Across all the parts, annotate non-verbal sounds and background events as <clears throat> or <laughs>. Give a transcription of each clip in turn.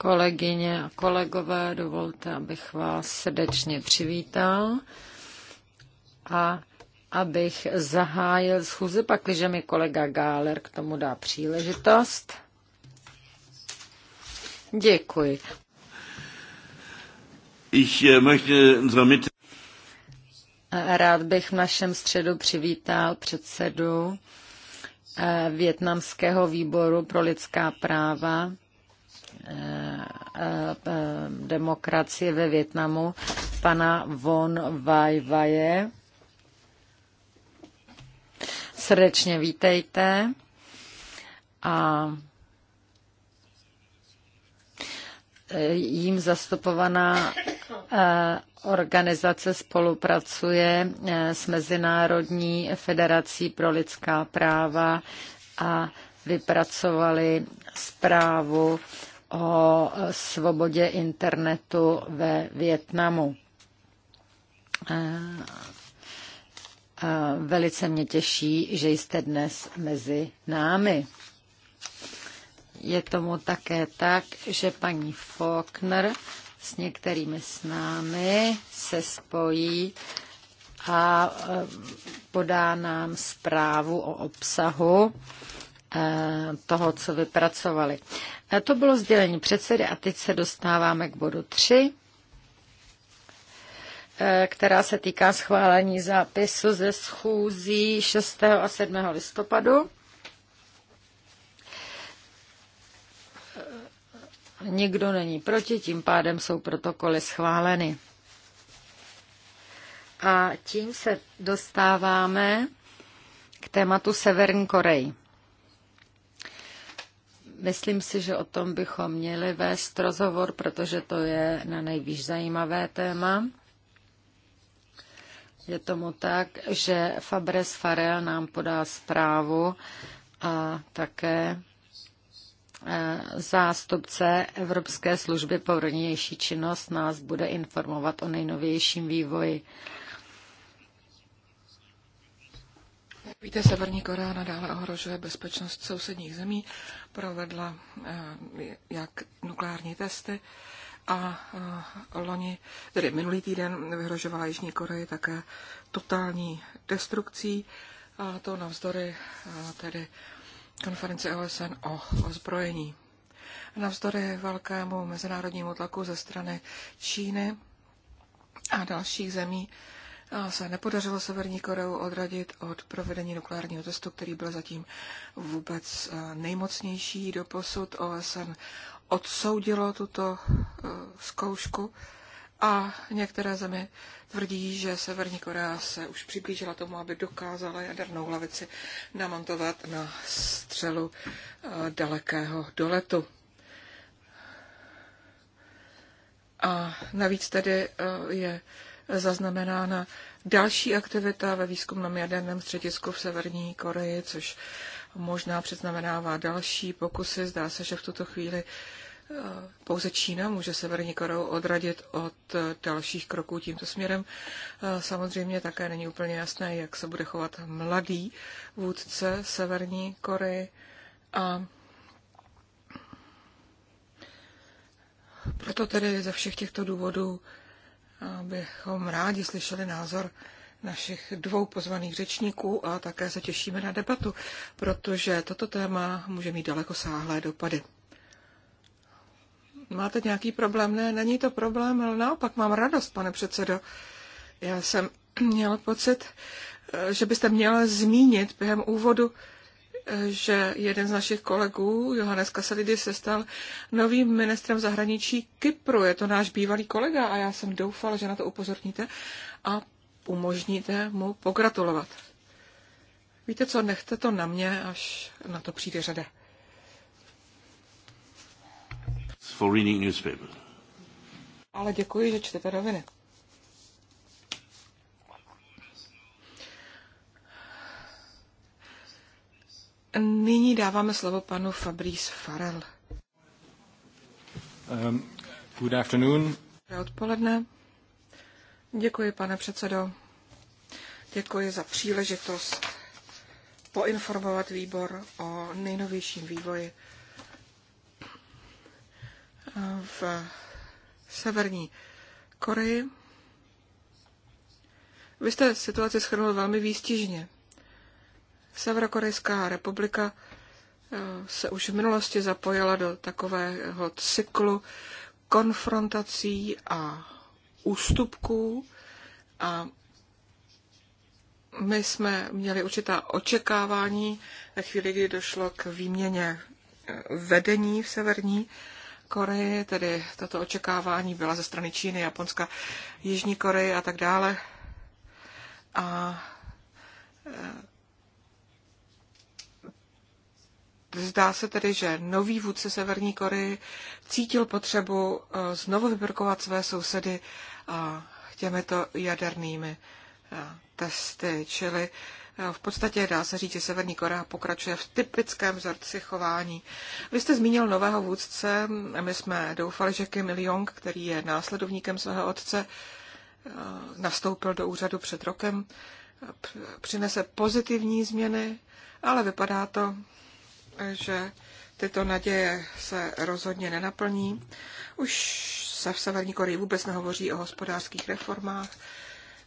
Kolegyně a kolegové, dovolte, abych vás srdečně přivítal a abych zahájil schůzi, pakliže mi kolega Gáler k tomu dá příležitost. Děkuji. Ich eh, möchte unsere Mitte Rád bych v našem středu přivítal předsedu Eh, větnamského výboru pro lidská práva eh, eh, demokracie ve Větnamu, pana Von Vajvaje. Srdečně vítejte a jím zastupovaná organizace spolupracuje eh, s Mezinárodní federací pro lidská práva a vypracovali zprávu o svobodě internetu ve Větnamu. Eh, velice mě těší, že jste dnes mezi námi. Je tomu také tak, že paní Faulkner s některými s námi se spojí a e, podá nám zprávu o obsahu e, toho, co vypracovali. E, to bylo sdělení předsedy a teď se dostáváme k bodu 3, která se týká schválení zápisu ze schůzí 6. a 7. listopadu. Nikdo není proti, tím pádem jsou protokoly schváleny. A tím se dostáváme k tématu Severní Korej. Myslím si, že o tom bychom měli vést rozhovor, protože to je na nejvíc zajímavé téma. Je tomu tak, že Fabres Farel nám podá zprávu a také Zástupce Evropské služby pro vnější činnost nás bude informovat o nejnovějším vývoji. Jak víte, Severní Korea nadále ohrožuje bezpečnost sousedních zemí, provedla eh, jak nukleární testy a eh, loni, tedy minulý týden, vyhrožovala Jižní Koreji také totální destrukcí, a to navzdory eh, tedy konferenci OSN o ozbrojení. Navzdory velkému mezinárodnímu tlaku ze strany Číny a dalších zemí eh, se nepodařilo Severní Koreu odradit od provedení nukleárního testu, který byl zatím vůbec eh, nejmocnější do posud. OSN odsoudilo tuto eh, zkoušku a některé země tvrdí, že Severní Korea se už přiblížila tomu, aby dokázala jadernou hlavici namontovat na střelu eh, dalekého doletu. A navíc tedy eh, je zaznamenána další aktivita ve výzkumném jaderném středisku v Severní Koreji, což možná předznamenává další pokusy. Zdá se, že v tuto chvíli pouze Čína může Severní Koreu odradit od dalších kroků tímto směrem. Samozřejmě také není úplně jasné, jak se bude chovat mladý vůdce Severní Koreji a proto tedy ze všech těchto důvodů bychom rádi slyšeli názor našich dvou pozvaných řečníků a také se těšíme na debatu, protože toto téma může mít daleko sáhlé dopady máte nějaký problém? Ne, není to problém, ale naopak mám radost, pane předsedo. Já jsem <clears throat> měl pocit, eh, že byste měl zmínit během úvodu, eh, že jeden z našich kolegů, Johannes Kasalidis, se stal novým ministrem zahraničí Kypru. Je to náš bývalý kolega a já jsem doufal, že na to upozorníte a umožníte mu pogratulovat. Víte co, nechte to na mě, až na to přijde řada. for reading newspapers. Ale děkuji, že čtete roviny. Nyní dáváme slovo panu Fabrice Farel. Um, good afternoon. Dobré odpoledne. Děkuji, pane předsedo. Děkuji za příležitost poinformovat výbor o nejnovějším vývoji v Severní Koreji. Vy jste situaci schrnul velmi výstižně. Severokorejská republika eh, se už v minulosti zapojila do takového cyklu konfrontací a ústupků a my jsme měli určitá očekávání ve chvíli, kdy došlo k výměně eh, vedení v Severní Koreji, tedy tato očekávání byla ze strany Číny, Japonska, Jižní Koreje a tak dále. A e, Zdá se tedy, že nový vůdce Severní Koreji cítil potřebu e, znovu vybrkovat své sousedy těmito jadernými e, testy, čili Eh, v podstatě dá se říct, že Severní Korea pokračuje v typickém vzorci chování. Vy jste zmínil nového vůdce, my jsme doufali, že Kim Il-jong, který je následovníkem svého otce, eh, nastoupil do úřadu před rokem, eh, přinese pozitivní změny, ale vypadá to, že tyto naděje se rozhodně nenaplní. Už se v Severní Koreji vůbec nehovoří o hospodářských reformách,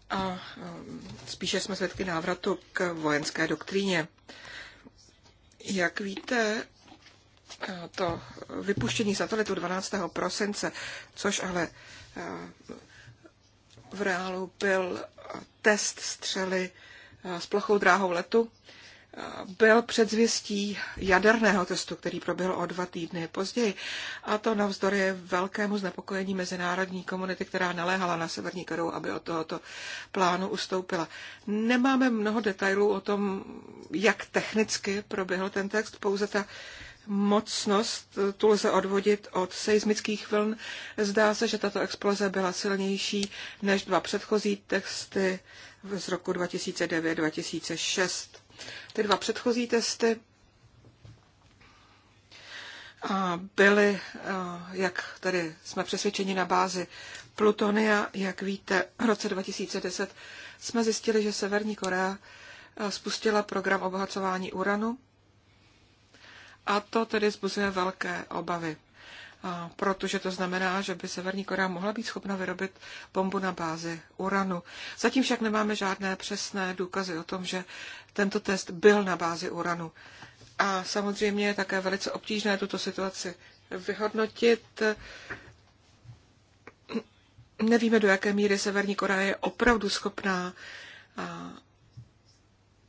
a um, spíše jsme svědky návratu k vojenské doktríně. Jak víte, eh, to vypuštění satelitu 12. prosince, což ale eh, v reálu byl test střely eh, s plochou dráhou letu, byl předzvěstí jaderného testu, který proběhl o dva týdny později. A to navzdory velkému znepokojení mezinárodní komunity, která naléhala na Severní Koreu, aby od tohoto plánu ustoupila. Nemáme mnoho detailů o tom, jak technicky proběhl ten text, pouze ta mocnost tu lze odvodit od seismických vln. Zdá se, že tato exploze byla silnější než dva předchozí texty z roku 2009-2006. Ty dva předchozí testy byly, eh, jak tady jsme přesvědčeni na bázi Plutonia, jak víte, v roce 2010 jsme zjistili, že Severní Korea eh, spustila program obohacování uranu a to tedy zbuzuje velké obavy protože to znamená, že by Severní Korea mohla být schopna vyrobit bombu na bázi uranu. Zatím však nemáme žádné přesné důkazy o tom, že tento test byl na bázi uranu. A samozřejmě je také velice obtížné tuto situaci vyhodnotit. Nevíme, do jaké míry Severní Korea je opravdu schopná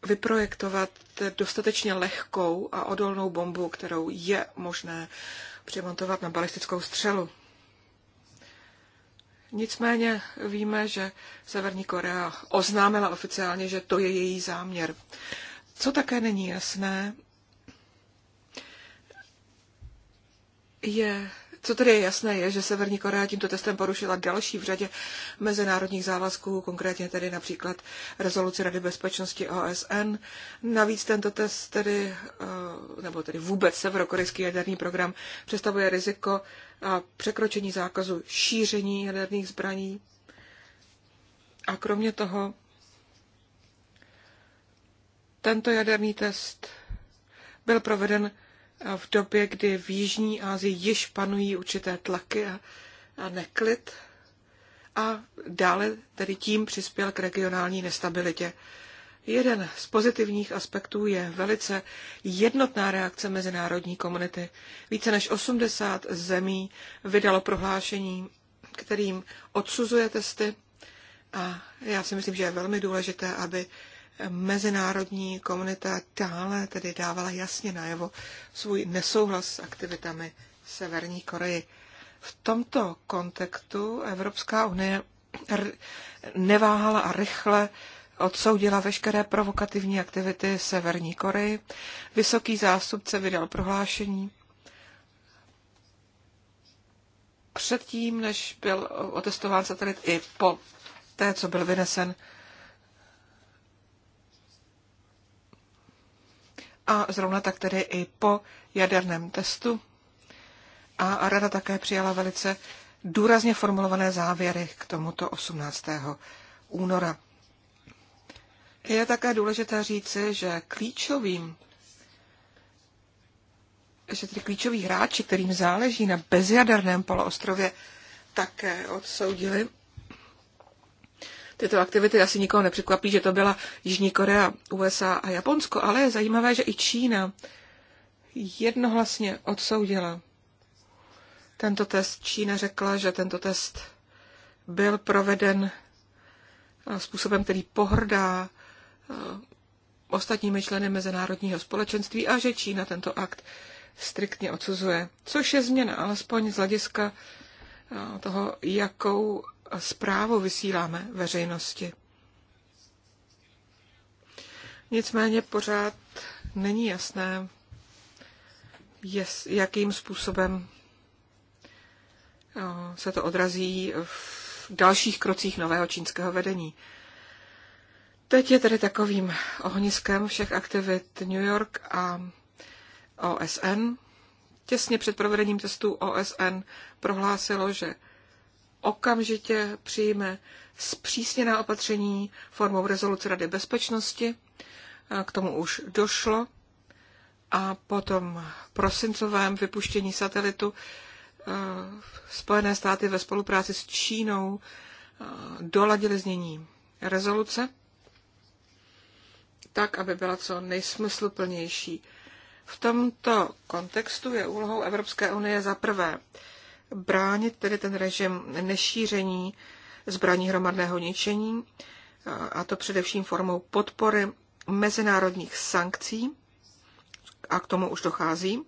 vyprojektovat dostatečně lehkou a odolnou bombu, kterou je možné přimontovat na balistickou střelu. Nicméně víme, že Severní Korea oznámila oficiálně, že to je její záměr. Co také není jasné, je co tedy je jasné, je, že Severní Korea tímto testem porušila další v řadě mezinárodních závazků, konkrétně tedy například rezoluci Rady bezpečnosti OSN. Navíc tento test tedy, eh, nebo tedy vůbec severokorejský jaderný program představuje riziko eh, překročení zákazu šíření jaderných zbraní. A kromě toho tento jaderný test byl proveden v době, kdy v Jižní Asii již panují určité tlaky a, a neklid a dále tedy tím přispěl k regionální nestabilitě. Jeden z pozitivních aspektů je velice jednotná reakce mezinárodní komunity. Více než 80 zemí vydalo prohlášení, kterým odsuzuje testy a já si myslím, že je velmi důležité, aby mezinárodní komunita dále tedy dávala jasně najevo svůj nesouhlas s aktivitami Severní Koreji. V tomto kontextu Evropská unie neváhala a rychle odsoudila veškeré provokativní aktivity Severní Koreji. Vysoký zástupce vydal prohlášení. Předtím, než byl otestován satelit i po té, co byl vynesen a zrovna tak tedy i po jaderném testu. A rada také přijala velice důrazně formulované závěry k tomuto 18. února. Je také důležité říci, že klíčovým že tedy klíčoví hráči, kterým záleží na bezjaderném poloostrově, také odsoudili tyto aktivity, asi nikoho nepřekvapí, že to byla Jižní Korea, USA a Japonsko, ale je zajímavé, že i Čína jednohlasně odsoudila tento test. Čína řekla, že tento test byl proveden eh, způsobem, který pohrdá eh, ostatními členy mezinárodního společenství a že Čína tento akt striktně odsuzuje. Což je změna, alespoň z hlediska eh, toho, jakou zprávu vysíláme veřejnosti. Nicméně pořád není jasné, jakým způsobem eh, se to odrazí v dalších krocích nového čínského vedení. Teď je tedy takovým ohniskem všech aktivit New York a OSN. Těsně před provedením testů OSN prohlásilo, že okamžitě přijme zpřísněná opatření formou rezoluce Rady bezpečnosti. K tomu už došlo. A potom prosincovém vypuštění satelitu e, Spojené státy ve spolupráci s Čínou e, doladily znění rezoluce tak, aby byla co nejsmysluplnější. V tomto kontextu je úlohou Evropské unie za prvé bránit tedy ten režim nešíření zbraní hromadného ničení, a to především formou podpory mezinárodních sankcí, a k tomu už dochází.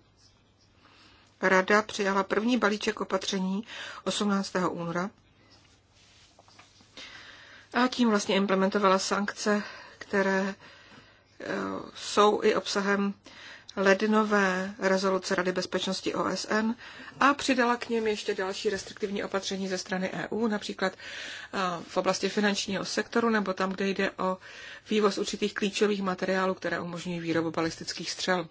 Rada přijala první balíček opatření 18. února a tím vlastně implementovala sankce, které eh, jsou i obsahem lednové rezoluce Rady bezpečnosti OSN a přidala k něm ještě další restriktivní opatření ze strany EU, například eh, v oblasti finančního sektoru nebo tam, kde jde o vývoz určitých klíčových materiálů, které umožňují výrobu balistických střel.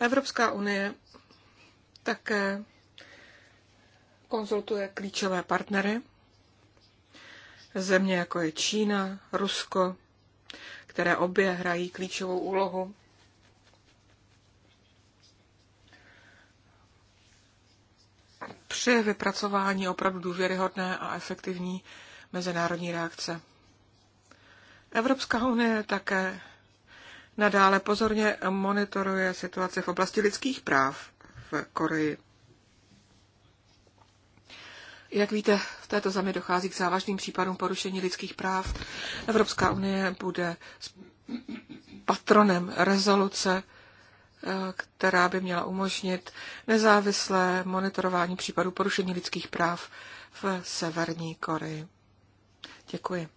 Evropská unie také konzultuje klíčové partnery, země jako je Čína, Rusko, které obě hrají klíčovou úlohu při vypracování opravdu důvěryhodné a efektivní mezinárodní reakce. Evropská unie také nadále pozorně monitoruje situaci v oblasti lidských práv v Koreji. Jak víte, v této zemi dochází k závažným případům porušení lidských práv. Evropská unie bude patronem rezoluce Eh, která by měla umožnit nezávislé monitorování případů porušení lidských práv v Severní Koreji. Děkuji.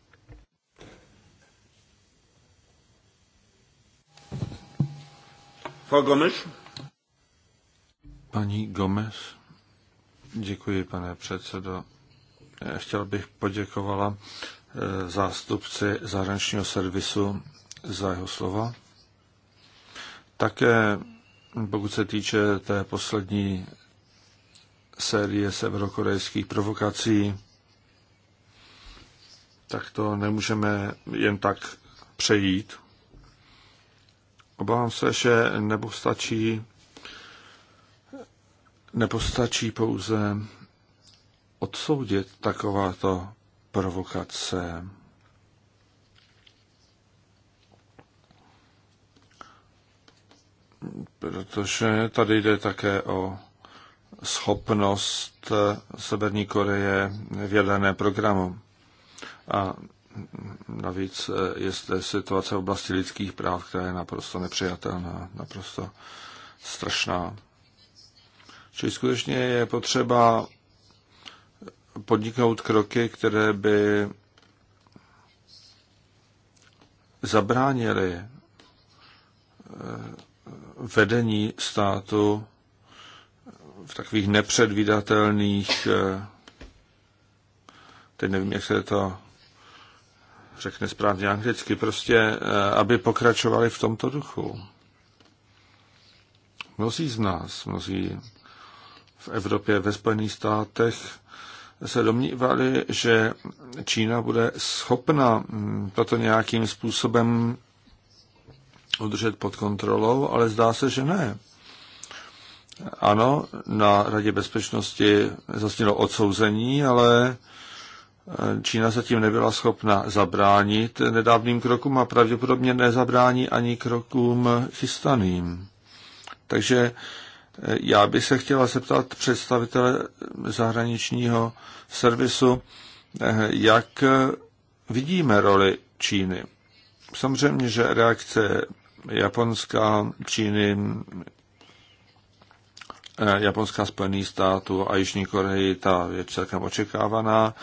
Paní Gomez, děkuji, pane předsedo. Eh, chtěl bych poděkovala eh, zástupci zahraničního servisu za jeho slova. Také pokud se týče té poslední série severokorejských provokací, tak to nemůžeme jen tak přejít. Obávám se, že nepostačí, nepostačí pouze odsoudit takováto provokace. protože tady jde také o schopnost Severní Koreje v jaderné programu. A navíc je zde situace v oblasti lidských práv, která je naprosto nepřijatelná, naprosto strašná. Čili skutečně je potřeba podniknout kroky, které by zabránily eh, vedení státu v takových nepředvídatelných, eh, teď nevím, jak se to řekne správně anglicky, prostě, eh, aby pokračovali v tomto duchu. Mnozí z nás, mnozí v Evropě, ve Spojených státech se domnívali, že Čína bude schopna mm, toto nějakým způsobem udržet pod kontrolou, ale zdá se, že ne. Ano, na Radě bezpečnosti zasnělo odsouzení, ale eh, Čína zatím nebyla schopna zabránit nedávným krokům a pravděpodobně nezabrání ani krokům chystaným. Takže eh, já bych se chtěla zeptat představitele zahraničního servisu, eh, jak vidíme roli Číny. Samozřejmě, že reakce Japonská, Číny, eh, Japonská spojený států a Jižní Koreji, ta je celkem očekávaná.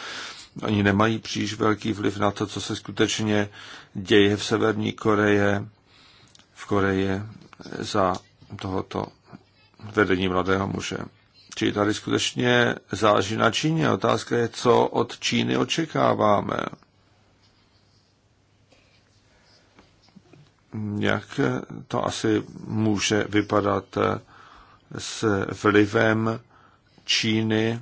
Oni nemají příliš velký vliv na to, co se skutečně děje v Severní Koreje, v Koreji za tohoto vedení mladého muže. Čili tady skutečně záží na Číně. Otázka je, co od Číny očekáváme. jak to asi může vypadat s vlivem Číny,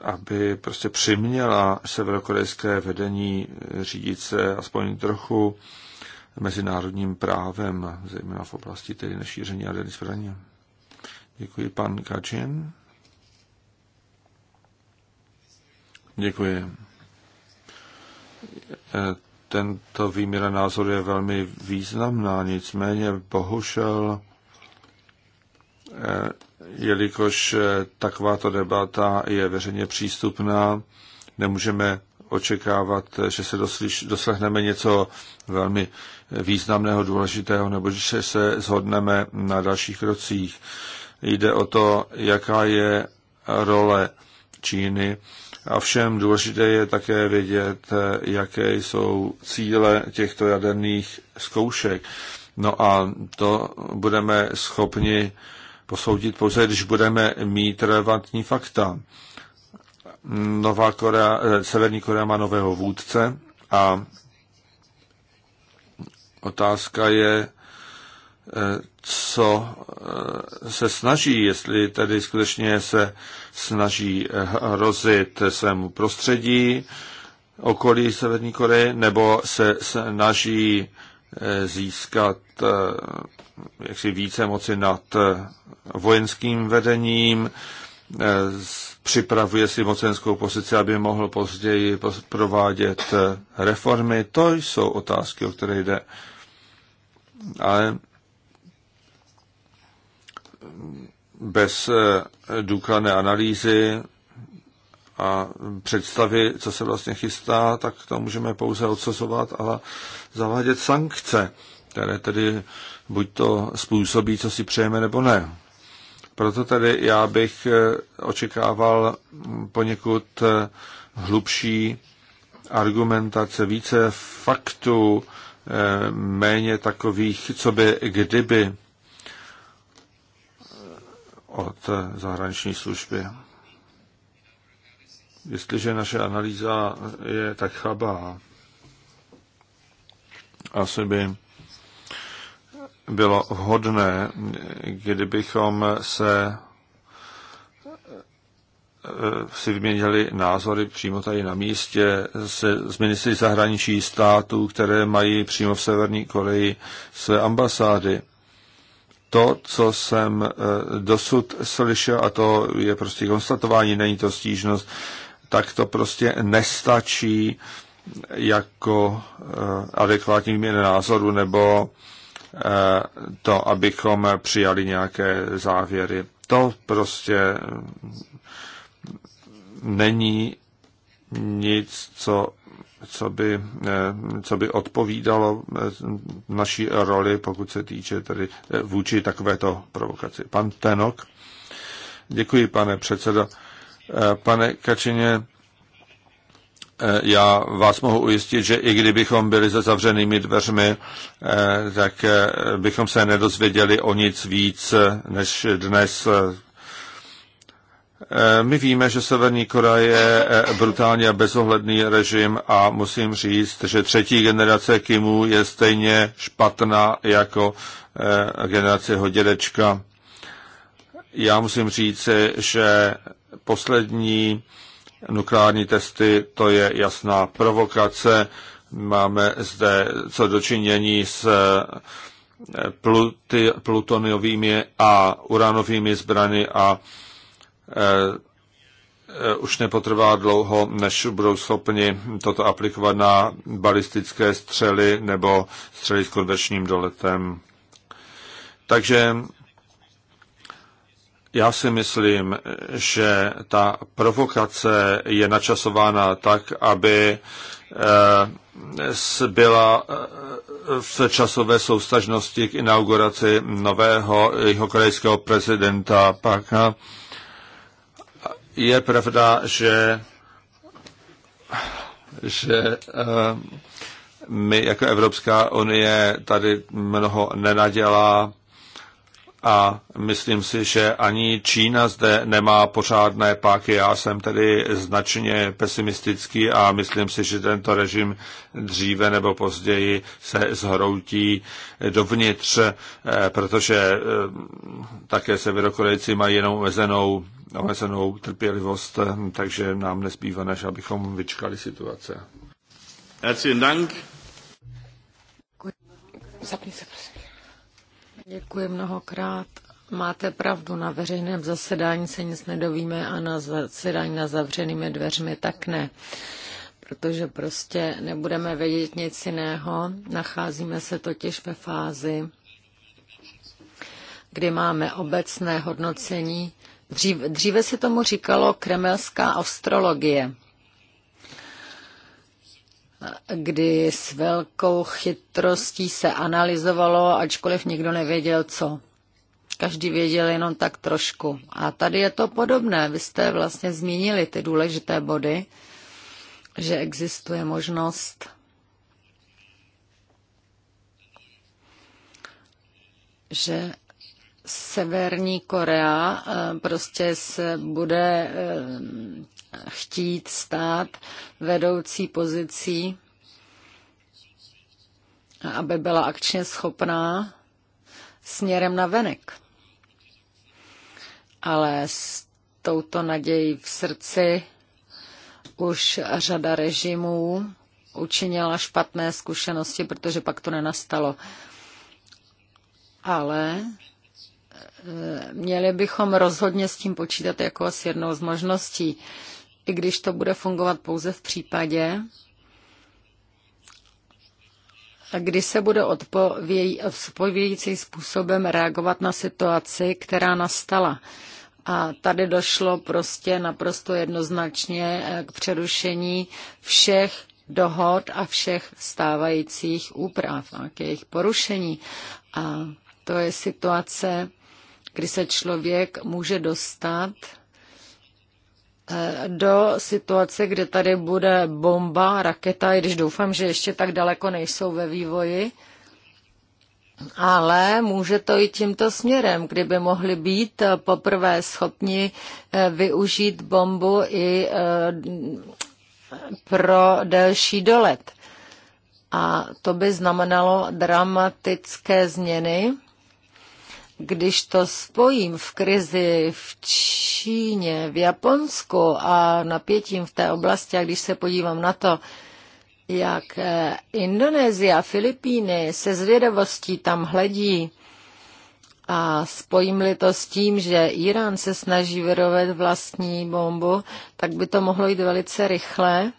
aby prostě přiměla severokorejské vedení řídit se aspoň trochu mezinárodním právem, zejména v oblasti tedy nešíření jaderných zbraní. Děkuji, pan Kačin. Děkuji. Eh, tento výměra názor je velmi významná, nicméně bohužel, eh, jelikož eh, takováto debata je veřejně přístupná, nemůžeme očekávat, že se doslyš, doslechneme něco velmi významného, důležitého, nebo že se zhodneme na dalších krocích. Jde o to, jaká je role Číny. A všem důležité je také vědět, jaké jsou cíle těchto jaderných zkoušek. No a to budeme schopni posoudit pouze, když budeme mít relevantní fakta. Nová Korea, eh, Severní Korea má nového vůdce a otázka je, eh, co eh, se snaží, jestli tedy skutečně se snaží hrozit svému prostředí okolí Severní Koreje, nebo se snaží eh, získat eh, jaksi více moci nad eh, vojenským vedením, připravuje si mocenskou pozici, aby mohl později provádět reformy. To jsou otázky, o které jde. Ale bez eh, důkladné analýzy a představy, co se vlastně chystá, tak to můžeme pouze odsazovat a zavádět sankce, které tedy buď to způsobí, co si přejeme, nebo ne. Proto tedy já bych eh, očekával poněkud eh, hlubší argumentace, více faktů, méně takových, co by kdyby od zahraniční služby. Jestliže naše analýza je tak chabá, asi by bylo vhodné, kdybychom se eh, si vyměnili názory přímo tady na místě se, z ministry zahraničí států, které mají přímo v Severní Koreji své ambasády to, co jsem eh, dosud slyšel, a to je prostě konstatování, není to stížnost, tak to prostě nestačí jako eh, adekvátní výměny názoru nebo eh, to, abychom přijali nějaké závěry. To prostě mm, není nic, co co by, eh, co by odpovídalo eh, naší roli, pokud se týče tedy eh, vůči takovéto provokaci. Pan Tenok. Děkuji, pane předsedo. Pane Kačině, já vás mohu ujistit, že i kdybychom byli za zavřenými dveřmi, tak bychom se nedozvěděli o nic víc než dnes Eh, my víme, že Severní Korea je eh, brutálně bezohledný režim a musím říct, že třetí generace Kimu je stejně špatná jako eh, generace jeho dědečka. Já musím říct, že poslední nukleární testy, to je jasná provokace. Máme zde co dočinění s pluty, plutoniovými a uranovými zbrany a Eh, eh, už nepotrvá dlouho, než budou schopni toto aplikovat na balistické střely nebo střely s konvečním doletem. Takže já si myslím, že ta provokace je načasována tak, aby eh, byla v časové soustažnosti k inauguraci nového jihokorejského prezidenta Parka je pravda, že, že eh, my jako Evropská unie tady mnoho nenadělá a myslím si, že ani Čína zde nemá pořádné páky. Já jsem tedy značně pesimistický a myslím si, že tento režim dříve nebo později se zhroutí dovnitř, eh, protože eh, také se severokorejci mají jenom omezenou omezenou trpělivost, takže nám nespívá, než abychom vyčkali situace. Herzlichen Dank. Zapni se, prosím. Děkuji mnohokrát. Máte pravdu, na veřejném zasedání se nic nedovíme a na zasedání na zavřenými dveřmi tak ne protože prostě nebudeme vědět nic jiného. Nacházíme se totiž ve fázi, kdy máme obecné hodnocení Dříve, dříve se tomu říkalo kremelská astrologie kdy s velkou chytrostí se analyzovalo, ačkoliv nikdo nevěděl co. Každý věděl jenom tak trošku. A tady je to podobné. Vy jste vlastně zmínili ty důležité body, že existuje možnost že Severní Korea eh, prostě se bude eh, chtít stát vedoucí pozicí, aby byla akčně schopná směrem na venek. Ale s touto nadějí v srdci už řada režimů učinila špatné zkušenosti, protože pak to nenastalo. Ale měli bychom rozhodně s tím počítat jako s jednou z možností, i když to bude fungovat pouze v případě, kdy se bude odpovědějícím způsobem reagovat na situaci, která nastala. A tady došlo prostě naprosto jednoznačně eh, k přerušení všech dohod a všech stávajících úprav a k jejich porušení. A to je situace, kdy se člověk může dostat eh, do situace, kde tady bude bomba, raketa, i když doufám, že ještě tak daleko nejsou ve vývoji, ale může to i tímto směrem, kdyby mohli být eh, poprvé schopni eh, využít bombu i pro delší dolet. A to by znamenalo dramatické změny když to spojím v krizi v Číně, v Japonsku a napětím v té oblasti, a když se podívám na to, jak eh, Indonésie a Filipíny se zvědavostí tam hledí, a spojím-li to s tím, že Irán se snaží vyrovet vlastní bombu, tak by to mohlo jít velice rychle,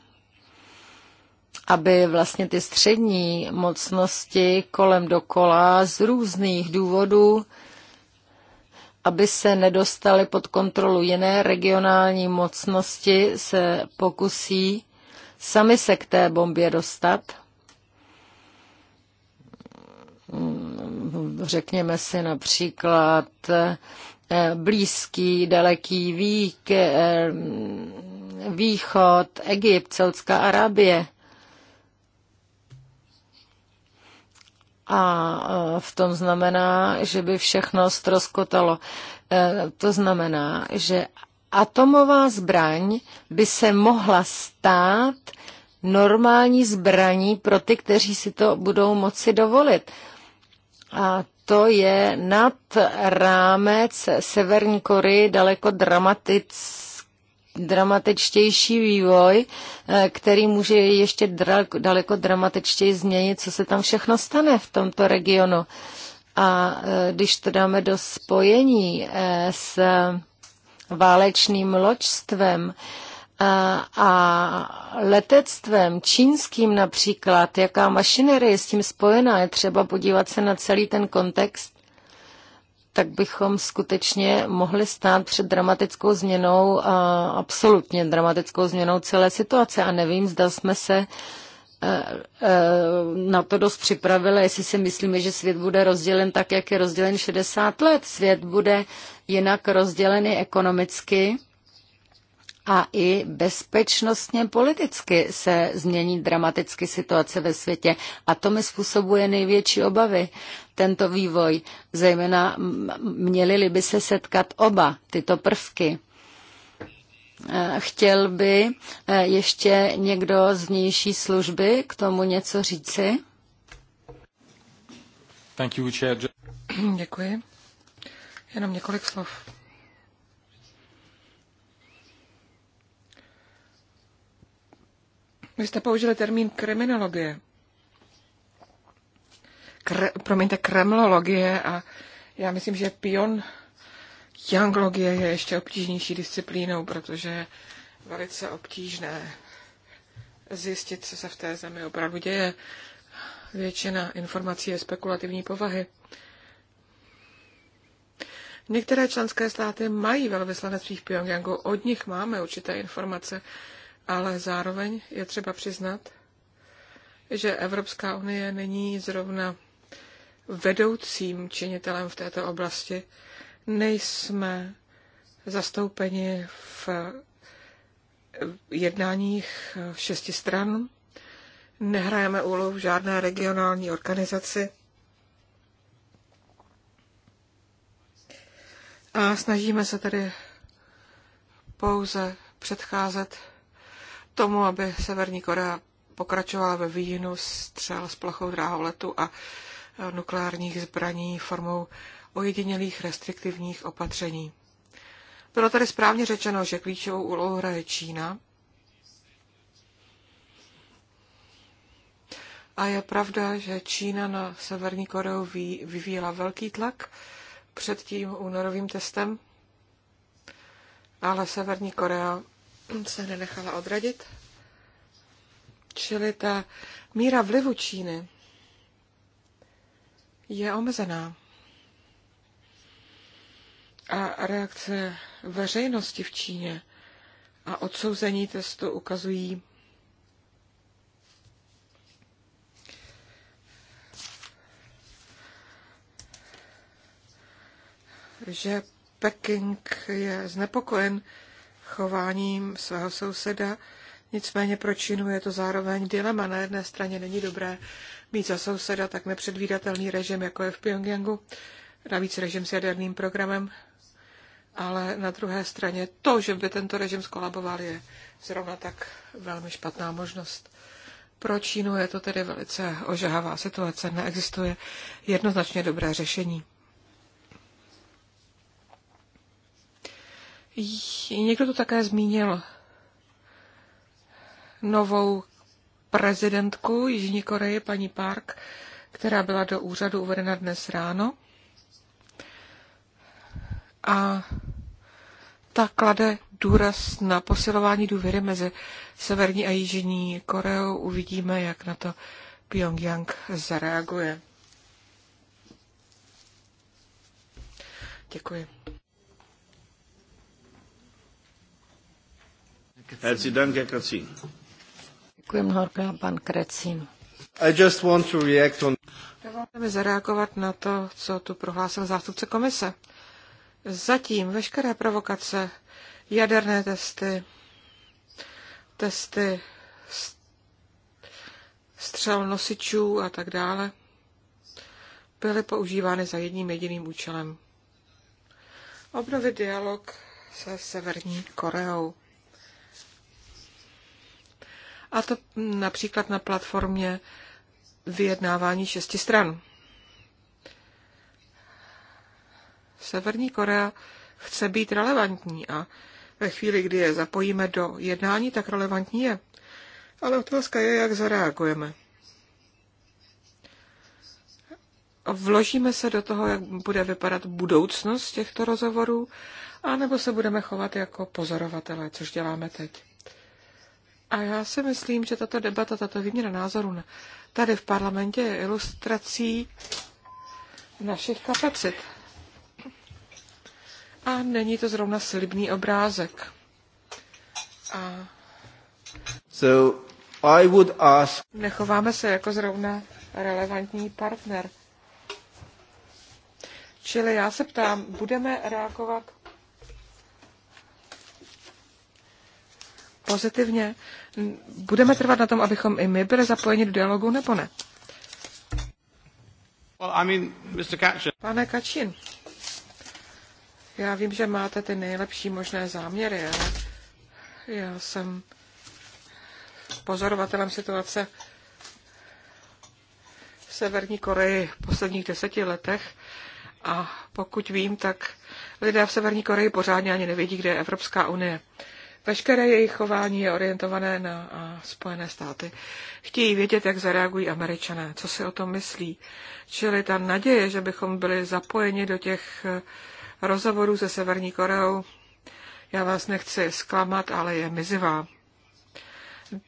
aby vlastně ty střední mocnosti kolem dokola z různých důvodů aby se nedostali pod kontrolu jiné regionální mocnosti, se pokusí sami se k té bombě dostat. Mm, řekněme si například eh, blízký, daleký vík, eh, východ, Egypt, Saudská Arábie – a e, v tom znamená, že by všechno ztroskotalo. E, to znamená, že atomová zbraň by se mohla stát normální zbraní pro ty, kteří si to budou moci dovolit. A to je nad rámec Severní Koreje daleko dramatický dramatičtější vývoj, eh, který může ještě daleko, daleko dramatičtěji změnit, co se tam všechno stane v tomto regionu. A eh, když to dáme do spojení eh, s válečným loďstvem, a letectvem čínským například, jaká mašinerie je s tím spojená, je třeba podívat se na celý ten kontext tak bychom skutečně mohli stát před dramatickou změnou, a absolutně dramatickou změnou celé situace. A nevím, zda jsme se eh, eh, na to dost připravili, jestli si myslíme, že svět bude rozdělen tak, jak je rozdělen 60 let. Svět bude jinak rozdělený ekonomicky a i bezpečnostně politicky se změní dramaticky situace ve světě a to mi způsobuje největší obavy tento vývoj. Zejména měli-li by se setkat oba tyto prvky. Eh, chtěl by eh, ještě někdo z vnější služby k tomu něco říci? Thank you, Děkuji. Jenom několik slov. Vy jste použili termín kriminologie. Kr- promiňte, kremlologie a já myslím, že pion janglogie je ještě obtížnější disciplínou, protože je velice obtížné zjistit, co se v té zemi opravdu děje. Většina informací je spekulativní povahy. Některé členské státy mají velvyslanectví v Pyongyangu, od nich máme určité informace, ale zároveň je třeba přiznat, že Evropská unie není zrovna vedoucím činitelem v této oblasti. Nejsme zastoupeni v jednáních šesti stran, nehrajeme úlohu v žádné regionální organizaci a snažíme se tedy pouze předcházet tomu, aby Severní Korea pokračovala ve výjinu střel s plochou dráhou letu a e, nukleárních zbraní formou ojedinělých restriktivních opatření. Bylo tady správně řečeno, že klíčovou úlohu hraje Čína. A je pravda, že Čína na Severní Koreu vyvíjela velký tlak před tím únorovým testem, ale Severní Korea se nenechala odradit. Čili ta míra vlivu Číny je omezená. A reakce veřejnosti v Číně a odsouzení testu ukazují, že Peking je znepokojen chováním svého souseda. Nicméně pro Čínu je to zároveň dilema. Na jedné straně není dobré mít za souseda tak nepředvídatelný režim, jako je v Pyongyangu, navíc režim s jaderným programem, ale na druhé straně to, že by tento režim skolaboval, je zrovna tak velmi špatná možnost. Pro Čínu je to tedy velice ožahavá situace, neexistuje jednoznačně dobré řešení. Někdo to také zmínil novou prezidentku Jižní Koreje, paní Park, která byla do úřadu uvedena dnes ráno. A ta klade důraz na posilování důvěry mezi Severní a Jižní Koreou. Uvidíme, jak na to Pyongyang zareaguje. Děkuji. Herzlichen Dank, Herr Kacin. pan Krecin. I just want to react on... Dovolte mi zareagovat na to, co tu prohlásil zástupce komise. Zatím veškeré provokace, jaderné testy, testy střel nosičů a tak dále, byly používány za jedním jediným účelem. Obnovit dialog se Severní Koreou a to například na platformě vyjednávání šesti stran. Severní Korea chce být relevantní a ve chvíli, kdy je zapojíme do jednání, tak relevantní je. Ale otázka je, jak zareagujeme. Vložíme se do toho, jak bude vypadat budoucnost těchto rozhovorů, anebo se budeme chovat jako pozorovatelé, což děláme teď. A já si myslím, že tato debata, tato výměna názorů tady v parlamentě je ilustrací našich kapacit. A není to zrovna slibný obrázek. A so I would ask... Nechováme se jako zrovna relevantní partner. Čili já se ptám, budeme reagovat pozitivně? Budeme trvat na tom, abychom i my byli zapojeni do dialogu, nebo ne? Well, I mean, Mr. Kachin. Pane Kačin, já vím, že máte ty nejlepší možné záměry, ale já jsem pozorovatelem situace v Severní Koreji v posledních deseti letech a pokud vím, tak lidé v Severní Koreji pořádně ani nevědí, kde je Evropská unie. Veškeré jejich chování je orientované na Spojené státy. Chtějí vědět, jak zareagují američané, co si o tom myslí. Čili ta naděje, že bychom byli zapojeni do těch eh, rozhovorů se Severní Koreou, já vás nechci zklamat, ale je mizivá.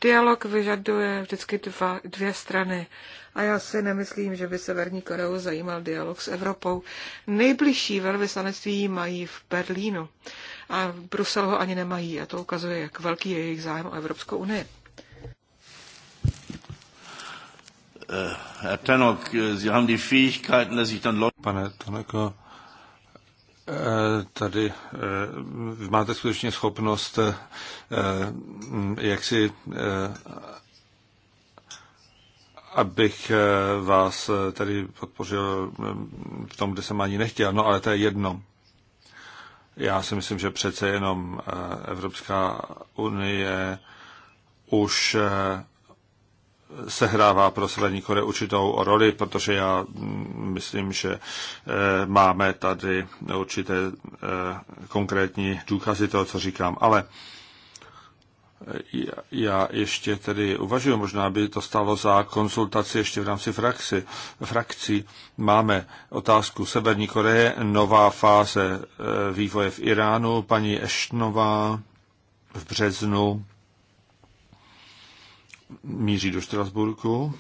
Dialog vyžaduje vždycky dva, dvě strany a já si nemyslím, že by Severní Koreu zajímal dialog s Evropou. Nejbližší velvyslanectví mají v Berlínu a v Brusel ho ani nemají a to ukazuje, jak velký je jejich zájem o Evropskou unii. Pane Tanoko, Eh, tady eh, máte skutečně schopnost eh, jak si abych vás tady podpořil v tom, kde jsem ani nechtěl, no ale to je jedno. Já si myslím, že přece jenom Evropská unie už sehrává pro Severní Koreu určitou roli, protože já mm, myslím, že eh, máme tady určité eh, konkrétní důkazy toho, co říkám. Ale eh, já ještě tedy uvažuji, možná by to stalo za konzultaci ještě v rámci frakci. frakcí. Máme otázku Severní Koreje, nová fáze vývoje v Iránu, paní Eštnová v březnu míří do Štrasburku.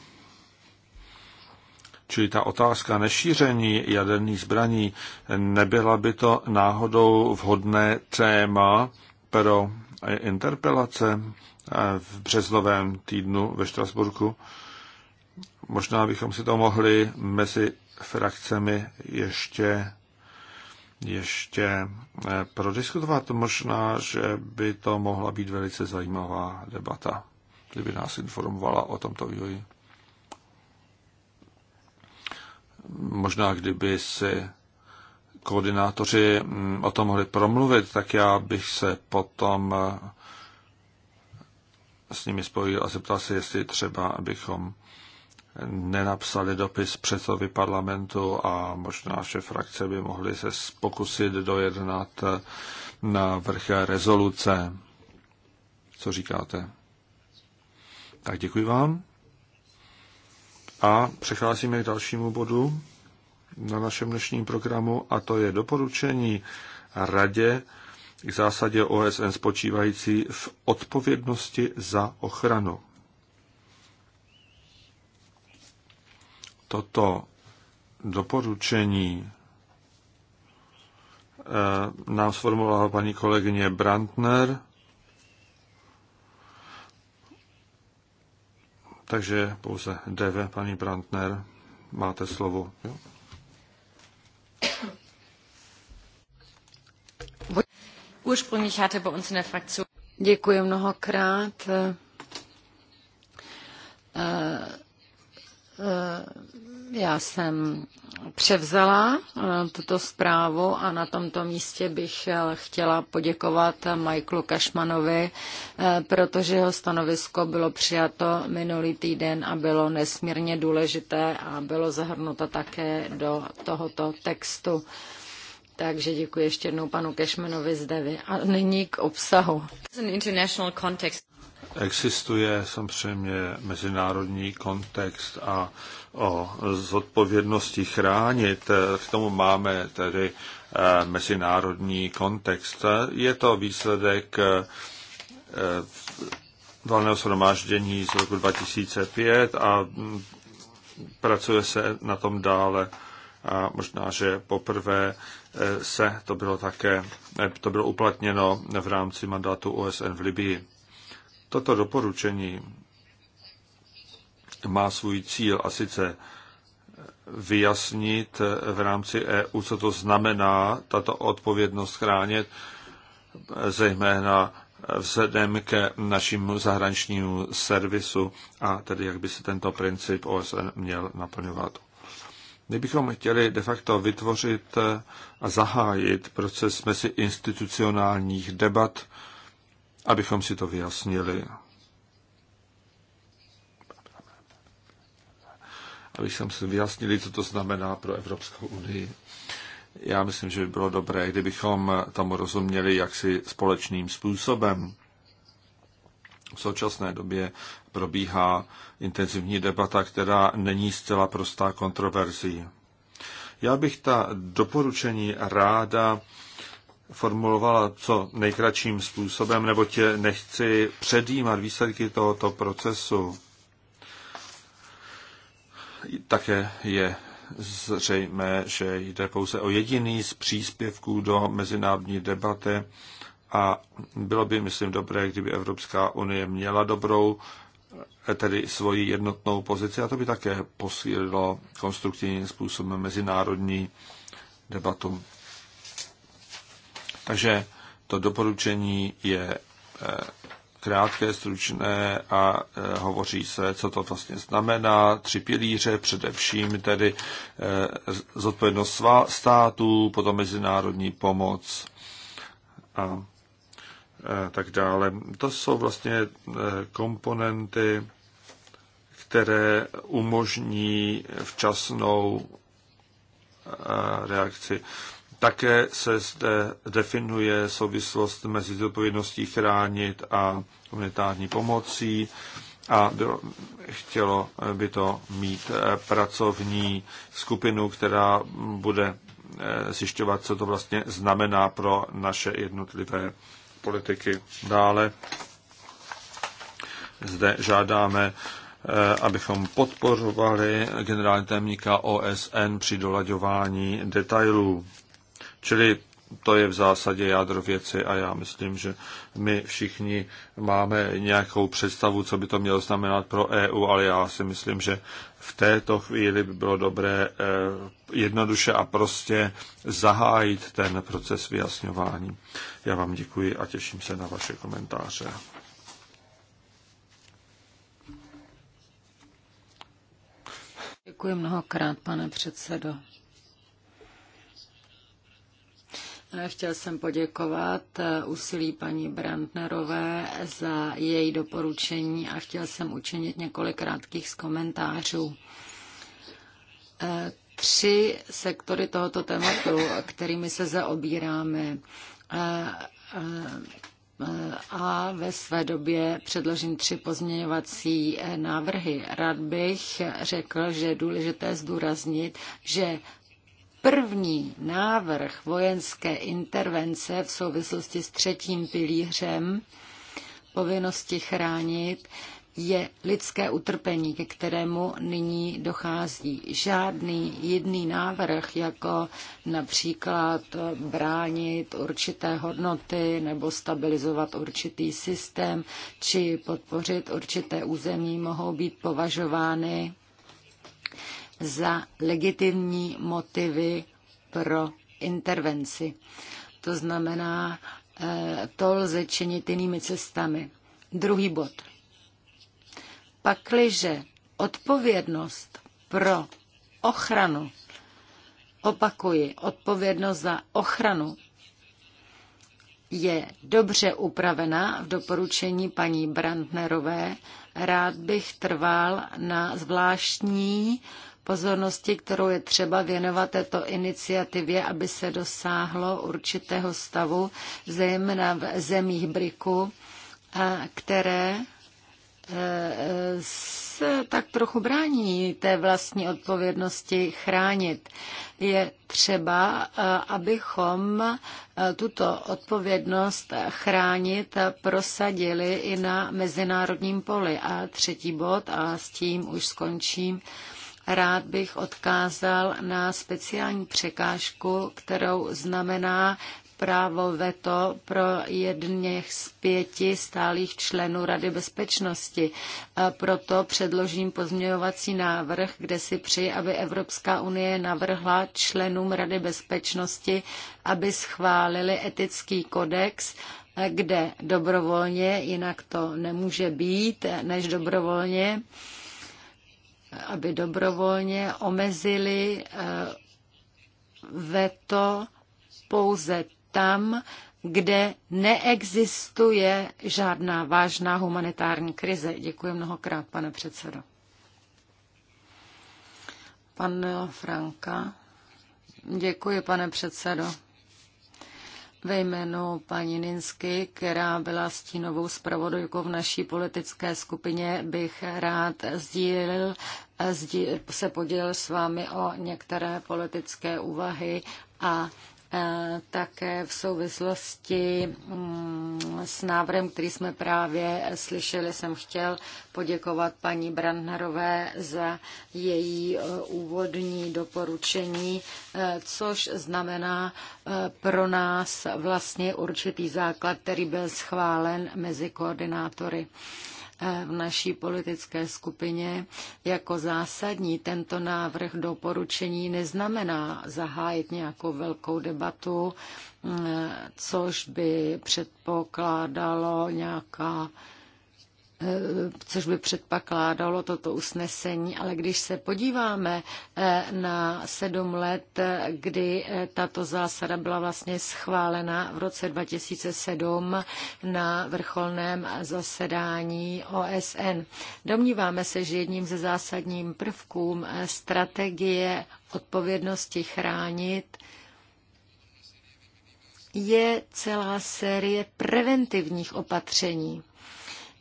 Čili ta otázka nešíření jaderných zbraní, nebyla by to náhodou vhodné téma pro interpelace eh, v březnovém týdnu ve Štrasburku? Možná bychom si to mohli mezi frakcemi ještě ještě eh, prodiskutovat. Možná, že by to mohla být velice zajímavá debata kdyby nás informovala o tomto vývoji. Možná kdyby si koordinátoři mm, o tom mohli promluvit, tak já bych se potom eh, s nimi spojil a zeptal se, jestli třeba, abychom nenapsali dopis předsedovi parlamentu a možná, že frakce by mohly se pokusit dojednat eh, na vrch rezoluce. Co říkáte? Tak děkuji vám. A přecházíme k dalšímu bodu na našem dnešním programu a to je doporučení radě k zásadě OSN spočívající v odpovědnosti za ochranu. Toto doporučení eh, nám sformulovala paní kolegyně Brandner Takže pouze deve, paní Brandner, máte slovo. Jo? Děkuji mnohokrát. Uh, uh, já jsem převzala eh, tuto zprávu a na tomto místě bych eh, chtěla poděkovat Michaelu Kašmanovi, eh, protože jeho stanovisko bylo přijato minulý týden a bylo nesmírně důležité a bylo zahrnuto také do tohoto textu. Takže děkuji ještě jednou panu Kešmenovi zde. A nyní k obsahu. Existuje samozřejmě mezinárodní kontext a o zodpovědnosti chránit. K tomu máme tedy eh, mezinárodní kontext. Je to výsledek eh, eh, valného shromáždění z roku 2005 a hm, pracuje se na tom dále a možná, že poprvé se to bylo také, to bylo uplatněno v rámci mandátu OSN v Libii. Toto doporučení má svůj cíl a sice vyjasnit v rámci EU, co to znamená tato odpovědnost chránit, zejména vzhledem k našemu zahraničnímu servisu a tedy jak by se tento princip OSN měl naplňovat. Kdybychom chtěli de facto vytvořit a zahájit proces mezi institucionálních debat abychom si to vyjasnili. Abychom si vyjasnili, co to znamená pro Evropskou unii. Já myslím, že by bylo dobré, kdybychom tomu rozuměli jaksi společným způsobem. V současné době probíhá intenzivní debata, která není zcela prostá kontroverzí. Já bych ta doporučení ráda formulovala co nejkratším způsobem, nebo tě nechci předjímat výsledky tohoto procesu. Také je zřejmé, že jde pouze o jediný z příspěvků do mezinárodní debaty a bylo by, myslím, dobré, kdyby Evropská unie měla dobrou, tedy svoji jednotnou pozici a to by také posílilo konstruktivním způsobem mezinárodní debatu. Takže to doporučení je eh, krátké, stručné a eh, hovoří se, co to vlastně znamená. Tři pilíře, především tedy eh, zodpovědnost států, potom mezinárodní pomoc a tak dále. To jsou vlastně komponenty, které umožní včasnou reakci. Také se zde definuje souvislost mezi zodpovědností chránit a komunitární pomocí a bylo, chtělo by to mít eh, pracovní skupinu, která bude eh, zjišťovat, co to vlastně znamená pro naše jednotlivé politiky. Dále zde žádáme, eh, abychom podporovali generální témníka OSN při dolaďování detailů. Čili to je v zásadě jádro věci a já myslím, že my všichni máme nějakou představu, co by to mělo znamenat pro EU, ale já si myslím, že v této chvíli by bylo dobré eh, jednoduše a prostě zahájit ten proces vyjasňování. Já vám děkuji a těším se na vaše komentáře. Děkuji mnohokrát, pane předsedo. Chtěl jsem poděkovat eh, úsilí paní Brandnerové za její doporučení a chtěl jsem učinit několik krátkých z komentářů. Eh, tři sektory tohoto tématu, kterými se zaobíráme, eh, a ve své době předložím tři pozměňovací návrhy. Rád bych řekl, že je důležité zdůraznit, že první návrh vojenské intervence v souvislosti s třetím pilířem povinnosti chránit je lidské utrpení, ke kterému nyní dochází. Žádný jiný návrh, jako například bránit určité hodnoty nebo stabilizovat určitý systém či podpořit určité území, mohou být považovány za legitimní motivy pro intervenci. To znamená, eh, to lze činit jinými cestami. Druhý bod. Pakliže odpovědnost pro ochranu, opakuji, odpovědnost za ochranu je dobře upravená v doporučení paní Brandnerové, rád bych trval na zvláštní pozornosti, kterou je třeba věnovat této iniciativě, aby se dosáhlo určitého stavu, zejména v zemích BRICu, které e, se tak trochu brání té vlastní odpovědnosti chránit. Je třeba, e, abychom e, tuto odpovědnost chránit prosadili i na mezinárodním poli. A třetí bod, a s tím už skončím, rád bych odkázal na speciální překážku, kterou znamená právo veto pro jedněch z pěti stálých členů Rady bezpečnosti. Proto předložím pozměňovací návrh, kde si přeji, aby Evropská unie navrhla členům Rady bezpečnosti, aby schválili etický kodex, kde dobrovolně, jinak to nemůže být, než dobrovolně, aby dobrovolně omezili eh, veto pouze tam, kde neexistuje žádná vážná humanitární krize. Děkuji mnohokrát, pane předsedo. Pan Franka. Děkuji, pane předsedo ve jménu paní Ninsky, která byla stínovou zpravodajkou v naší politické skupině, bych rád sdílil, sdíl, se podělil s vámi o některé politické úvahy a také v souvislosti mm, s návrhem, který jsme právě slyšeli, jsem chtěl poděkovat paní Brandnerové za její e, úvodní doporučení, e, což znamená e, pro nás vlastně určitý základ, který byl schválen mezi koordinátory. Eh, v naší politické skupině jako zásadní. Tento návrh doporučení neznamená zahájit nějakou velkou debatu, eh, což by předpokládalo nějaká Eh, což by předpokládalo toto usnesení, ale když se podíváme eh, na sedm let, eh, kdy tato zásada byla vlastně schválena v roce 2007 na vrcholném zasedání OSN. Domníváme se, že jedním ze zásadním prvků strategie odpovědnosti chránit je celá série preventivních opatření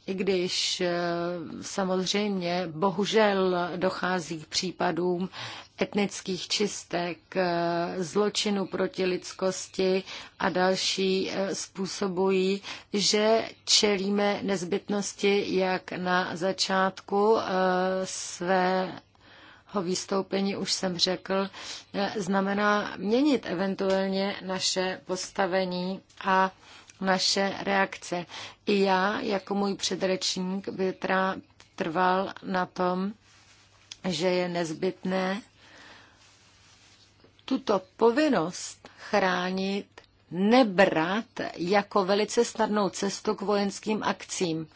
i když eh, samozřejmě bohužel dochází k případům etnických čistek, eh, zločinu proti lidskosti a další eh, způsobují, že čelíme nezbytnosti, jak na začátku své vystoupení už jsem řekl, znamená měnit eventuálně naše postavení a naše reakce. I já, jako můj předrečník, by trval na tom, že je nezbytné tuto povinnost chránit nebrat jako velice snadnou cestu k vojenským akcím,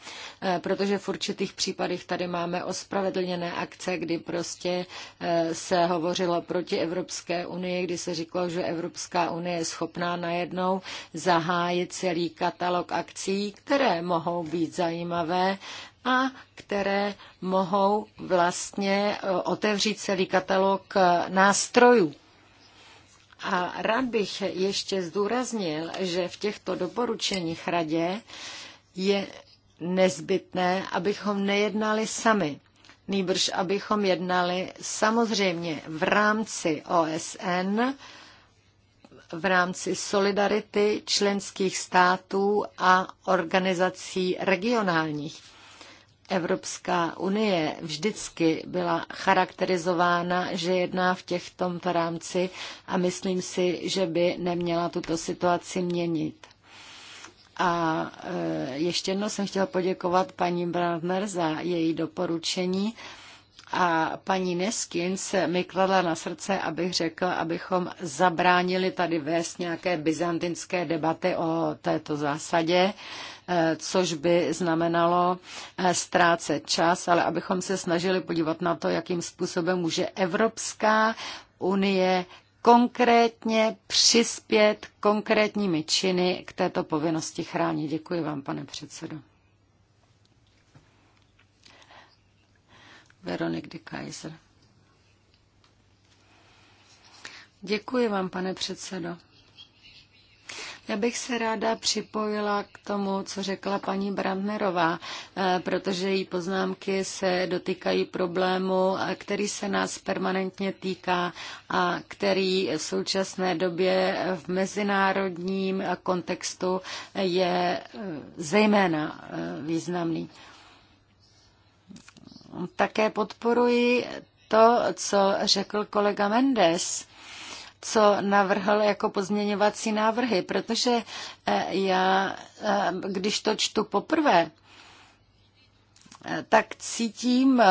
eh, protože v určitých případech tady máme ospravedlněné akce, kdy prostě eh, se hovořilo proti Evropské unii, kdy se říkalo, že Evropská unie je schopná najednou zahájit celý katalog akcí, které mohou být zajímavé a které mohou vlastně eh, otevřít celý katalog nástrojů a rád bych ještě zdůraznil, že v těchto doporučeních radě je nezbytné, abychom nejednali sami, nýbrž abychom jednali samozřejmě v rámci OSN, v rámci solidarity členských států a organizací regionálních. Evropská unie vždycky byla charakterizována, že jedná v těch rámci a myslím si, že by neměla tuto situaci měnit. A e, ještě jednou jsem chtěla poděkovat paní Brandner za její doporučení. A paní se mi kladla na srdce, abych řekl, abychom zabránili tady vést nějaké byzantinské debaty o této zásadě, eh, což by znamenalo eh, ztrácet čas, ale abychom se snažili podívat na to, jakým způsobem může Evropská unie konkrétně přispět konkrétními činy k této povinnosti chránit. Děkuji vám, pane předsedo. Veronik de Kaiser. Děkuji vám, pane předsedo. Já bych se ráda připojila k tomu, co řekla paní Brandnerová, eh, protože její poznámky se dotýkají problému, eh, který se nás permanentně týká a který v současné době v mezinárodním kontextu je eh, zejména významný. Také podporuji to, co řekl kolega Mendes co navrhl jako pozměňovací návrhy, protože eh, já, eh, když to čtu poprvé, eh, tak cítím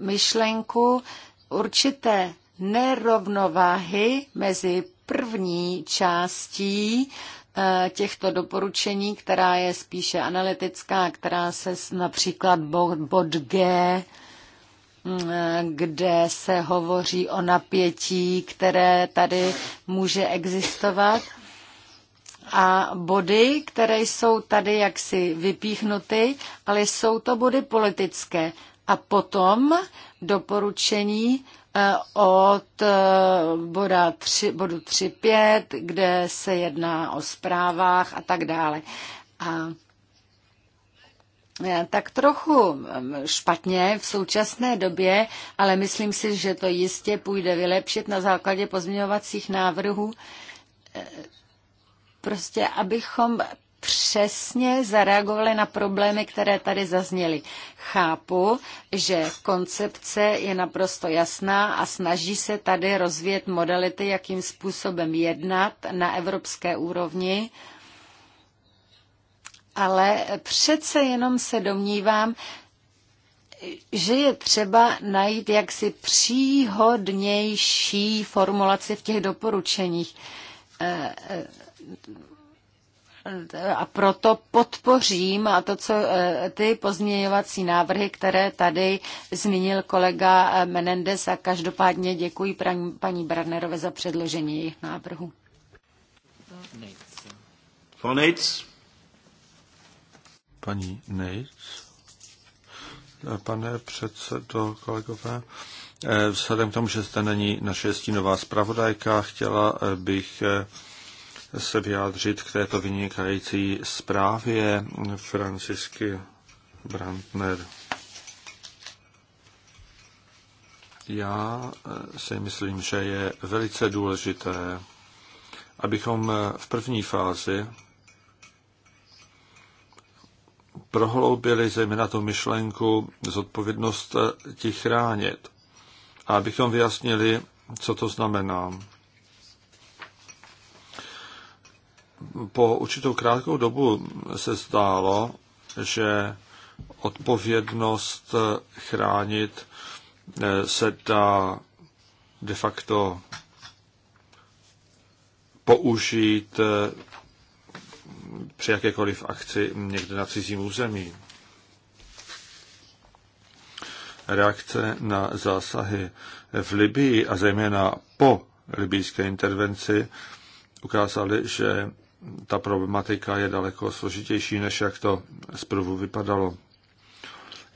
myšlenku určité nerovnováhy mezi první částí těchto doporučení, která je spíše analytická, která se například bod, bod G kde se hovoří o napětí, které tady může existovat. A body, které jsou tady jaksi vypíchnuty, ale jsou to body politické. A potom doporučení eh, od eh, boda 3, bodu 3.5, kde se jedná o zprávách a tak dále. A Eh, tak trochu špatně v současné době, ale myslím si, že to jistě půjde vylepšit na základě pozměňovacích návrhů. Eh, prostě abychom přesně zareagovali na problémy, které tady zazněly. Chápu, že koncepce je naprosto jasná a snaží se tady rozvíjet modality, jakým způsobem jednat na evropské úrovni ale přece jenom se domnívám, že je třeba najít jaksi příhodnější formulaci v těch doporučeních. E, e, a proto podpořím a to, co e, ty pozměňovací návrhy, které tady zmínil kolega Menendez a každopádně děkuji paní Bradnerové za předložení jejich návrhu. Nates paní Nejc. Pane předsedo, kolegové, vzhledem k tomu, že zde není naše stínová zpravodajka, chtěla bych se vyjádřit k této vynikající zprávě Francisky Brandner. Já si myslím, že je velice důležité, abychom v první fázi prohloubili zejména tu myšlenku zodpovědnost eh, ti chránit. A abychom vyjasnili, co to znamená. Po určitou krátkou dobu se zdálo, že odpovědnost eh, chránit eh, se dá de facto použít při jakékoliv akci někde na cizím území. Reakce na zásahy v Libii a zejména po libijské intervenci ukázaly, že ta problematika je daleko složitější, než jak to zprvu vypadalo.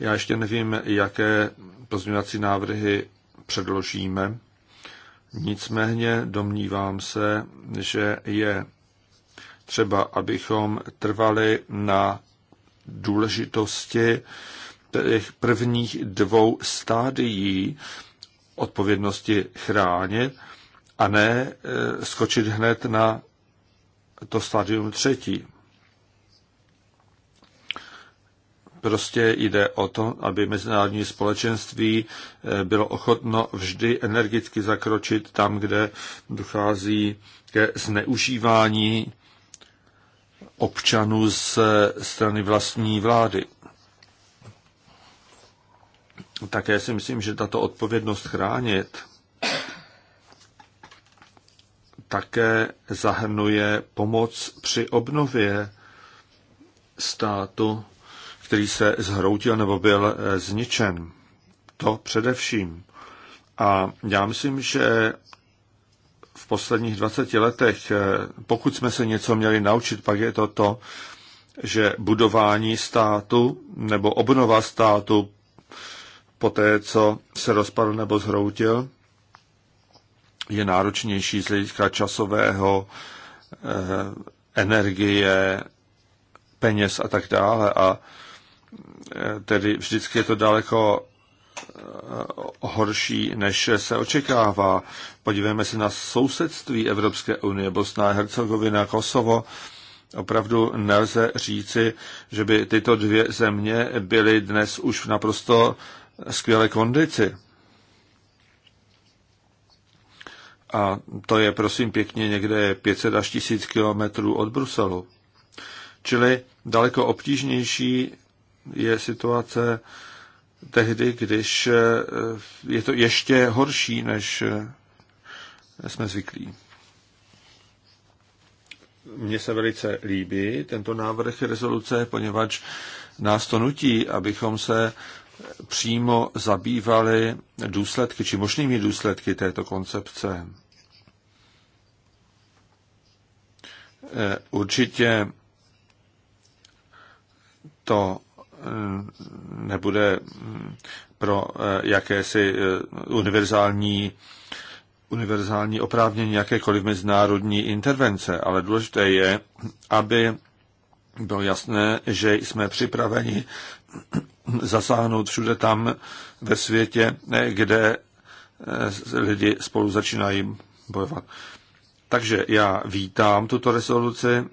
Já ještě nevím, jaké pozměňovací návrhy předložíme. Nicméně domnívám se, že je třeba, abychom trvali na důležitosti těch prvních dvou stádií odpovědnosti chránit a ne e, skočit hned na to stádium třetí. Prostě jde o to, aby mezinárodní společenství e, bylo ochotno vždy energicky zakročit tam, kde dochází ke zneužívání občanů z strany vlastní vlády. Také si myslím, že tato odpovědnost chránit také zahrnuje pomoc při obnově státu, který se zhroutil nebo byl eh, zničen. To především. A já myslím, že posledních 20 letech, eh, pokud jsme se něco měli naučit, pak je to to, že budování státu nebo obnova státu po té, co se rozpadl nebo zhroutil, je náročnější z hlediska časového, eh, energie, peněz a tak dále. A eh, tedy vždycky je to daleko Eh, horší, než se očekává. Podívejme se na sousedství Evropské unie, Bosna a Hercegovina, Kosovo. Opravdu nelze říci, že by tyto dvě země byly dnes už v naprosto skvělé kondici. A to je, prosím pěkně, někde 500 až 1000 kilometrů od Bruselu. Čili daleko obtížnější je situace tehdy, když eh, je to ještě horší, než eh, jsme zvyklí. Mně se velice líbí tento návrh rezoluce, poněvadž nás to nutí, abychom se přímo zabývali důsledky či možnými důsledky této koncepce. Eh, určitě to Eh, nebude mm, pro eh, jakési eh, univerzální univerzální oprávnění jakékoliv mezinárodní intervence, ale důležité je, aby bylo jasné, že jsme připraveni <clears throat> zasáhnout všude tam ve světě, kde lidi spolu začínají bojovat. Takže já vítám tuto rezoluci.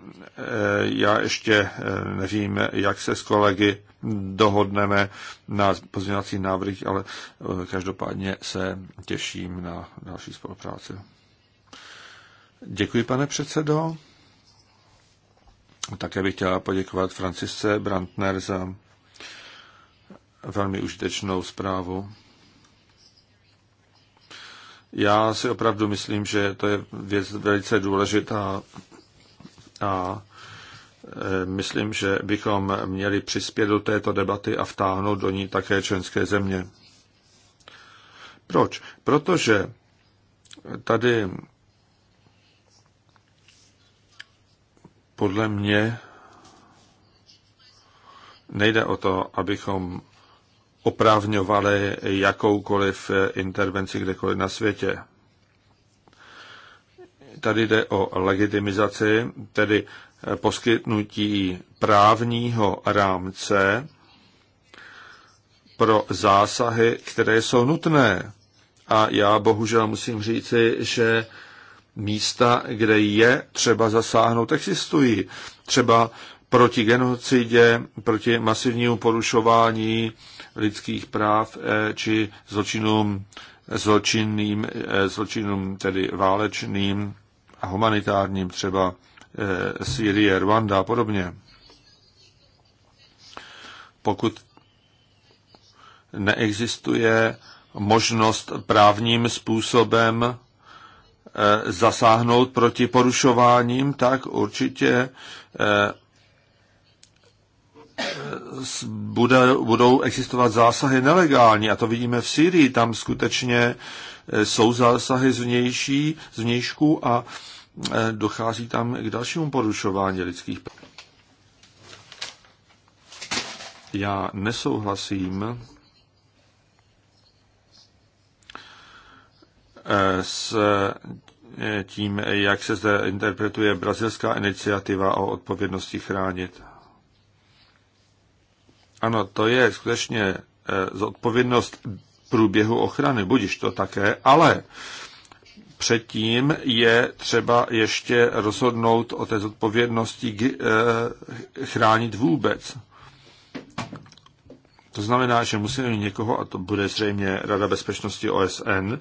Já ještě nevím, jak se s kolegy dohodneme na pozměňovacích návrhy, ale eh, každopádně se těším na další spolupráci. Děkuji, pane předsedo. Také bych chtěla poděkovat Francisce Brantner za velmi užitečnou zprávu. Já si opravdu myslím, že to je věc velice důležitá a Eh, myslím, že bychom měli přispět do této debaty a vtáhnout do ní také členské země. Proč? Protože tady podle mě nejde o to, abychom oprávňovali jakoukoliv intervenci kdekoliv na světě. Tady jde o legitimizaci, tedy poskytnutí právního rámce pro zásahy, které jsou nutné. A já bohužel musím říci, že místa, kde je třeba zasáhnout, existují. Třeba proti genocidě, proti masivnímu porušování lidských práv eh, či zločinům, eh, zločinným, eh, zločinům tedy válečným a humanitárním třeba Eh, Syrie, Rwanda a podobně, pokud neexistuje možnost právním způsobem eh, zasáhnout proti porušováním, tak určitě eh, bude, budou existovat zásahy nelegální. A to vidíme v Syrii, tam skutečně jsou zásahy zvnější, zvnějšku a Eh, dochází tam k dalšímu porušování lidských práv. Já nesouhlasím eh, s eh, tím, jak se zde interpretuje brazilská iniciativa o odpovědnosti chránit. Ano, to je skutečně zodpovědnost průběhu ochrany, budiš to také, ale předtím je třeba ještě rozhodnout o té zodpovědnosti eh, chránit vůbec. To znamená, že musíme mít někoho, a to bude zřejmě Rada bezpečnosti OSN,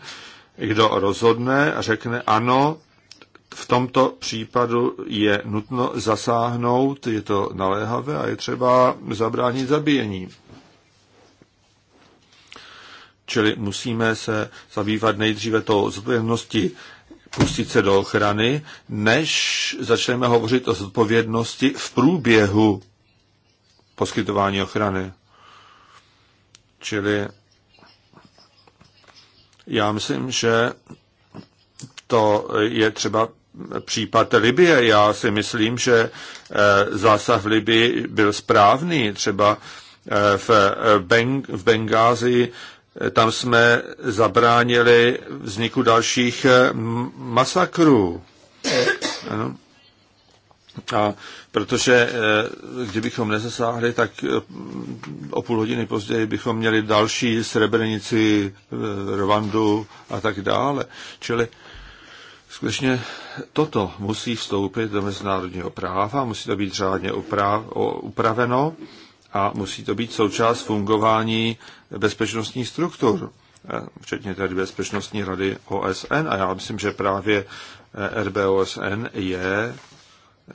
kdo rozhodne a řekne ano, v tomto případu je nutno zasáhnout, je to naléhavé a je třeba zabránit zabíjení. Čili musíme se zabývat nejdříve to zodpovědnosti pustit se do ochrany, než začneme hovořit o zodpovědnosti v průběhu poskytování ochrany. Čili já myslím, že to je třeba případ Libie. Já si myslím, že eh, zásah v Libii byl správný. Třeba eh, v, eh, Beng- v Bengázi Eh, tam jsme zabránili vzniku dalších eh, masakrů. Ano. A protože eh, kdybychom nezasáhli, tak o půl hodiny později bychom měli další Srebrenici, Rwandu a tak dále. Čili skutečně toto musí vstoupit do mezinárodního práva, musí to být řádně upraveno a musí to být součást fungování bezpečnostních struktur, eh, včetně tedy Bezpečnostní rady OSN. A já myslím, že právě eh, RBOSN je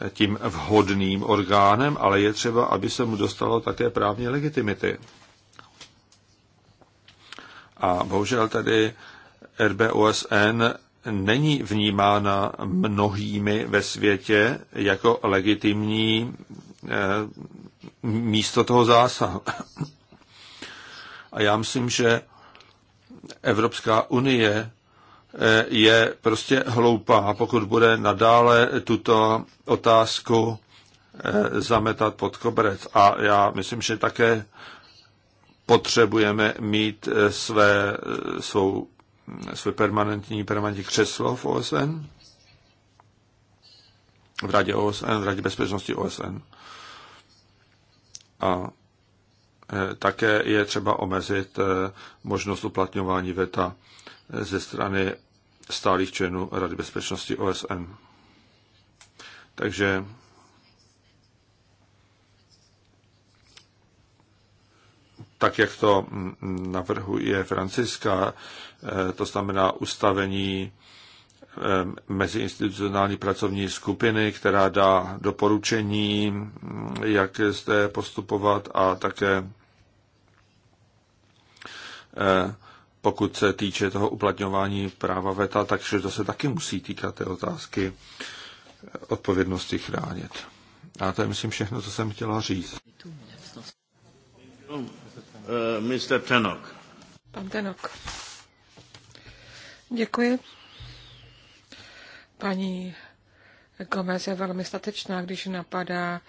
eh, tím vhodným orgánem, ale je třeba, aby se mu dostalo také právní legitimity. A bohužel tady RBOSN není vnímána mnohými ve světě jako legitimní Eh, místo toho zásahu. A já myslím, že Evropská unie eh, je prostě hloupá, pokud bude nadále tuto otázku eh, zametat pod koberec. A já myslím, že také potřebujeme mít své, svou, své permanentní, permanentní křeslo v OSN, v Radě OSN, v Radě bezpečnosti OSN. A e, také je třeba omezit e, možnost uplatňování VETA e, ze strany stálých členů Rady bezpečnosti OSN. Takže tak, jak to navrhuje Franciska, to znamená ustavení Eh, meziinstitucionální pracovní skupiny, která dá doporučení, jak zde postupovat a také eh, pokud se týče toho uplatňování práva VETA, takže to se taky musí týkat té otázky odpovědnosti chránit. A to je, myslím, všechno, co jsem chtěla říct. Eh, Mr. Tenok. Pan Tenok. Děkuji. Paní Gomez je velmi statečná, když napadá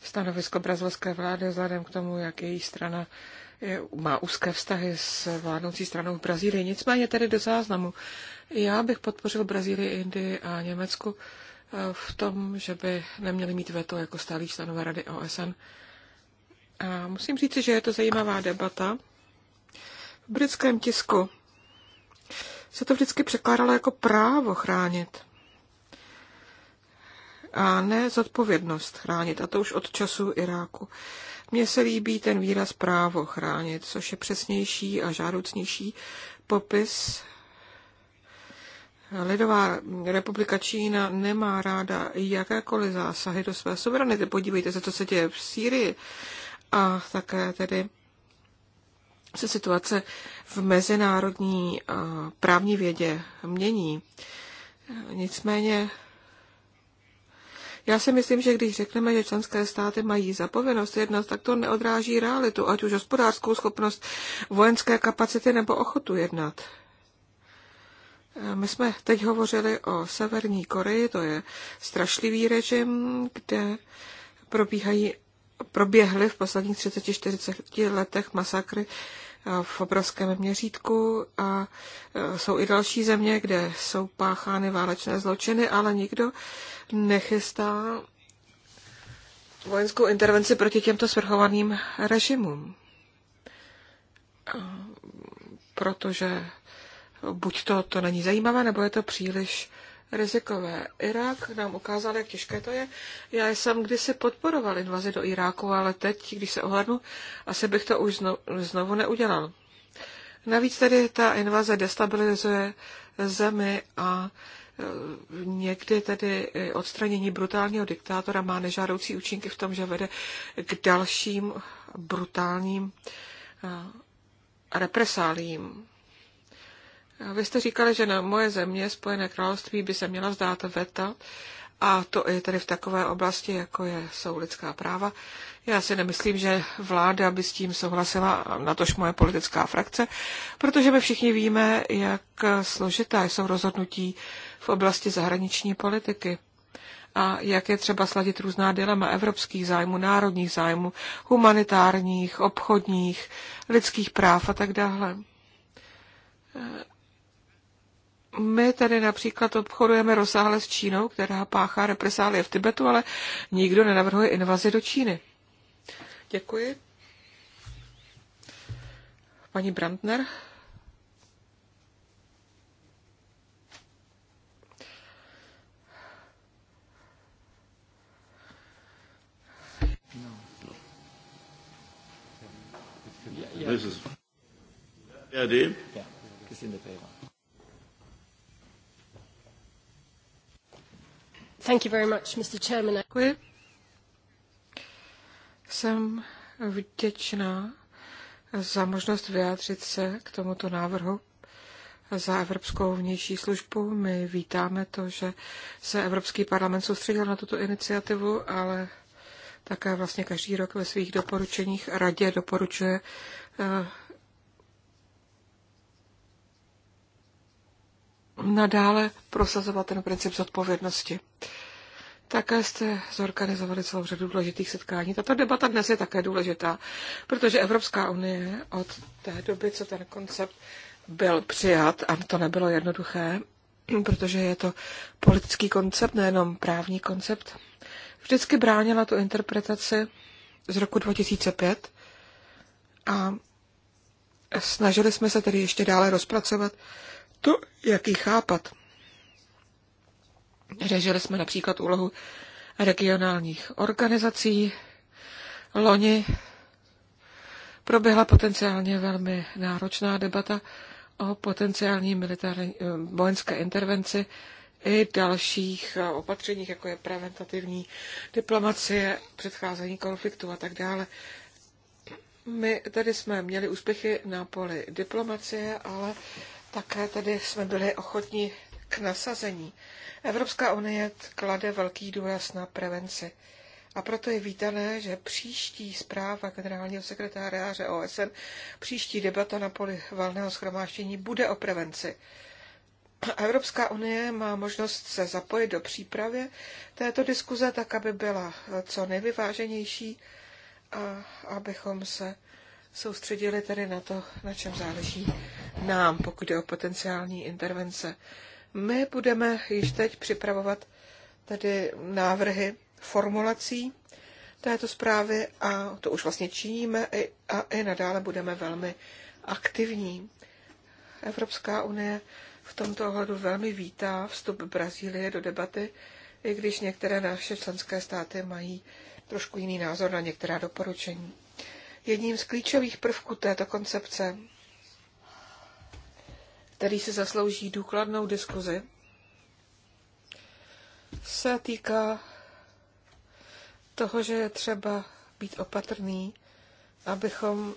stanovisko brazilské vlády vzhledem k tomu, jak její strana je, má úzké vztahy s vládnoucí stranou v Brazílii. Nicméně tedy do záznamu. Já bych podpořil Brazílii, Indii a Německu eh, v tom, že by neměli mít veto jako stálí členové Rady OSN. A musím říct, že je to zajímavá debata. V britském tisku se to vždycky překládalo jako právo chránit a ne zodpovědnost chránit, a to už od času Iráku. Mně se líbí ten výraz právo chránit, což je přesnější a žádoucnější popis. Lidová republika Čína nemá ráda jakékoliv zásahy do své suverenity. Podívejte se, co se děje v Sýrii a také tedy se situace v mezinárodní eh, právní vědě mění. Nicméně já si myslím, že když řekneme, že členské státy mají zapovinnost jednat, tak to neodráží realitu, ať už hospodářskou schopnost, vojenské kapacity nebo ochotu jednat. E, my jsme teď hovořili o Severní Koreji, to je strašlivý režim, kde probíhají, proběhly v posledních 30-40 letech masakry v obrovském měřítku a e, jsou i další země, kde jsou páchány válečné zločiny, ale nikdo nechystá vojenskou intervenci proti těmto svrchovaným režimům. E, protože buď to, to není zajímavé, nebo je to příliš rizikové. Irák nám ukázal, jak těžké to je. Já jsem kdysi podporoval invazi do Iráku, ale teď, když se ohlednu, asi bych to už znovu neudělal. Navíc tedy ta invaze destabilizuje zemi a e, někdy tedy odstranění brutálního diktátora má nežádoucí účinky v tom, že vede k dalším brutálním e, represálím. Vy jste říkali, že na moje země, Spojené království, by se měla zdát veta, a to je tedy v takové oblasti, jako je, jsou lidská práva. Já si nemyslím, že vláda by s tím souhlasila, natož moje politická frakce, protože my všichni víme, jak složitá jsou rozhodnutí v oblasti zahraniční politiky a jak je třeba sladit různá dilema evropských zájmů, národních zájmů, humanitárních, obchodních, lidských práv a tak dále. My tady například obchodujeme rozsáhle s Čínou, která páchá represálie v Tibetu, ale nikdo nenavrhuje invazi do Číny. Děkuji. Paní Brandner. This is. Yeah, dear. Yeah, it's in the paper. Děkuji. Jsem vděčná za možnost vyjádřit se k tomuto návrhu za Evropskou vnější službu. My vítáme to, že se Evropský parlament soustředil na tuto iniciativu, ale také vlastně každý rok ve svých doporučeních radě doporučuje eh, nadále prosazovat ten princip zodpovědnosti. Také jste zorganizovali celou řadu důležitých setkání. Tato debata dnes je také důležitá, protože Evropská unie od té doby, co ten koncept byl přijat, a to nebylo jednoduché, protože je to politický koncept, nejenom právní koncept, vždycky bránila tu interpretaci z roku 2005 a snažili jsme se tedy ještě dále rozpracovat to, jak ji chápat. Řežili jsme například úlohu regionálních organizací. Loni proběhla potenciálně velmi náročná debata o potenciální militární eh, vojenské intervenci i dalších eh, opatřeních, jako je preventativní diplomacie, předcházení konfliktu a tak dále. My tady jsme měli úspěchy na poli diplomacie, ale také tedy jsme byli ochotní k nasazení. Evropská unie klade velký důraz na prevenci. A proto je vítané, že příští zpráva generálního sekretáře OSN, příští debata na poli valného schromáštění bude o prevenci. Evropská unie má možnost se zapojit do přípravy této diskuze tak, aby byla co nejvyváženější a abychom se soustředili tedy na to, na čem záleží nám, pokud je o potenciální intervence. My budeme již teď připravovat tady návrhy formulací této zprávy a to už vlastně činíme a i nadále budeme velmi aktivní. Evropská unie v tomto ohledu velmi vítá vstup Brazílie do debaty, i když některé naše členské státy mají trošku jiný názor na některá doporučení. Jedním z klíčových prvků této koncepce který si zaslouží důkladnou diskuzi, se týká toho, že je třeba být opatrný, abychom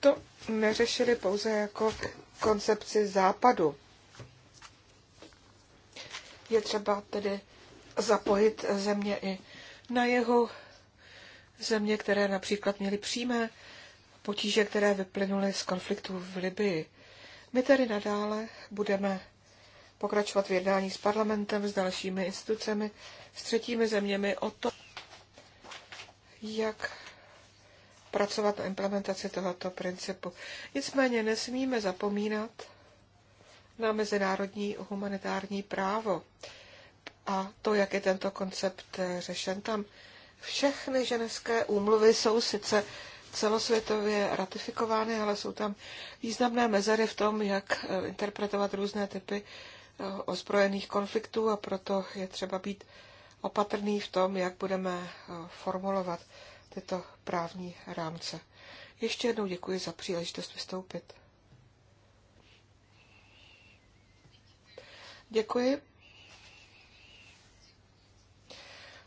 to neřešili pouze jako koncepci západu. Je třeba tedy zapojit země i na jeho země, které například měly přímé potíže, které vyplynuly z konfliktu v Libii. My tedy nadále budeme pokračovat v jednání s parlamentem, s dalšími institucemi, s třetími zeměmi o to, jak pracovat na implementaci tohoto principu. Nicméně nesmíme zapomínat na mezinárodní humanitární právo a to, jak je tento koncept řešen tam. Všechny ženské úmluvy jsou sice celosvětově ratifikovány, ale jsou tam významné mezery v tom, jak eh, interpretovat různé typy eh, ozbrojených konfliktů a proto je třeba být opatrný v tom, jak budeme eh, formulovat tyto právní rámce. Ještě jednou děkuji za příležitost vystoupit. Děkuji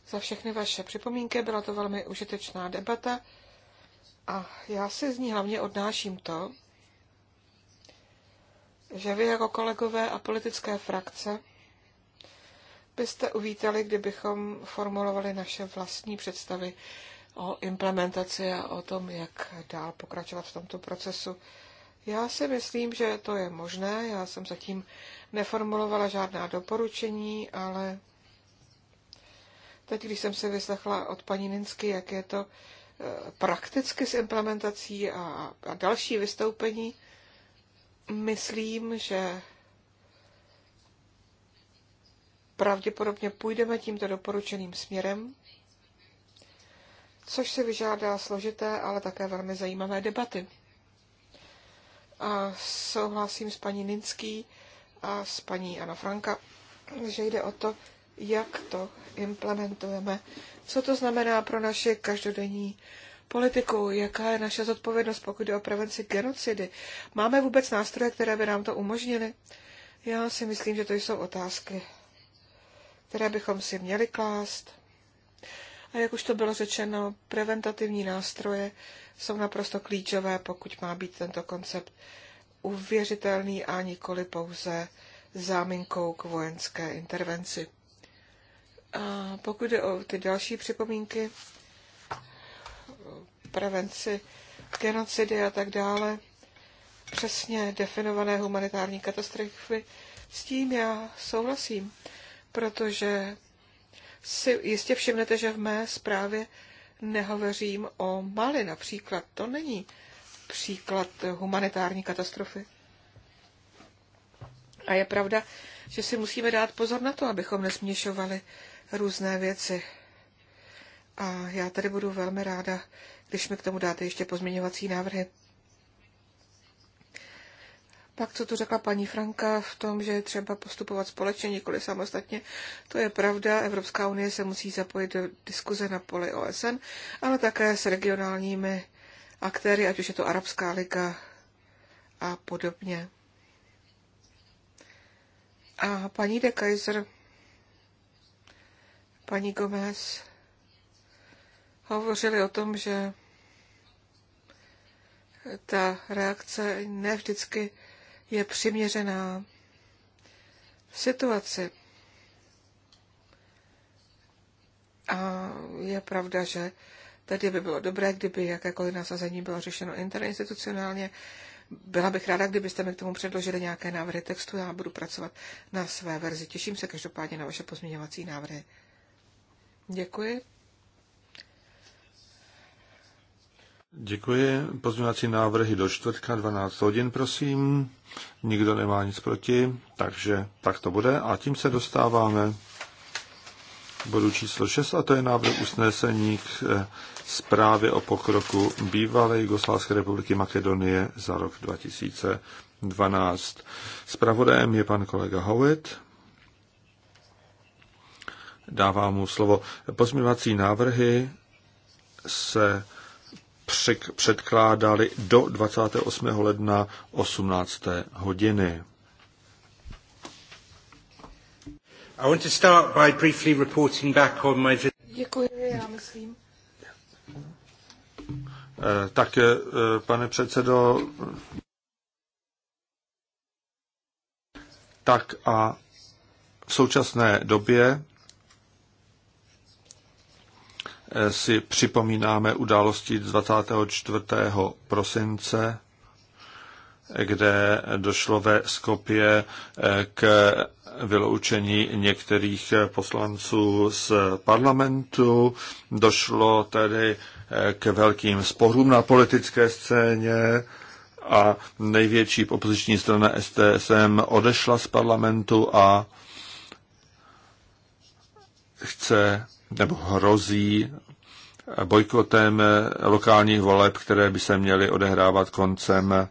za všechny vaše připomínky. Byla to velmi užitečná debata. A já si z ní hlavně odnáším to, že vy jako kolegové a politické frakce byste uvítali, kdybychom formulovali naše vlastní představy o implementaci a o tom, jak dál pokračovat v tomto procesu. Já si myslím, že to je možné. Já jsem zatím neformulovala žádná doporučení, ale teď, když jsem se vyslechla od paní Ninsky, jak je to prakticky s implementací a, a další vystoupení, myslím, že pravděpodobně půjdeme tímto doporučeným směrem, což se vyžádá složité, ale také velmi zajímavé debaty. A souhlasím s paní Ninský a s paní Ana Franka, že jde o to jak to implementujeme, co to znamená pro naše každodenní politiku, jaká je naše zodpovědnost, pokud jde o prevenci genocidy. Máme vůbec nástroje, které by nám to umožnily? Já si myslím, že to jsou otázky, které bychom si měli klást. A jak už to bylo řečeno, preventativní nástroje jsou naprosto klíčové, pokud má být tento koncept uvěřitelný a nikoli pouze záminkou k vojenské intervenci. A pokud jde o ty další připomínky, prevenci genocidy a tak dále, přesně definované humanitární katastrofy, s tím já souhlasím, protože si jistě všimnete, že v mé zprávě nehovořím o Mali například. To není příklad humanitární katastrofy. A je pravda, že si musíme dát pozor na to, abychom nesměšovali různé věci. A já tady budu velmi ráda, když mi k tomu dáte ještě pozměňovací návrhy. Pak, co tu řekla paní Franka v tom, že je třeba postupovat společně, nikoli samostatně, to je pravda. Evropská unie se musí zapojit do diskuze na poli OSN, ale také s regionálními aktéry, ať už je to Arabská liga a podobně. A paní de Kaiser paní Gomez hovořili o tom, že ta reakce ne vždycky je přiměřená v situaci. A je pravda, že tady by bylo dobré, kdyby jakékoliv nasazení bylo řešeno interinstitucionálně. Byla bych ráda, kdybyste mi k tomu předložili nějaké návrhy textu, já budu pracovat na své verzi. Těším se každopádně na vaše pozměňovací návrhy. Děkuji. Děkuji. Pozměňovací návrhy do čtvrtka 12 hodin, prosím. Nikdo nemá nic proti, takže tak to bude. A tím se dostáváme k bodu číslo 6 a to je návrh usnesení k eh, zprávě o pokroku bývalé Jugoslávské republiky Makedonie za rok 2012. Spravodajem je pan kolega Howitt dávám mu slovo. Pozměňovací návrhy se předkládali do 28. ledna 18. hodiny. Děkuji, já myslím. Eh, tak, eh, pane předsedo, tak a v současné době si připomínáme události 24. prosince, kde došlo ve Skopě eh, k vyloučení některých poslanců z parlamentu. Došlo tedy eh, k velkým sporům na politické scéně a největší opoziční strana STSM odešla z parlamentu a chce nebo hrozí bojkotem lokálních voleb, které by se měly odehrávat koncem eh,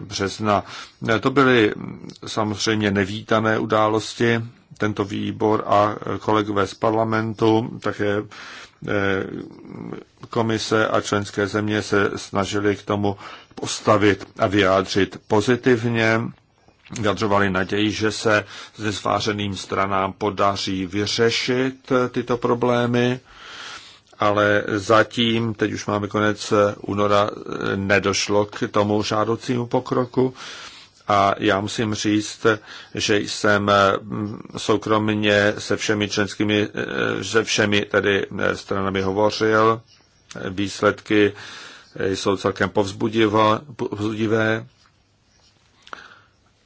března. Eh, to byly mm, samozřejmě nevítané události, tento výbor a eh, kolegové z parlamentu, také komise a členské země se snažili k tomu postavit a vyjádřit pozitivně vyjadřovali naději, že se nezvářeným stranám podaří vyřešit tyto problémy, ale zatím, teď už máme konec února, nedošlo k tomu žádoucímu pokroku. A já musím říct, že jsem mm, soukromně se všemi členskými, eh, se všemi tedy eh, stranami hovořil. Výsledky eh, jsou celkem povzbudivé.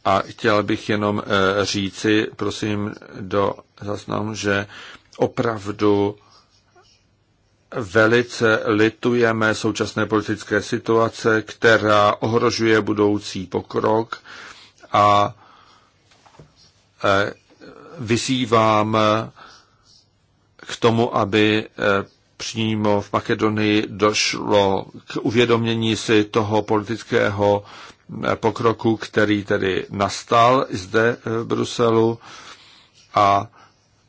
A chtěl bych jenom eh, říci, prosím, do zasnám, že opravdu velice litujeme současné politické situace, která ohrožuje budoucí pokrok a eh, vyzývám eh, k tomu, aby přímo v Makedonii došlo k uvědomění si toho politického pokroku, který tedy nastal zde v Bruselu a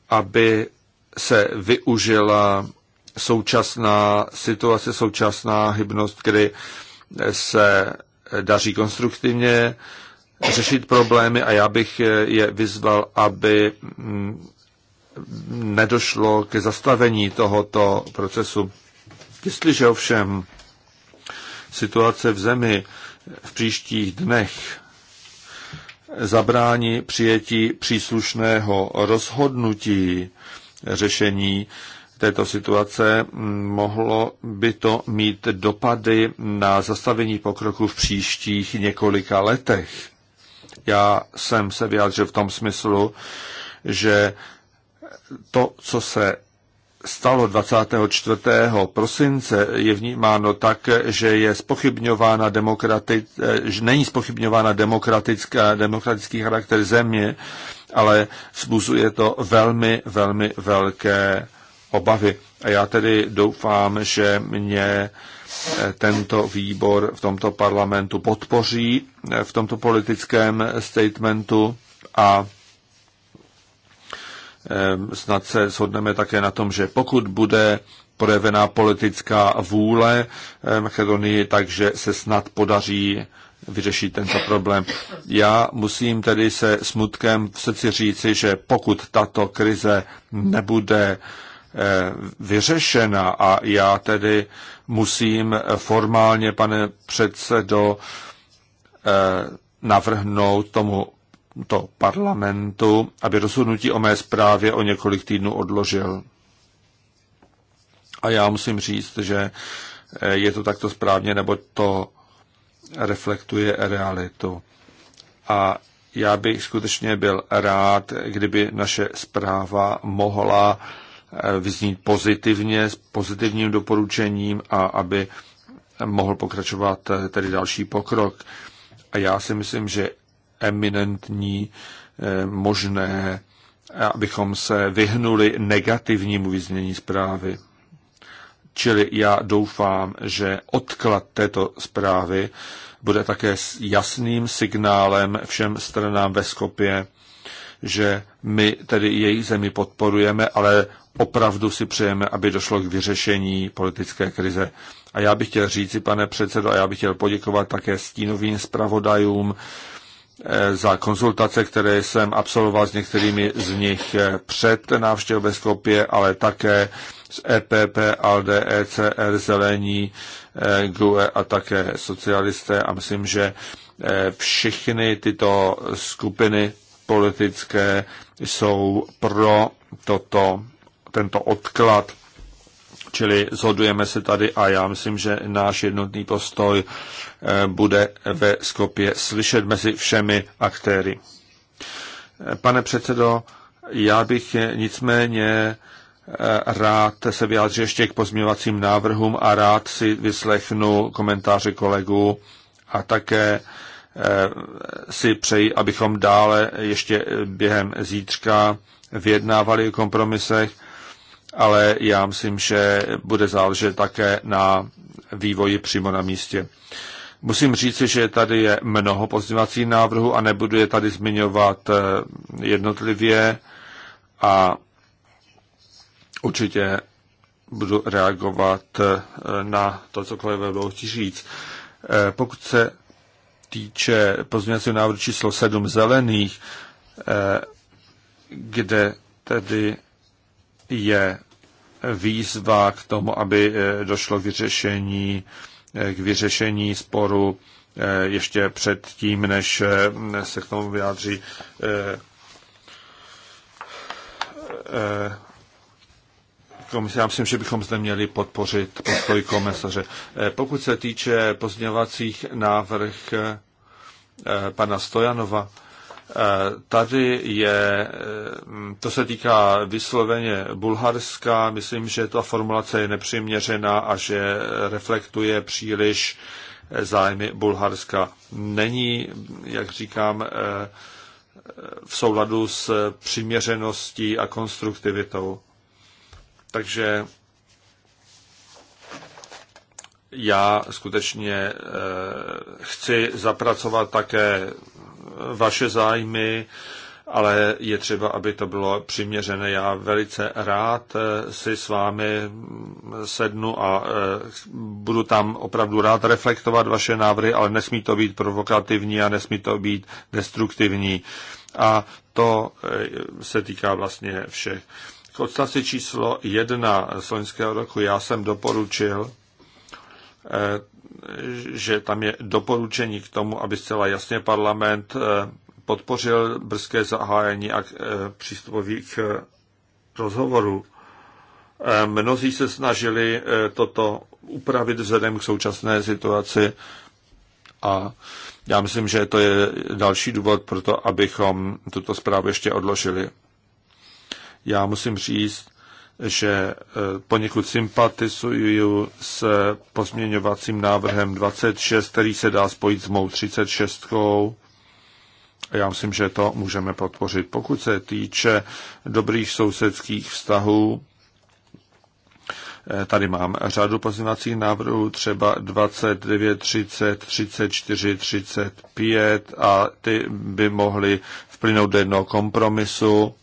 aby se využila současná situace, současná hybnost, kdy se daří konstruktivně řešit problémy a já bych je vyzval, aby nedošlo ke zastavení tohoto procesu. Jestliže ovšem situace v zemi v příštích dnech zabrání přijetí příslušného rozhodnutí řešení této situace, mohlo by to mít dopady na zastavení pokroku v příštích několika letech. Já jsem se vyjádřil v tom smyslu, že to, co se stalo 24. prosince, je vnímáno tak, že je spochybňována demokrati- eh, že není spochybňována demokratická, demokratický charakter země, ale vzbuzuje to velmi, velmi velké obavy. A já tedy doufám, že mě eh, tento výbor v tomto parlamentu podpoří eh, v tomto politickém statementu a Ehm, snad se shodneme také na tom, že pokud bude projevená politická vůle ehm, Makedonii, takže se snad podaří vyřešit tento problém. Já musím tedy se smutkem v srdci říci, že pokud tato krize nebude ehm, vyřešena a já tedy musím formálně, pane předsedo, navrhnout tomu tomto parlamentu, aby rozhodnutí o mé zprávě o několik týdnů odložil. A já musím říct, že eh, je to takto správně, nebo to reflektuje realitu. A já bych skutečně byl rád, kdyby naše zpráva mohla eh, vyznít pozitivně, s pozitivním doporučením a aby mohl pokračovat eh, tedy další pokrok. A já si myslím, že eminentní eh, možné, abychom se vyhnuli negativnímu vyznění zprávy. Čili já doufám, že odklad této zprávy bude také jasným signálem všem stranám ve Skopě, že my tedy její zemi podporujeme, ale opravdu si přejeme, aby došlo k vyřešení politické krize. A já bych chtěl říci, pane předsedo, a já bych chtěl poděkovat také stínovým zpravodajům, Eh, za konzultace, které jsem absolvoval s některými z nich eh, před návštěvou ve Skopě, ale také z EPP, ALDE, ECR, Zelení, eh, GUE a také socialisté a myslím, že všechny tyto skupiny politické jsou pro toto, tento odklad Čili zhodujeme se tady a já myslím, že náš jednotný postoj eh, bude ve Skopě slyšet mezi všemi aktéry. Eh, pane předsedo, já bych nicméně eh, rád se vyjádřil ještě k pozměňovacím návrhům a rád si vyslechnu komentáře kolegů a také si přeji, abychom dále ještě během zítřka vyjednávali o kompromisech ale já myslím, že bude záležet také na vývoji přímo na místě. Musím říci, že tady je mnoho pozměňovacích návrhů a nebudu je tady zmiňovat eh, jednotlivě a určitě budu reagovat eh, na to, co kolegové bylo chtít říct. Eh, pokud se týče pozměňovacího návrhu číslo 7 zelených, kde tedy je výzva k tomu, aby eh, došlo k vyřešení, eh, k vyřešení sporu eh, ještě před tím, než se k tomu vyjádří komise. Já myslím, že bychom zde měli podpořit postoj komisaře. Pokud se týče pozměňovacích návrh pana Stojanova, Eh, tady je, eh, to se týká vysloveně Bulharska, myslím, že ta formulace je nepřiměřená a že reflektuje příliš eh, zájmy Bulharska. Není, jak říkám, v souladu s přiměřeností a konstruktivitou. Takže já skutečně chci zapracovat také vaše zájmy, ale je třeba, aby to bylo přiměřené. Já velice rád eh, si s vámi mm, sednu a eh, budu tam opravdu rád reflektovat vaše návrhy, ale nesmí to být provokativní a nesmí to být destruktivní. A to eh, se týká vlastně všech. K odstavci číslo jedna z loňského roku já jsem doporučil že tam je doporučení k tomu, aby zcela jasně parlament eh, podpořil brzké zahájení a eh, přístupových eh, rozhovorů. Mnozí se snažili toto upravit vzhledem k současné situaci a já myslím, že to je další důvod pro to, abychom tuto zprávu ještě odložili. Já musím říct, že e, poněkud sympatizuju s pozměňovacím návrhem 26, který se dá spojit s mou 36. Já myslím, že to můžeme podpořit. Pokud se týče dobrých sousedských vztahů, e, tady mám řadu pozměňovacích návrhů, třeba 29, 30, 34, 35 a ty by mohly vplynout do jednoho kompromisu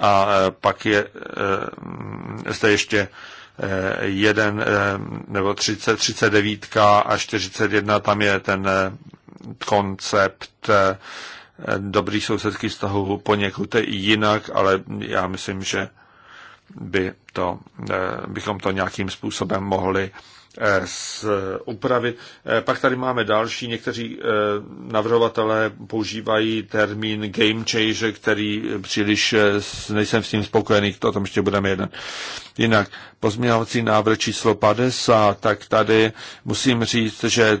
a e, pak je e, zde ještě e, jeden nebo 30, 39 a 41, tam je ten koncept dobrý sousedský vztahů poněkud jinak, ale já myslím, že by to, bychom to nějakým způsobem mohli z eh, úpravy. Eh, eh, pak tady máme další, někteří navrhovatelé používají termín game changer, který příliš nejsem s tím spokojený, to o tom ještě budeme jeden. Jinak, pozměňovací návrh číslo 50, tak tady musím říct, že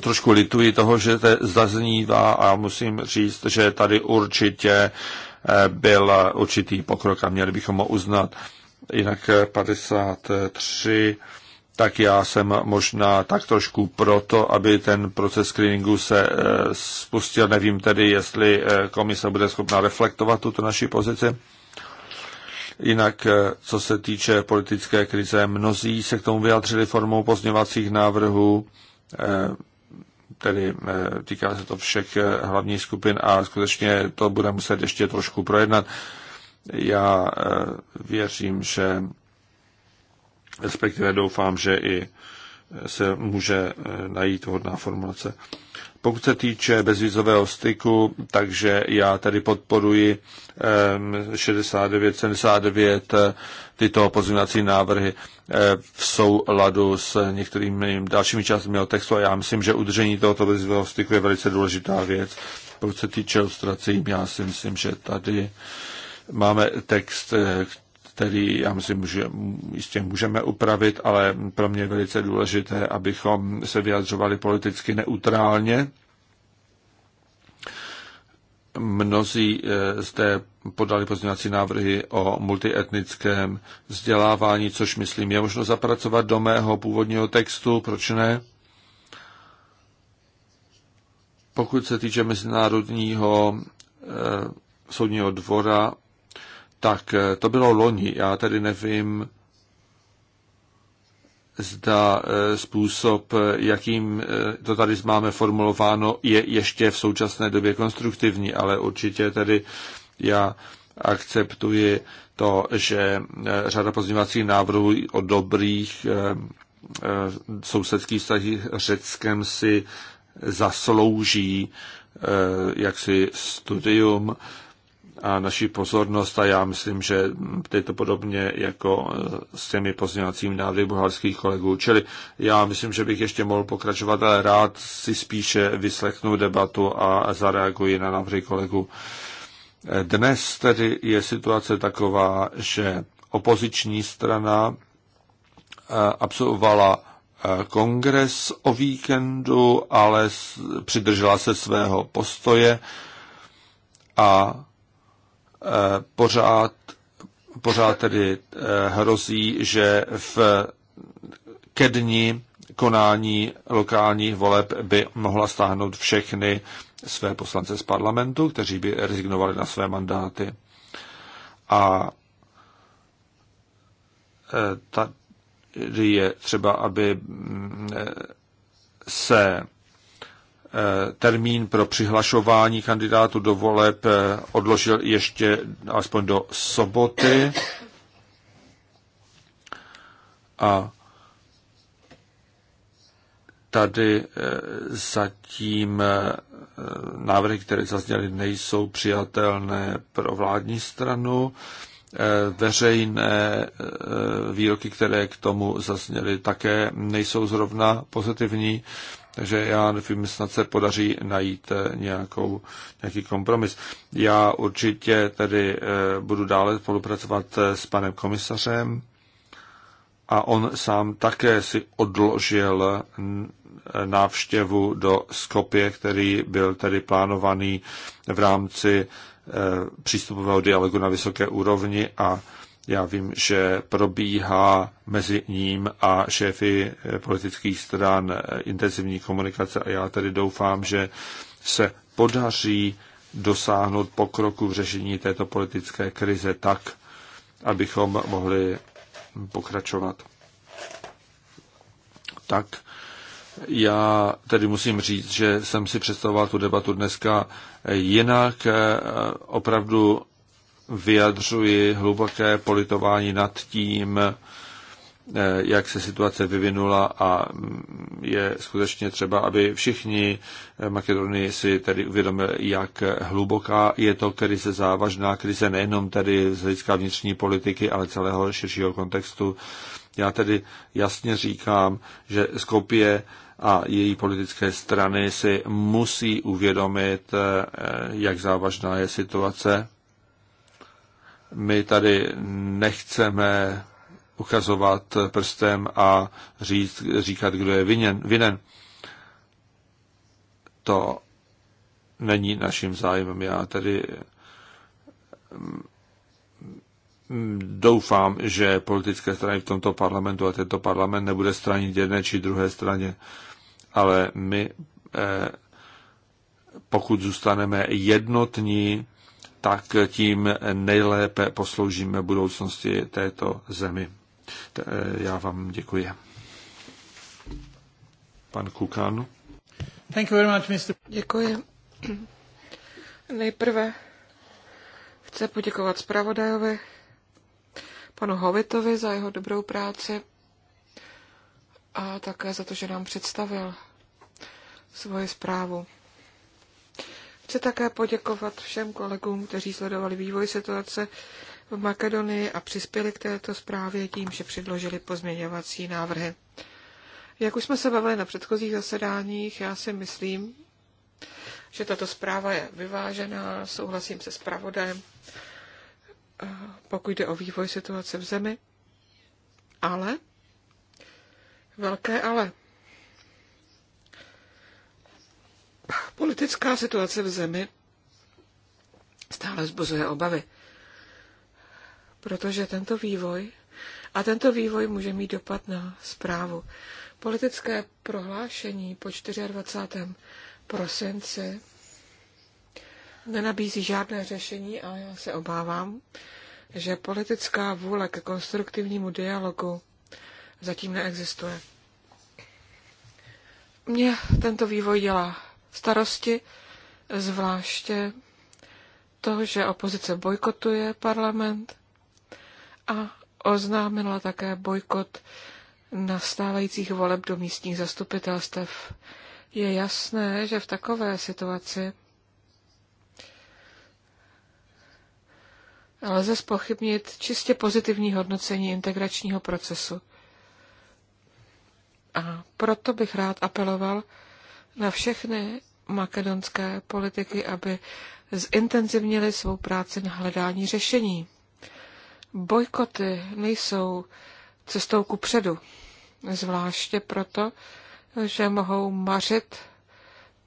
trošku lituji toho, že to zaznívá a musím říct, že tady určitě byl určitý pokrok a měli bychom ho uznat jinak 53, eh, tak já jsem možná tak trošku proto, aby ten proces screeningu se eh, spustil. Nevím tedy, jestli eh, komise bude schopná reflektovat tuto naši pozici. Jinak, co se týče politické krize, mnozí se k tomu vyjadřili formou pozněvacích návrhů, tedy týká se to všech hlavních skupin a skutečně to bude muset ještě trošku projednat. Já eh, věřím, že respektive doufám, že i eh, se může eh, najít vhodná formulace. Pokud se týče bezvízového styku, takže já tady podporuji 69, 79 tyto pozměňovací návrhy v souladu s některými dalšími částmi o textu a já myslím, že udržení tohoto bezvízového styku je velice důležitá věc. Pokud se týče ilustrací, já si myslím, že tady Máme text, eh, který já myslím, že jistě můžeme upravit, ale pro mě je velice důležité, abychom se vyjadřovali politicky neutrálně. Mnozí eh, zde podali pozměňovací návrhy o multietnickém vzdělávání, což myslím je možno zapracovat do mého původního textu, proč ne? Pokud se týče Mezinárodního eh, soudního dvora, tak eh, to bylo loni. Já tedy nevím, zda eh, způsob, eh, jakým to tady máme formulováno, je ještě v současné době konstruktivní, ale určitě tedy já akceptuji to, že řada pozměňovacích návrhů o dobrých sousedských vztazích Řeckem si zaslouží jaksi studium a naší pozornost a já myslím, že je to podobně jako e, s těmi pozměňovacími návrhy bulharských kolegů. Čili já myslím, že bych ještě mohl pokračovat, ale rád si spíše vyslechnu debatu a zareaguji na návrhy kolegů. E, dnes tedy je situace taková, že opoziční strana e, absolvovala kongres o víkendu, ale přidržela se svého postoje a Eh, pořád, pořád tedy eh, hrozí, že v ke dni konání lokálních voleb by mohla stáhnout všechny své poslance z parlamentu, kteří by rezignovali na své mandáty. A eh, tady je třeba, aby mm, se Eh, termín pro přihlašování kandidátů do voleb eh, odložil ještě aspoň do soboty. A tady eh, zatím návrhy, které zazněly, nejsou přijatelné pro vládní stranu. Veřejné výroky, které k tomu zazněly, také nejsou zrovna pozitivní. Takže já nevím, snad se podaří najít eh, nějakou, nějaký kompromis. Já určitě tedy eh, budu dále spolupracovat eh, s panem komisařem a on sám také si odložil návštěvu do Skopje, který byl tedy plánovaný v rámci přístupového dialogu na vysoké úrovni a já vím, že probíhá mezi ním a šéfy eh, politických stran eh, intenzivní komunikace a já tedy doufám, že se podaří dosáhnout pokroku v řešení této politické krize tak, abychom mohli pokračovat. Tak, já tedy musím říct, že jsem si představoval tu debatu dneska jinak. Eh, opravdu vyjadřuji hluboké politování nad tím, eh, jak se situace vyvinula a je skutečně třeba, aby všichni eh, Makedonii si tedy uvědomili, jak hluboká je to krize, závažná krize nejenom tedy z hlediska vnitřní politiky, ale celého širšího kontextu. Já tedy jasně říkám, že Skopje a její politické strany si musí uvědomit, eh, jak závažná je situace my tady nechceme ukazovat prstem a říct, říkat, kdo je vinen. vinen. To není naším zájmem. Já tedy mm, doufám, že politické strany v tomto parlamentu a tento parlament nebude stranit jedné či druhé straně, ale my, eh, pokud zůstaneme jednotní tak tím nejlépe posloužíme budoucnosti této zemi. Eh, já vám děkuji. Pan Kukan. Thank you very much, Mr. Děkuji. Nejprve chci poděkovat zpravodajovi, panu Hovitovi za jeho dobrou práci a také za to, že nám představil svoji zprávu. Chci také poděkovat všem kolegům, kteří sledovali vývoj situace v Makedonii a přispěli k této zprávě tím, že předložili pozměňovací návrhy. Jak už jsme se bavili na předchozích zasedáních, já si myslím, že tato zpráva je vyvážená, souhlasím se zpravodajem, eh, pokud jde o vývoj situace v zemi. Ale, velké ale, Politická situace v zemi stále zbuzuje obavy, protože tento vývoj a tento vývoj může mít dopad na zprávu. Politické prohlášení po 24. prosinci nenabízí žádné řešení a já se obávám, že politická vůle ke konstruktivnímu dialogu zatím neexistuje. Mě tento vývoj dělá starosti, zvláště to, že opozice bojkotuje parlament a oznámila také bojkot nastávajících voleb do místních zastupitelstev. Je jasné, že v takové situaci lze spochybnit čistě pozitivní hodnocení integračního procesu. A proto bych rád apeloval na všechny makedonské politiky, aby zintenzivnili svou práci na hledání řešení. Bojkoty nejsou cestou ku předu, zvláště proto, že mohou mařit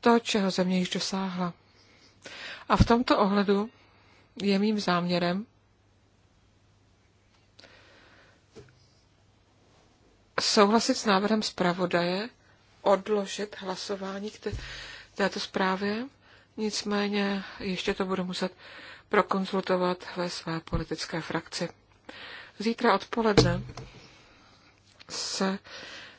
to, čeho země již dosáhla. A v tomto ohledu je mým záměrem souhlasit s návrhem zpravodaje odložit hlasování k této zprávě, nicméně ještě to budu muset prokonzultovat ve své politické frakci. Zítra odpoledne se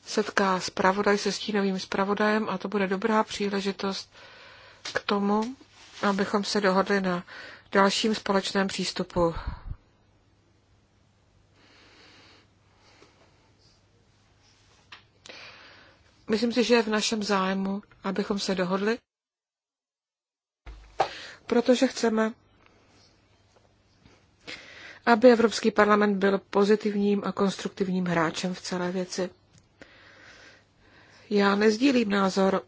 setká zpravodaj se stínovým zpravodajem a to bude dobrá příležitost k tomu, abychom se dohodli na dalším společném přístupu Myslím si, že je v našem zájmu, abychom se dohodli, protože chceme, aby Evropský parlament byl pozitivním a konstruktivním hráčem v celé věci. Já nezdílím názor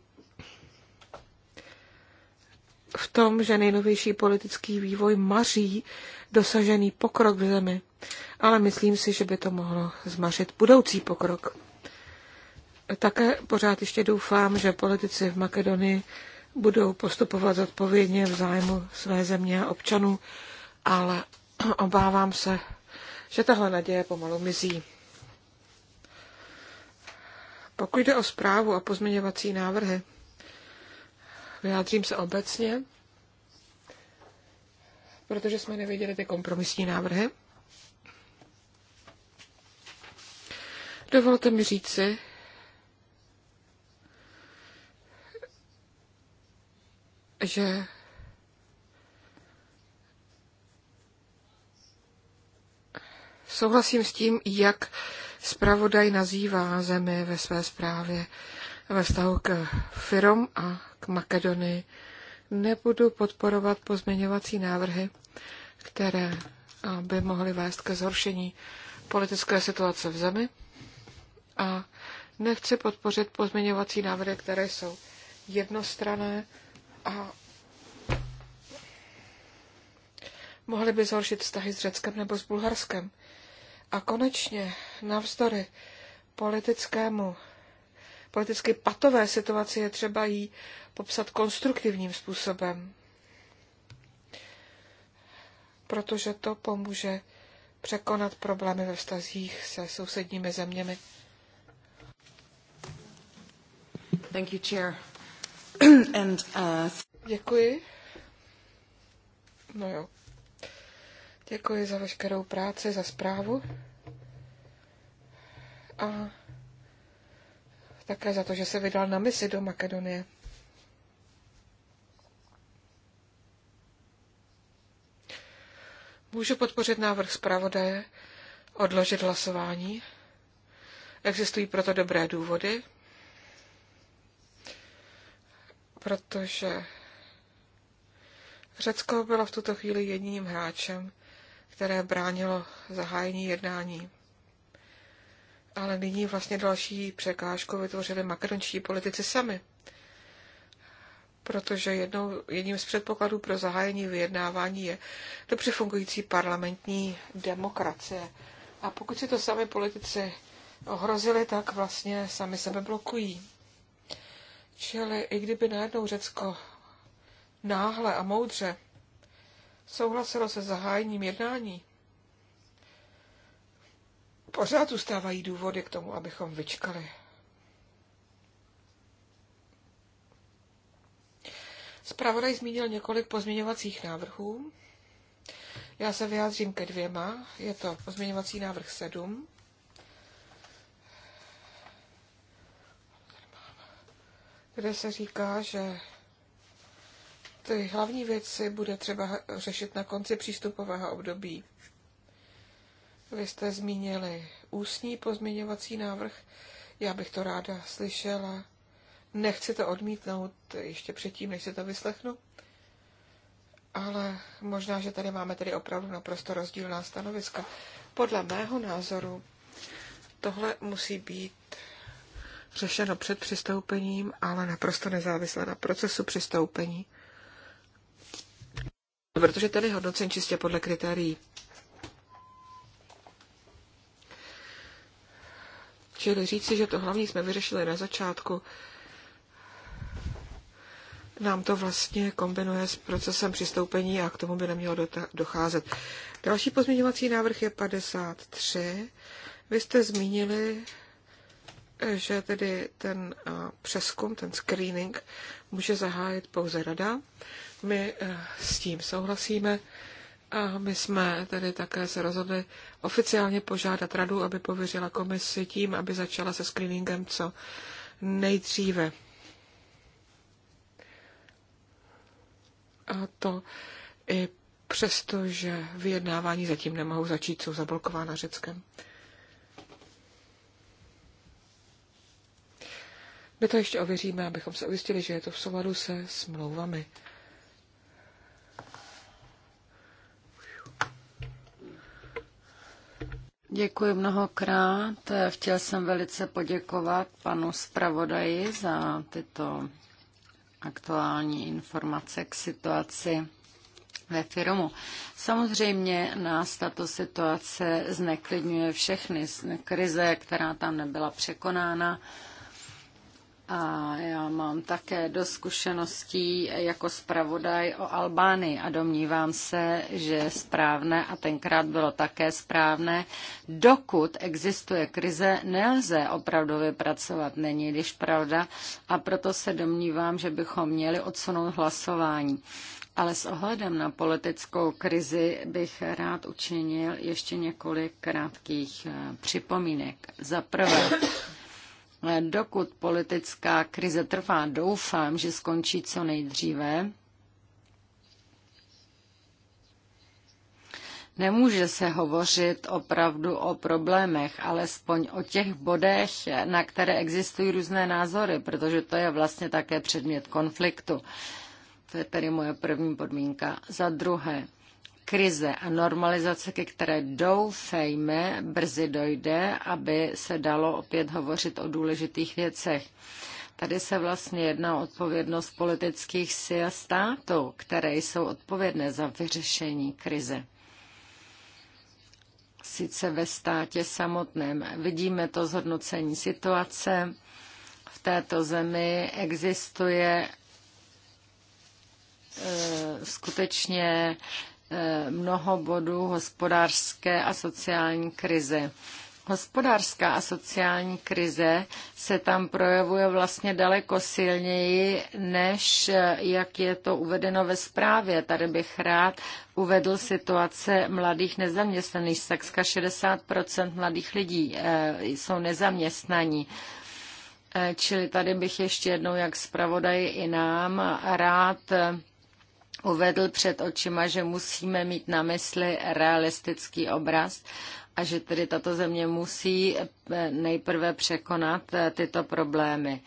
v tom, že nejnovější politický vývoj maří dosažený pokrok v zemi, ale myslím si, že by to mohlo zmařit budoucí pokrok. Také pořád ještě doufám, že politici v Makedonii budou postupovat zodpovědně v zájmu své země a občanů, ale <clears throat> obávám se, že tahle naděje pomalu mizí. Pokud jde o zprávu a pozměňovací návrhy, vyjádřím se obecně, protože jsme neviděli ty kompromisní návrhy. Dovolte mi říci, že souhlasím s tím, jak zpravodaj nazývá zemi ve své zprávě ve vztahu k Firom a k Makedonii. Nebudu podporovat pozměňovací návrhy, které by mohly vést ke zhoršení politické situace v zemi a nechci podpořit pozměňovací návrhy, které jsou jednostrané a mohly by zhoršit vztahy s Řeckem nebo s Bulharskem. A konečně, navzdory politickému, politicky patové situaci je třeba jí popsat konstruktivním způsobem. Protože to pomůže překonat problémy ve vztazích se sousedními zeměmi. Thank you, Chair. Uh, Děkuji. No jo. Děkuji za veškerou práci, za zprávu. A také za to, že se vydal na misi do Makedonie. Můžu podpořit návrh zpravodaje, odložit hlasování. Existují proto dobré důvody protože Řecko bylo v tuto chvíli jedním hráčem, které bránilo zahájení jednání. Ale nyní vlastně další překážku vytvořili makedončtí politici sami. Protože jednou, jedním z předpokladů pro zahájení vyjednávání je dobře fungující parlamentní demokracie. A pokud si to sami politici ohrozili, tak vlastně sami sebe blokují. Čili i kdyby najednou Řecko náhle a moudře souhlasilo se zahájením jednání, pořád zůstávají důvody k tomu, abychom vyčkali. Spravodaj zmínil několik pozměňovacích návrhů. Já se vyjádřím ke dvěma. Je to pozměňovací návrh 7, kde se říká, že ty hlavní věci bude třeba řešit na konci přístupového období. Vy jste zmínili ústní pozměňovací návrh, já bych to ráda slyšela. Nechci to odmítnout ještě předtím, než si to vyslechnu, ale možná, že tady máme tedy opravdu naprosto rozdílná stanoviska. Podle mého názoru tohle musí být řešeno před přistoupením, ale naprosto nezávisle na procesu přistoupení. Protože tady hodnocen čistě podle kritérií. Čili říci, že to hlavní jsme vyřešili na začátku, nám to vlastně kombinuje s procesem přistoupení a k tomu by nemělo docházet. Další pozměňovací návrh je 53. Vy jste zmínili že tedy ten eh, přeskum, ten screening může zahájit pouze rada. My eh, s tím souhlasíme. A my jsme tedy také se rozhodli oficiálně požádat radu, aby pověřila komisi tím, aby začala se screeningem co nejdříve. A to i přesto, že vyjednávání zatím nemohou začít, jsou zablokována Řeckem. My to ještě ověříme, abychom se ujistili, že je to v souladu se smlouvami. Děkuji mnohokrát. Chtěl jsem velice poděkovat panu zpravodaji za tyto aktuální informace k situaci ve firmu. Samozřejmě nás tato situace zneklidňuje všechny. Krize, která tam nebyla překonána, a já mám také do zkušeností jako zpravodaj o Albánii a domnívám se, že je správné a tenkrát bylo také správné. Dokud existuje krize, nelze opravdu vypracovat, není když pravda a proto se domnívám, že bychom měli odsunout hlasování. Ale s ohledem na politickou krizi bych rád učinil ještě několik krátkých eh, připomínek. Za prvé, dokud politická krize trvá, doufám, že skončí co nejdříve. Nemůže se hovořit opravdu o problémech, alespoň o těch bodech, na které existují různé názory, protože to je vlastně také předmět konfliktu. To je tedy moje první podmínka. Za druhé, krize a normalizace, ke které doufejme brzy dojde, aby se dalo opět hovořit o důležitých věcech. Tady se vlastně jedná o odpovědnost politických sil států, které jsou odpovědné za vyřešení krize. Sice ve státě samotném vidíme to zhodnocení situace. V této zemi existuje e, skutečně mnoho bodů hospodářské a sociální krize. Hospodářská a sociální krize se tam projevuje vlastně daleko silněji, než jak je to uvedeno ve zprávě. Tady bych rád uvedl situace mladých nezaměstnaných. Takže 60 mladých lidí eh, jsou nezaměstnaní. Eh, čili tady bych ještě jednou, jak zpravodaj i nám, rád eh, uvedl před očima, že musíme mít na mysli realistický obraz a že tedy tato země musí eh, nejprve překonat eh, tyto problémy.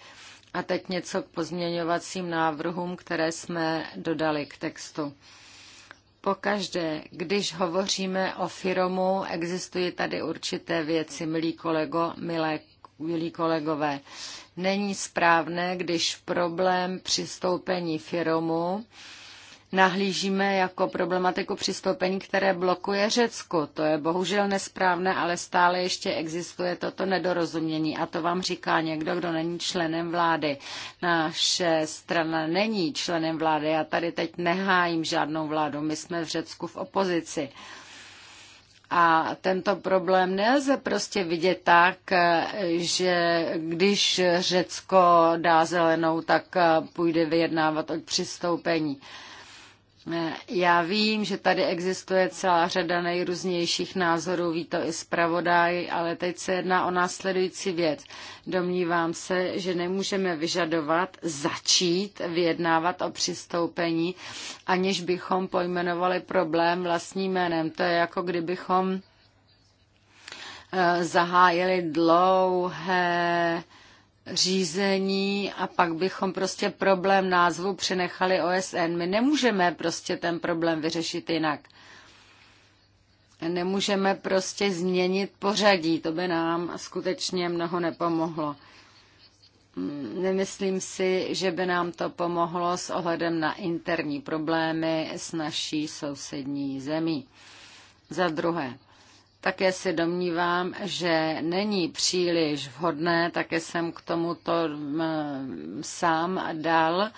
A teď něco k pozměňovacím návrhům, které jsme dodali k textu. Pokaždé, když hovoříme o firmu, existují tady určité věci, milí kolego, milé, milí kolegové. Není správné, když problém přistoupení firmu nahlížíme jako problematiku přistoupení, které blokuje Řecko. To je bohužel nesprávné, ale stále ještě existuje toto nedorozumění. A to vám říká někdo, kdo není členem vlády. Naše strana není členem vlády. Já tady teď nehájím žádnou vládu. My jsme v Řecku v opozici. A tento problém nelze prostě vidět tak, že když Řecko dá zelenou, tak půjde vyjednávat o přistoupení. Já vím, že tady existuje celá řada nejrůznějších názorů, ví to i zpravodaj, ale teď se jedná o následující věc. Domnívám se, že nemůžeme vyžadovat začít vyjednávat o přistoupení, aniž bychom pojmenovali problém vlastním jménem. To je jako kdybychom eh, zahájili dlouhé řízení a pak bychom prostě problém názvu přenechali OSN. My nemůžeme prostě ten problém vyřešit jinak. Nemůžeme prostě změnit pořadí, to by nám skutečně mnoho nepomohlo. Nemyslím si, že by nám to pomohlo s ohledem na interní problémy s naší sousední zemí. Za druhé, také se domnívám, že není příliš vhodné, také jsem k tomuto mm, sám dal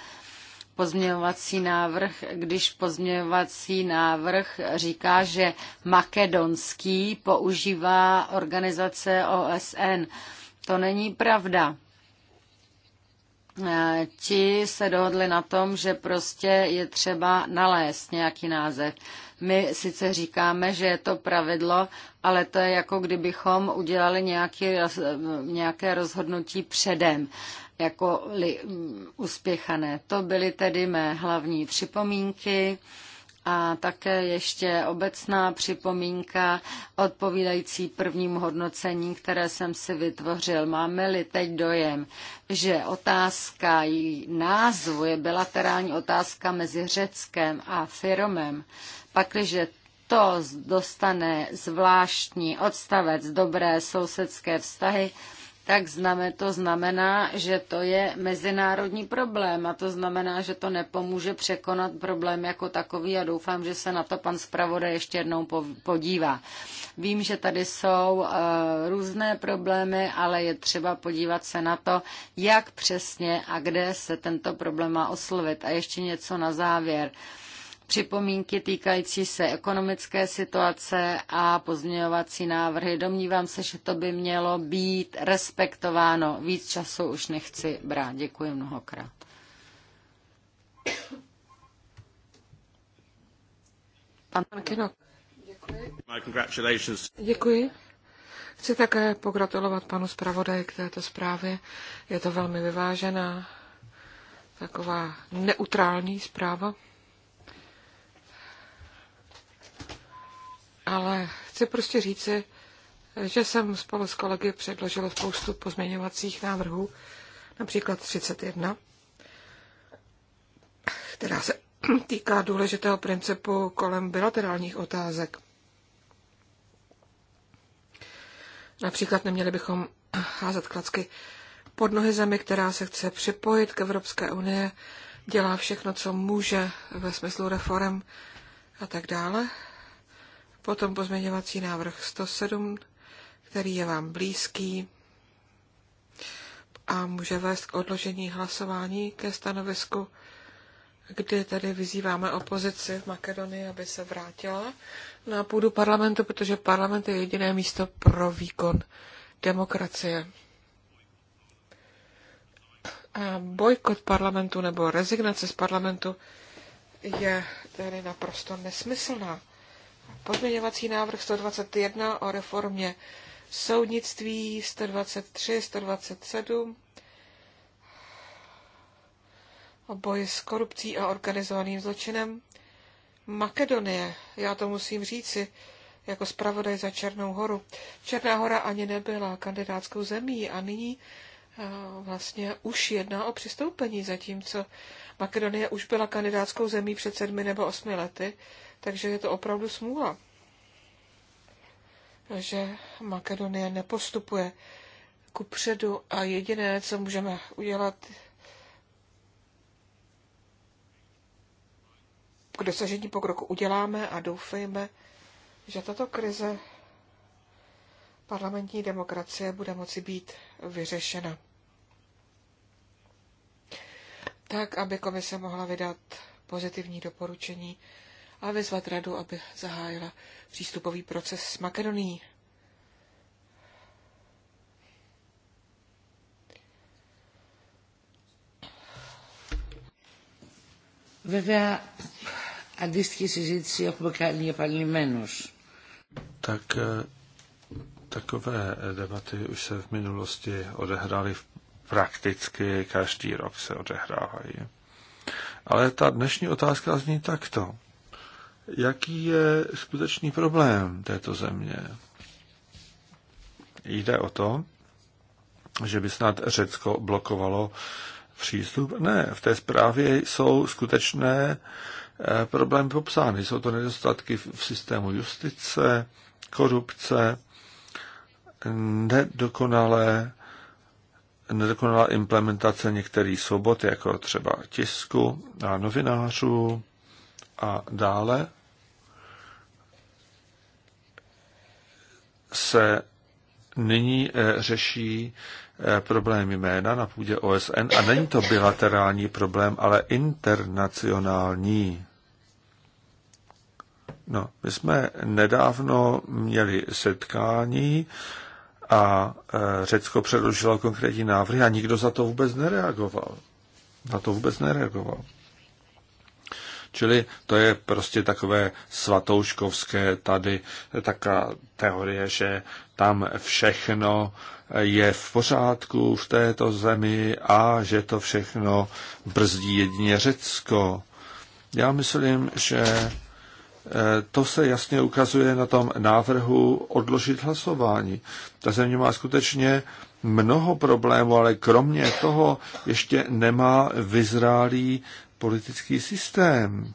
pozměňovací návrh, když pozměňovací návrh říká, že makedonský používá organizace OSN. To není pravda. Eh, ti se dohodli na tom, že prostě je třeba nalézt nějaký název. My sice říkáme, že je to pravidlo, ale to je jako kdybychom udělali nějaký, nějaké rozhodnutí předem, jako li, uspěchané. To byly tedy mé hlavní připomínky. A také ještě obecná připomínka odpovídající prvnímu hodnocení, které jsem si vytvořil. Máme-li teď dojem, že otázka její názvu je bilaterální otázka mezi Řeckem a Firomem, Pakliže to dostane zvláštní odstavec dobré sousedské vztahy, tak znamen, to znamená, že to je mezinárodní problém a to znamená, že to nepomůže překonat problém jako takový a doufám, že se na to pan zpravodaj ještě jednou podívá. Vím, že tady jsou uh, různé problémy, ale je třeba podívat se na to, jak přesně a kde se tento problém má oslovit. A ještě něco na závěr. Uh, připomínky týkající se ekonomické situace a pozměňovací návrhy. Domnívám se, že to by mělo být respektováno. Víc času už nechci brát. Děkuji mnohokrát. Pan Kino. Děkuji. Děkuji. Chci také pogratulovat panu zpravodaji k této zprávě. Je to velmi vyvážená, taková neutrální zpráva. ale chci prostě říci, že jsem spolu s kolegy předložila spoustu pozměňovacích návrhů, například 31, která se <clears throat> týká důležitého principu kolem bilaterálních otázek. Například neměli bychom <clears throat> házet klacky pod nohy zemi, která se chce připojit k Evropské unie, dělá všechno, co může ve smyslu reform a tak dále. Potom pozměňovací návrh 107, který je vám blízký a může vést k odložení hlasování ke stanovisku, kdy tady vyzýváme opozici v Makedonii, aby se vrátila na půdu parlamentu, protože parlament je jediné místo pro výkon demokracie. A bojkot parlamentu nebo rezignace z parlamentu je tedy naprosto nesmyslná. Pozměňovací návrh 121 o reformě soudnictví 123, 127 o boji s korupcí a organizovaným zločinem. Makedonie, já to musím říci, jako zpravodaj za Černou horu. Černá hora ani nebyla kandidátskou zemí a nyní eh, vlastně už jedná o přistoupení, zatímco Makedonie už byla kandidátskou zemí před sedmi nebo osmi lety takže je to opravdu smůla, že Makedonie nepostupuje ku předu a jediné, co můžeme udělat, k dosažení pokroku uděláme a doufejme, že tato krize parlamentní demokracie bude moci být vyřešena. Tak, aby komise mohla vydat pozitivní doporučení a vyzvat radu, aby zahájila přístupový proces s Makedonií. Βέβαια, αντίστοιχη συζήτηση έχουμε κάνει επανειλημμένως. Tak, takové debaty už se v minulosti odehrály prakticky každý rok se odehrávají. Ale ta dnešní otázka zní takto jaký je skutečný problém této země. Jde o to, že by snad Řecko blokovalo přístup. Ne, v té zprávě jsou skutečné eh, problémy popsány. Jsou to nedostatky v systému justice, korupce, nedokonalé, nedokonalá implementace některých svobod, jako třeba tisku a novinářů, a dále se nyní eh, řeší eh, problém jména na půdě OSN a není to bilaterální problém, ale internacionální. No, my jsme nedávno měli setkání a eh, Řecko předložilo konkrétní návrhy a nikdo za to vůbec nereagoval. Na to vůbec nereagoval. Čili to je prostě takové svatouškovské tady taká teorie, že tam všechno je v pořádku v této zemi a že to všechno brzdí jedině Řecko. Já myslím, že eh, to se jasně ukazuje na tom návrhu odložit hlasování. Ta země má skutečně mnoho problémů, ale kromě toho ještě nemá vyzrálý politický systém.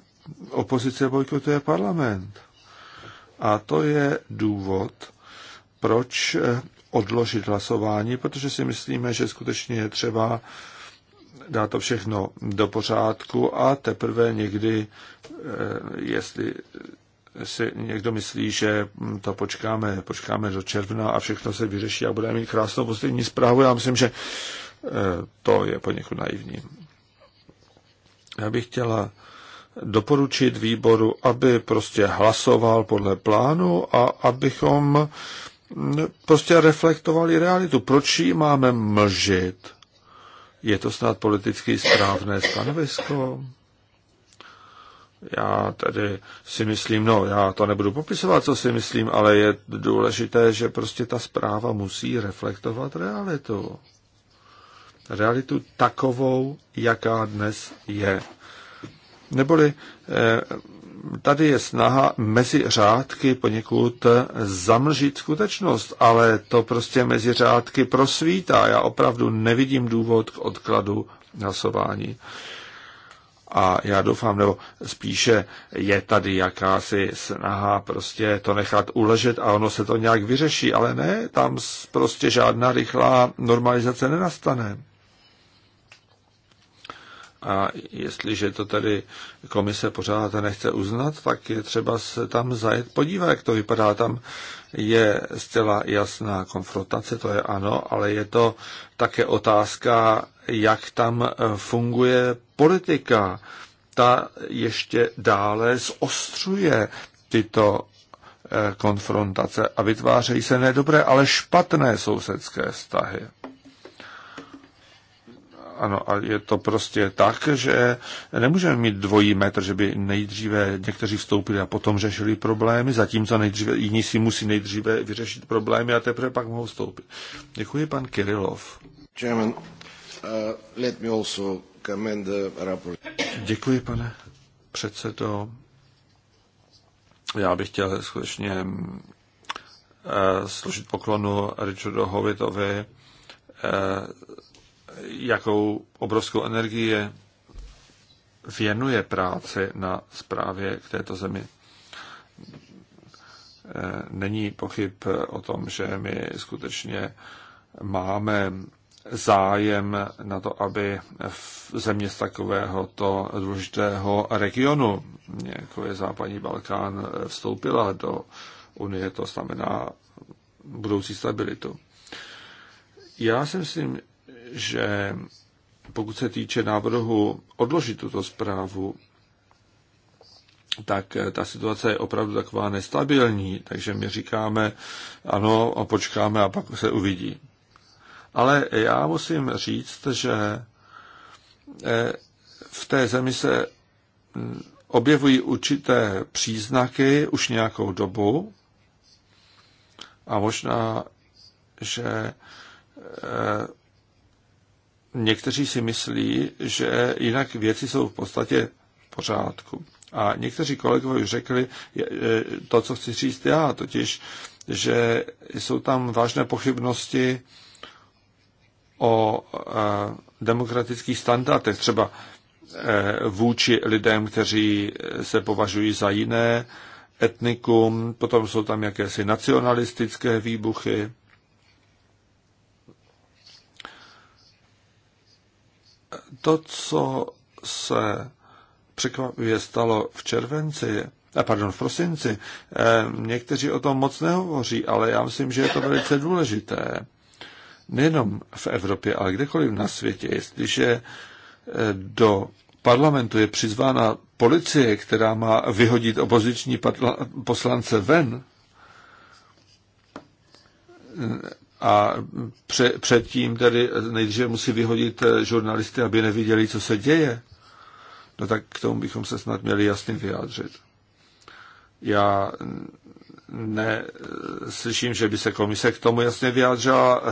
Opozice bojkotuje parlament. A to je důvod, proč eh, odložit hlasování, protože si myslíme, že skutečně je třeba dá to všechno do pořádku a teprve někdy, eh, jestli si někdo myslí, že hm, to počkáme, počkáme do června a všechno se vyřeší a budeme mít krásnou poslední zprávu, já myslím, že eh, to je poněkud naivní. Já bych chtěla doporučit výboru, aby prostě hlasoval podle plánu a abychom mm, prostě reflektovali realitu. Proč ji máme mlžit? Je to snad politicky správné stanovisko? Já tedy si myslím, no já to nebudu popisovat, co si myslím, ale je důležité, že prostě ta zpráva musí reflektovat realitu realitu takovou, jaká dnes je. Neboli eh, tady je snaha mezi řádky poněkud zamlžit skutečnost, ale to prostě mezi řádky prosvítá. Já opravdu nevidím důvod k odkladu hlasování. A já doufám, nebo spíše je tady jakási snaha prostě to nechat uležet a ono se to nějak vyřeší, ale ne, tam prostě žádná rychlá normalizace nenastane. A jestliže to tady komise pořád nechce uznat, tak je třeba se tam zajet podívat, jak to vypadá. Tam je zcela jasná konfrontace, to je ano, ale je to také otázka, jak tam funguje politika. Ta ještě dále zostřuje tyto eh, konfrontace a vytvářejí se nedobré, ale špatné sousedské vztahy ano, a je to prostě tak, že nemůžeme mít dvojí metr, že by nejdříve někteří vstoupili a potom řešili problémy, zatímco nejdříve, jiní si musí nejdříve vyřešit problémy a teprve pak mohou vstoupit. Děkuji, pan Kirilov. Chairman, uh, let me also commend the report. Děkuji, pane předsedo. Já bych chtěl skutečně uh, složit poklonu Richardu Hovitovi, uh, jakou obrovskou energii věnuje práci na zprávě k této zemi. Eh, není pochyb o tom, že my skutečně máme zájem na to, aby v země z takovéhoto důležitého regionu, jako je západní Balkán, vstoupila do Unie, to znamená budoucí stabilitu. Já si myslím, že pokud se týče návrhu odložit tuto zprávu, tak ta situace je opravdu taková nestabilní, takže my říkáme, ano, a počkáme a pak se uvidí. Ale já musím říct, že eh, v té zemi se mm, objevují určité příznaky už nějakou dobu a možná, že eh, Někteří si myslí, že jinak věci jsou v podstatě v pořádku. A někteří kolegové už řekli e, to, co chci říct já, totiž, že jsou tam vážné pochybnosti o e, demokratických standardech, třeba e, vůči lidem, kteří se považují za jiné etnikum, potom jsou tam jakési nacionalistické výbuchy to, co se překvapivě stalo v červenci, eh, pardon, v prosinci, eh, někteří o tom moc nehovoří, ale já myslím, že je to velice důležité. Nejenom v Evropě, ale kdekoliv na světě, jestliže eh, do parlamentu je přizvána policie, která má vyhodit opoziční poslance ven, a pře, předtím tedy nejdříve musí vyhodit eh, žurnalisty, aby neviděli, co se děje, no tak k tomu bychom se snad měli jasně vyjádřit. Já neslyším, eh, že by se komise k tomu jasně vyjádřila.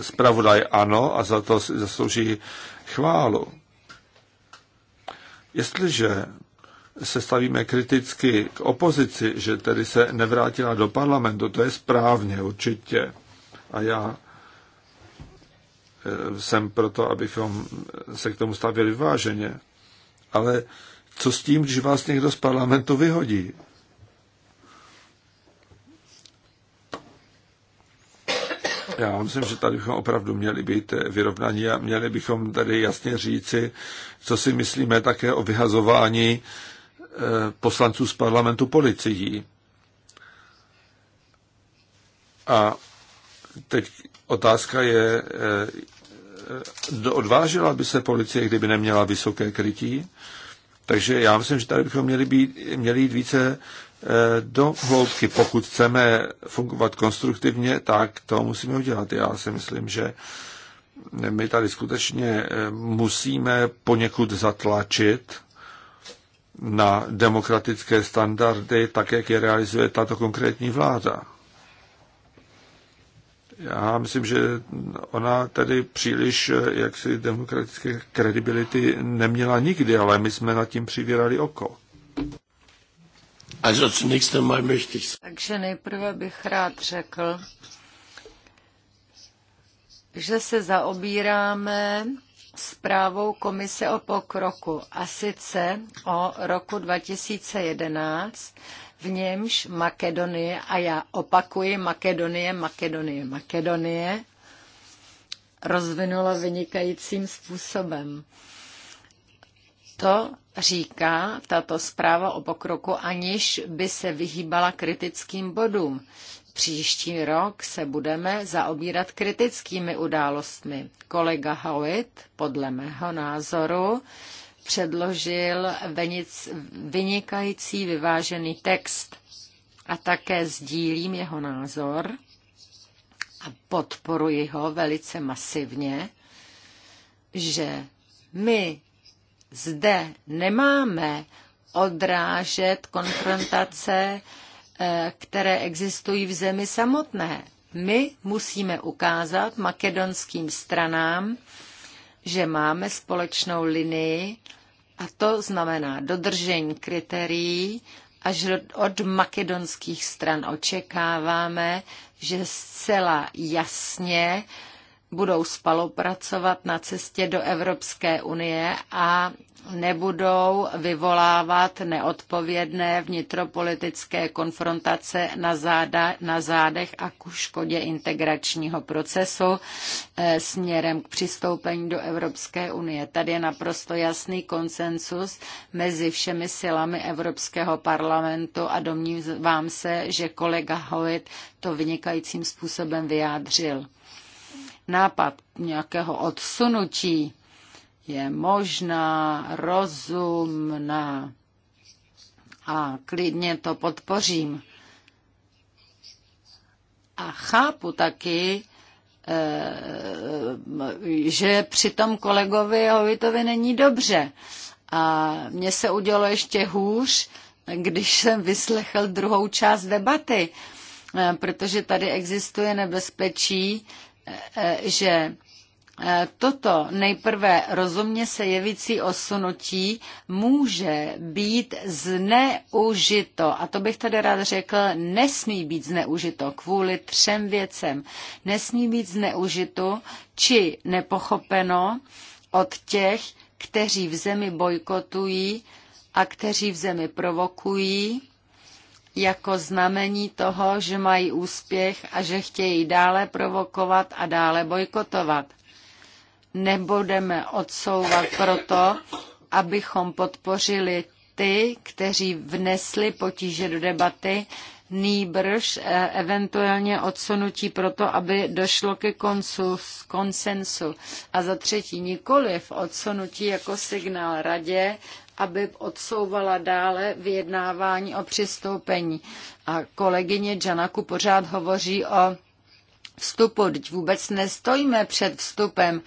Spravodaj eh, ano a za to zaslouží chválu. Jestliže se stavíme kriticky k opozici, že tedy se nevrátila do parlamentu, to je správně určitě. A já eh, jsem proto, abychom se k tomu stavili váženě. Ale co s tím, když vás někdo z parlamentu vyhodí? Já myslím, že tady bychom opravdu měli být vyrovnaní a měli bychom tady jasně říci, co si myslíme také o vyhazování eh, poslanců z parlamentu policií. A Teď otázka je, eh, eh, odvážila by se policie, kdyby neměla vysoké krytí? Takže já myslím, že tady bychom měli, být, měli jít více eh, do hloubky. Pokud chceme fungovat konstruktivně, tak to musíme udělat. Já si myslím, že my tady skutečně musíme poněkud zatlačit na demokratické standardy, tak jak je realizuje tato konkrétní vláda. Já myslím, že ona tady příliš eh, jaksi demokratické kredibility neměla nikdy, ale my jsme nad tím přivírali oko. Also zunächst einmal möchte ich... Takže nejprve bych rád řekl, že se zaobíráme zprávou Komise o pokroku a sice o roku 2011 v němž Makedonie, a já opakuji Makedonie, Makedonie, Makedonie, rozvinula vynikajícím způsobem. To říká tato zpráva o pokroku, aniž by se vyhýbala kritickým bodům. Příští rok se budeme zaobírat kritickými událostmi. Kolega Howitt, podle mého názoru, předložil vynikající vyvážený text a také sdílím jeho názor a podporuji ho velice masivně, že my zde nemáme odrážet konfrontace, eh, které existují v zemi samotné. My musíme ukázat makedonským stranám, že máme společnou linii a to znamená dodržení kritérií, až od makedonských stran očekáváme, že zcela jasně budou spolupracovat na cestě do Evropské unie a nebudou vyvolávat neodpovědné vnitropolitické konfrontace na, záda, na zádech a ku škodě integračního procesu e, směrem k přistoupení do Evropské unie. Tady je naprosto jasný konsensus mezi všemi silami Evropského parlamentu a domnívám se, že kolega Hoyt to vynikajícím způsobem vyjádřil nápad nějakého odsunutí je možná, rozumná a klidně to podpořím. A chápu taky, eh, že při tom kolegovi Hovitovi není dobře. A mně se udělo ještě hůř, když jsem vyslechl druhou část debaty, eh, protože tady existuje nebezpečí, Eh, že eh, Toto nejprve rozumně se jevící osunutí může být zneužito, a to bych tady rád řekl, nesmí být zneužito kvůli třem věcem. Nesmí být zneužito či nepochopeno od těch, kteří v zemi bojkotují a kteří v zemi provokují jako znamení toho, že mají úspěch a že chtějí dále provokovat a dále bojkotovat. Nebudeme odsouvat proto, abychom podpořili ty, kteří vnesli potíže do debaty, nýbrž eh, eventuálně odsunutí proto, aby došlo ke koncu, konsensu. A za třetí nikoliv odsunutí jako signál radě, aby odsouvala dále vyjednávání o přistoupení. A kolegyně Janaku pořád hovoří o vstupu, teď vůbec nestojíme před vstupem.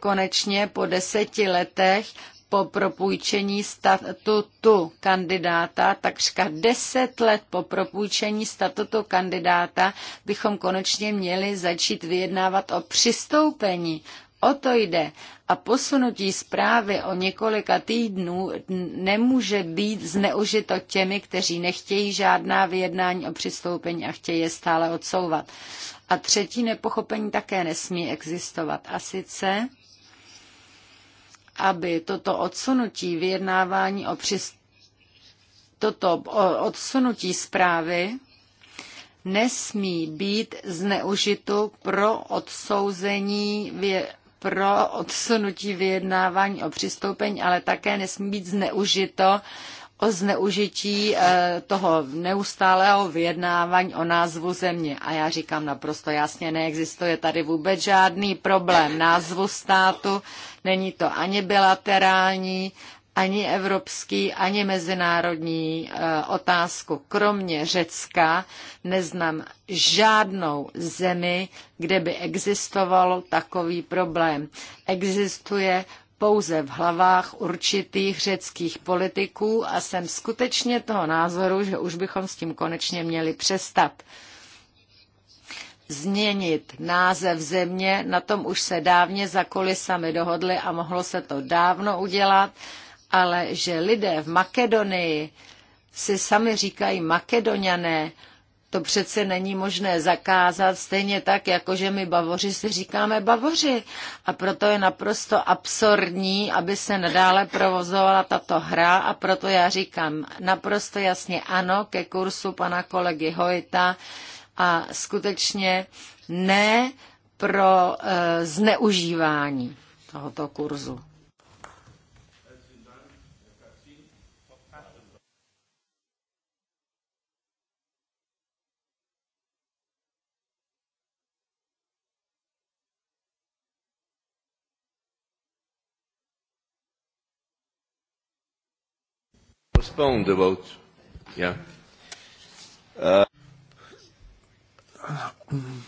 Konečně po deseti letech po propůjčení statutu kandidáta, takřka deset let po propůjčení statutu kandidáta, bychom konečně měli začít vyjednávat o přistoupení. O to jde. A posunutí zprávy o několika týdnů nemůže být zneužito těmi, kteří nechtějí žádná vyjednání o přistoupení a chtějí je stále odsouvat. A třetí nepochopení také nesmí existovat. A sice, aby toto odsunutí vyjednávání o přistoupení toto odsunutí zprávy nesmí být zneužito pro odsouzení vě- pro odsunutí vyjednávání o přistoupení, ale také nesmí být zneužito o zneužití eh, toho neustálého vyjednávání o názvu země. A já říkám naprosto jasně, neexistuje tady vůbec žádný problém názvu státu, není to ani bilaterální, ani evropský, ani mezinárodní eh, otázku. Kromě Řecka neznám žádnou zemi, kde by existoval takový problém. Existuje pouze v hlavách určitých řeckých politiků a jsem skutečně toho názoru, že už bychom s tím konečně měli přestat změnit název země, na tom už se dávně za kulisami dohodli a mohlo se to dávno udělat ale že lidé v Makedonii si sami říkají Makedoniané, to přece není možné zakázat, stejně tak, jako že my bavoři si říkáme bavoři. A proto je naprosto absurdní, aby se nadále provozovala tato hra a proto já říkám naprosto jasně ano ke kursu pana kolegy Hojta a skutečně ne pro e, zneužívání tohoto kurzu. postpone the vote. Yeah. Uh,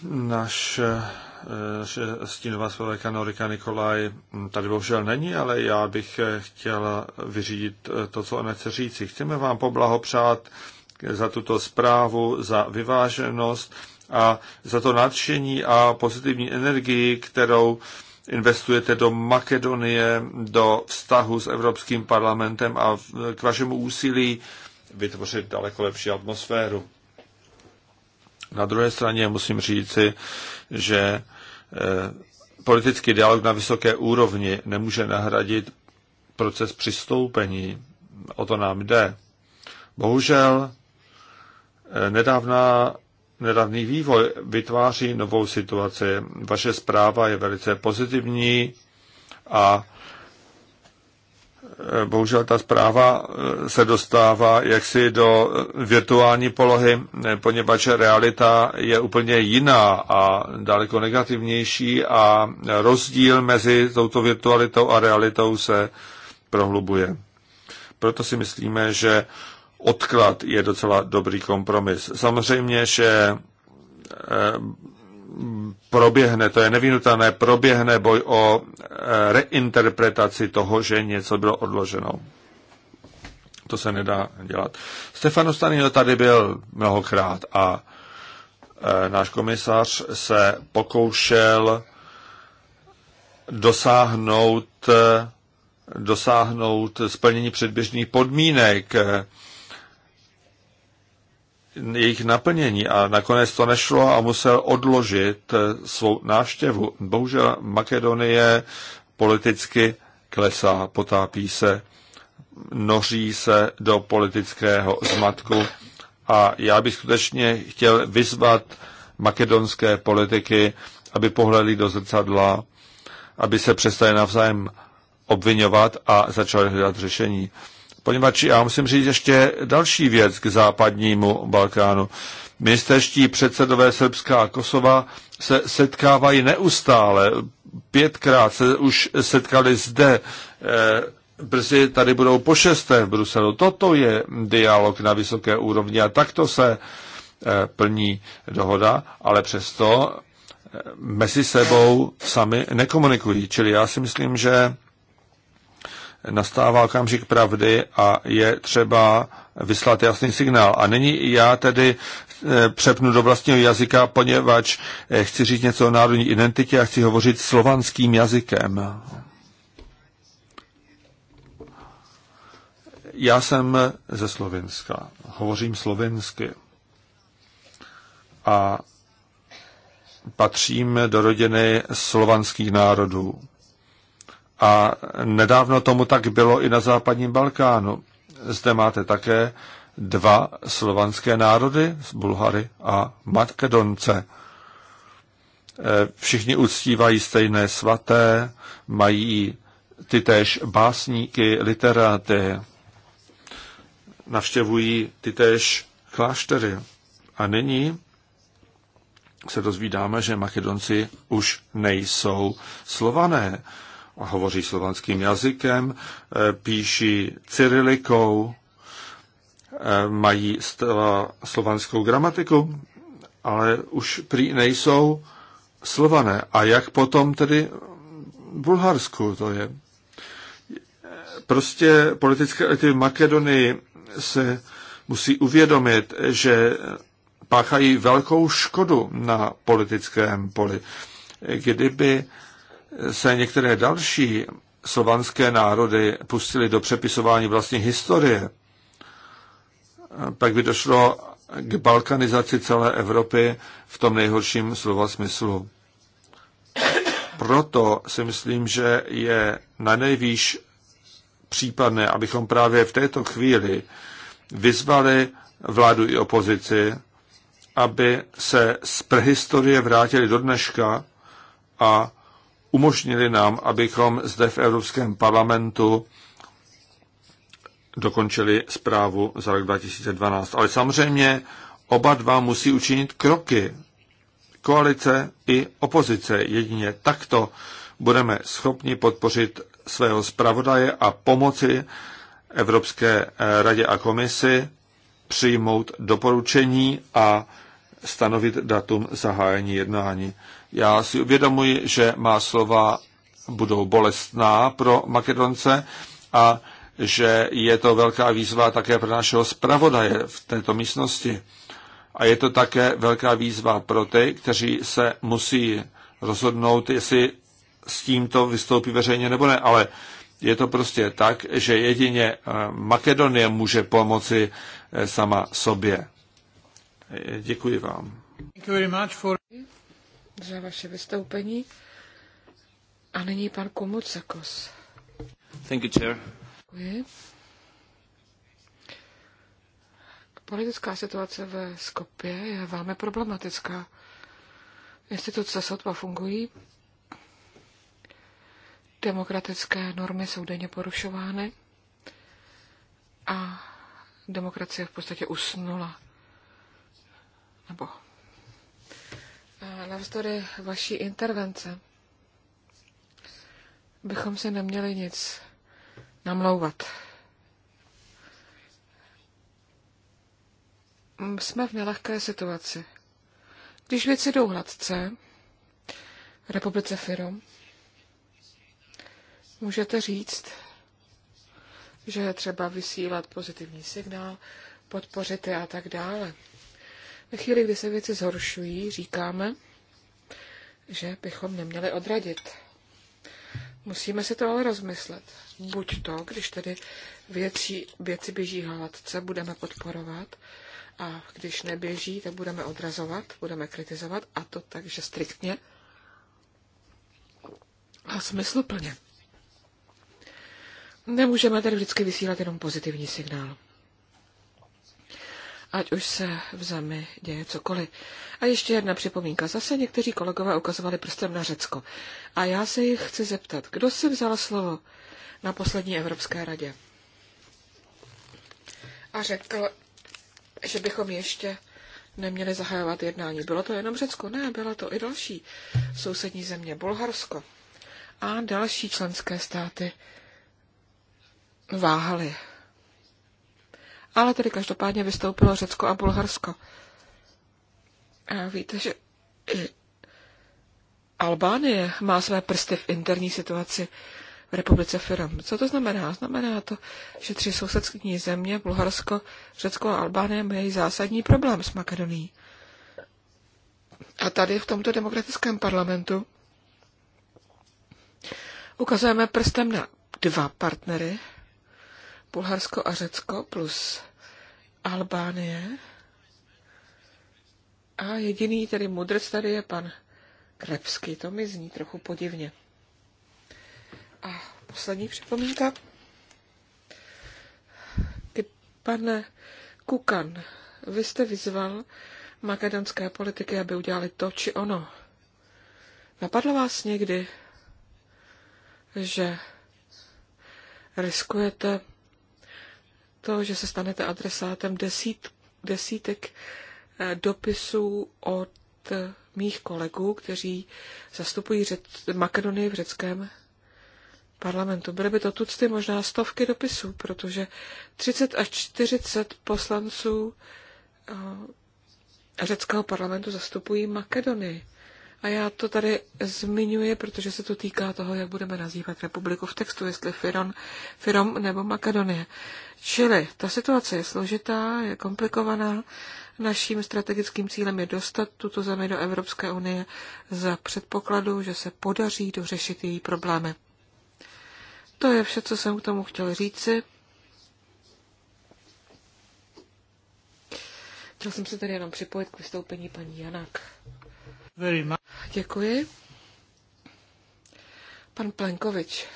Náš uh, stínová zpravodajka Norika Nikolaj tady bohužel není, ale já bych chtěl vyřídit uh, to, co ona chce říci. Chceme vám poblahopřát za tuto zprávu, za vyváženost a za to nadšení a pozitivní energii, kterou uh, investujete do Makedonie, do vztahu s Evropským parlamentem a k vašemu úsilí vytvořit daleko lepší atmosféru. Na druhé straně musím říci, že e, politický dialog na vysoké úrovni nemůže nahradit proces přistoupení. O to nám jde. Bohužel e, nedávná nedávný vývoj vytváří novou situaci. Vaše zpráva je velice pozitivní a e, bohužel ta zpráva e, se dostává jaksi do e, virtuální polohy, poněvadž realita je úplně jiná a daleko negativnější a rozdíl mezi touto virtualitou a realitou se prohlubuje. Proto si myslíme, že odklad je docela dobrý kompromis. Samozřejmě, že eh, proběhne, to je nevinutelné, proběhne boj o eh, reinterpretaci toho, že něco bylo odloženo. To se nedá dělat. Stefano Stanino tady byl mnohokrát a eh, náš komisař se pokoušel dosáhnout dosáhnout splnění předběžných podmínek jejich naplnění a nakonec to nešlo a musel odložit eh, svou návštěvu. Bohužel Makedonie politicky klesá, potápí se, noří se do politického zmatku a já bych skutečně chtěl vyzvat makedonské politiky, aby pohledli do zrcadla, aby se přestali navzájem obvinovat a začali hledat řešení. Poněvadž já musím říct ještě další věc k západnímu Balkánu. Ministerští předsedové Srbská a Kosova se setkávají neustále. Pětkrát se už setkali zde. E, brzy tady budou po šesté v Bruselu. Toto je dialog na vysoké úrovni a takto se e, plní dohoda, ale přesto e, mezi sebou sami nekomunikují. Čili já si myslím, že nastává okamžik pravdy a je třeba vyslat jasný signál. A nyní já tedy e, přepnu do vlastního jazyka, poněvadž e, chci říct něco o národní identitě a chci hovořit slovanským jazykem. Já jsem ze Slovenska, hovořím slovensky a patřím do rodiny slovanských národů. A nedávno tomu tak bylo i na západním Balkánu. Zde máte také dva slovanské národy, Bulhary a Makedonce. E, všichni uctívají stejné svaté, mají ty též básníky, literáty, navštěvují ty též kláštery. A nyní se dozvídáme, že Makedonci už nejsou slované hovoří slovanským jazykem, e, píší cyrilikou, e, mají slovanskou gramatiku, ale už prý nejsou slované. A jak potom tedy bulharskou Bulharsku to je? Prostě politické elity v Makedonii se musí uvědomit, že páchají velkou škodu na politickém poli. Kdyby se některé další slovanské národy pustily do přepisování vlastní historie, pak by došlo k balkanizaci celé Evropy v tom nejhorším slova smyslu. Proto si myslím, že je na nejvýš případné, abychom právě v této chvíli vyzvali vládu i opozici, aby se z prehistorie vrátili do dneška a umožnili nám, abychom zde v Evropském parlamentu dokončili zprávu za rok 2012. Ale samozřejmě oba dva musí učinit kroky. Koalice i opozice. Jedině takto budeme schopni podpořit svého zpravodaje a pomoci Evropské radě a komisi přijmout doporučení a stanovit datum zahájení jednání. Já si uvědomuji, že má slova budou bolestná pro Makedonce a že je to velká výzva také pro našeho zpravodaje v této místnosti. A je to také velká výzva pro ty, kteří se musí rozhodnout, jestli s tímto vystoupí veřejně nebo ne. Ale je to prostě tak, že jedině eh, Makedonie může pomoci eh, sama sobě. Eh, děkuji vám za vaše vystoupení. A nyní pan Komucakos. Thank you, chair. Děkuji. Politická situace ve Skopě je velmi problematická. Instituce sotva fungují, demokratické normy jsou denně porušovány a demokracie v podstatě usnula. Nebo Eh, navzdory vaší intervence bychom si neměli nic namlouvat. Jsme v nelehké situaci. Když věci jdou hladce, Republice Firom, můžete říct, že je třeba vysílat pozitivní signál, podpořit je a tak dále. Ve chvíli, kdy se věci zhoršují, říkáme, že bychom neměli odradit. Musíme si to ale rozmyslet. Buď to, když tedy věci, věci běží hladce, budeme podporovat, a když neběží, tak budeme odrazovat, budeme kritizovat, a to takže striktně a smysluplně. Nemůžeme tedy vždycky vysílat jenom pozitivní signál ať už se v zemi děje cokoliv. A ještě jedna připomínka. Zase někteří kolegové ukazovali prstem na Řecko. A já se jich chci zeptat, kdo si vzal slovo na poslední Evropské radě? A řekl, že bychom ještě neměli zahajovat jednání. Bylo to jenom Řecko? Ne, byla to i další sousední země, Bulharsko. A další členské státy váhaly ale tedy každopádně vystoupilo Řecko a Bulharsko. A víte, že i Albánie má své prsty v interní situaci v republice Firom. Co to znamená? Znamená to, že tři sousedské země, Bulharsko, Řecko a Albánie, mají zásadní problém s Makedonií. A tady v tomto demokratickém parlamentu ukazujeme prstem na dva partnery Bulharsko a Řecko plus Albánie. A jediný tedy mudrc tady je pan Krebský. To mi zní trochu podivně. A poslední připomínka. Kdy pane Kukan, vy jste vyzval makedonské politiky, aby udělali to či ono. Napadlo vás někdy, že riskujete to, že se stanete adresátem desít, desítek eh, dopisů od eh, mých kolegů, kteří zastupují řec, Makedonii v řeckém parlamentu. Byly by to tucty možná stovky dopisů, protože 30 až 40 poslanců eh, řeckého parlamentu zastupují Makedonii. A já to tady zmiňuji, protože se to týká toho, jak budeme nazývat republiku v textu, jestli Firon, Firom nebo Makedonie. Čili ta situace je složitá, je komplikovaná. Naším strategickým cílem je dostat tuto zemi do Evropské unie za předpokladu, že se podaří dořešit její problémy. To je vše, co jsem k tomu chtěl říci. Chtěl jsem se tady jenom připojit k vystoupení paní Janak. Děkuji. Pan Plenkovič.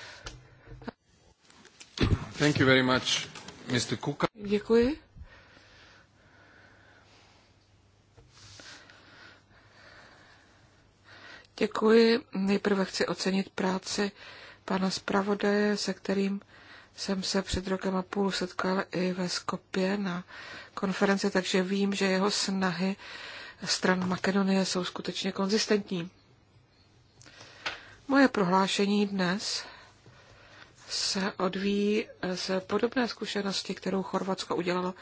Thank you very much, Mr. Kuka. Děkuji. Děkuji. Nejprve chci ocenit práci pana zpravodaje, se kterým jsem se před rokem a půl setkal i ve Skopě na konferenci, takže vím, že jeho snahy stran Makedonie jsou skutečně konzistentní. Moje prohlášení dnes se odvíjí z podobné zkušenosti, kterou Chorvatsko udělalo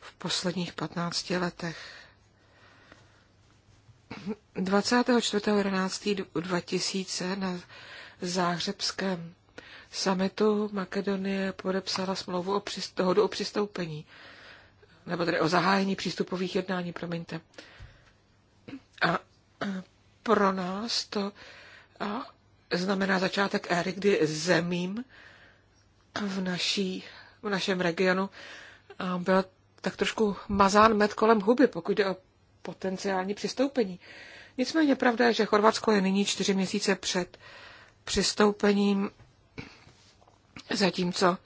v posledních 15 letech. 24.11.2000 na záhřebském summitu Makedonie podepsala smlouvu o přist- dohodu o přistoupení, nebo tedy o zahájení přístupových jednání, promiňte. A pro nás to znamená začátek éry, kdy zemím v, naší, v našem regionu byl tak trošku mazán med kolem huby, pokud jde o potenciální přistoupení. Nicméně pravda je, že Chorvatsko je nyní čtyři měsíce před přistoupením, zatímco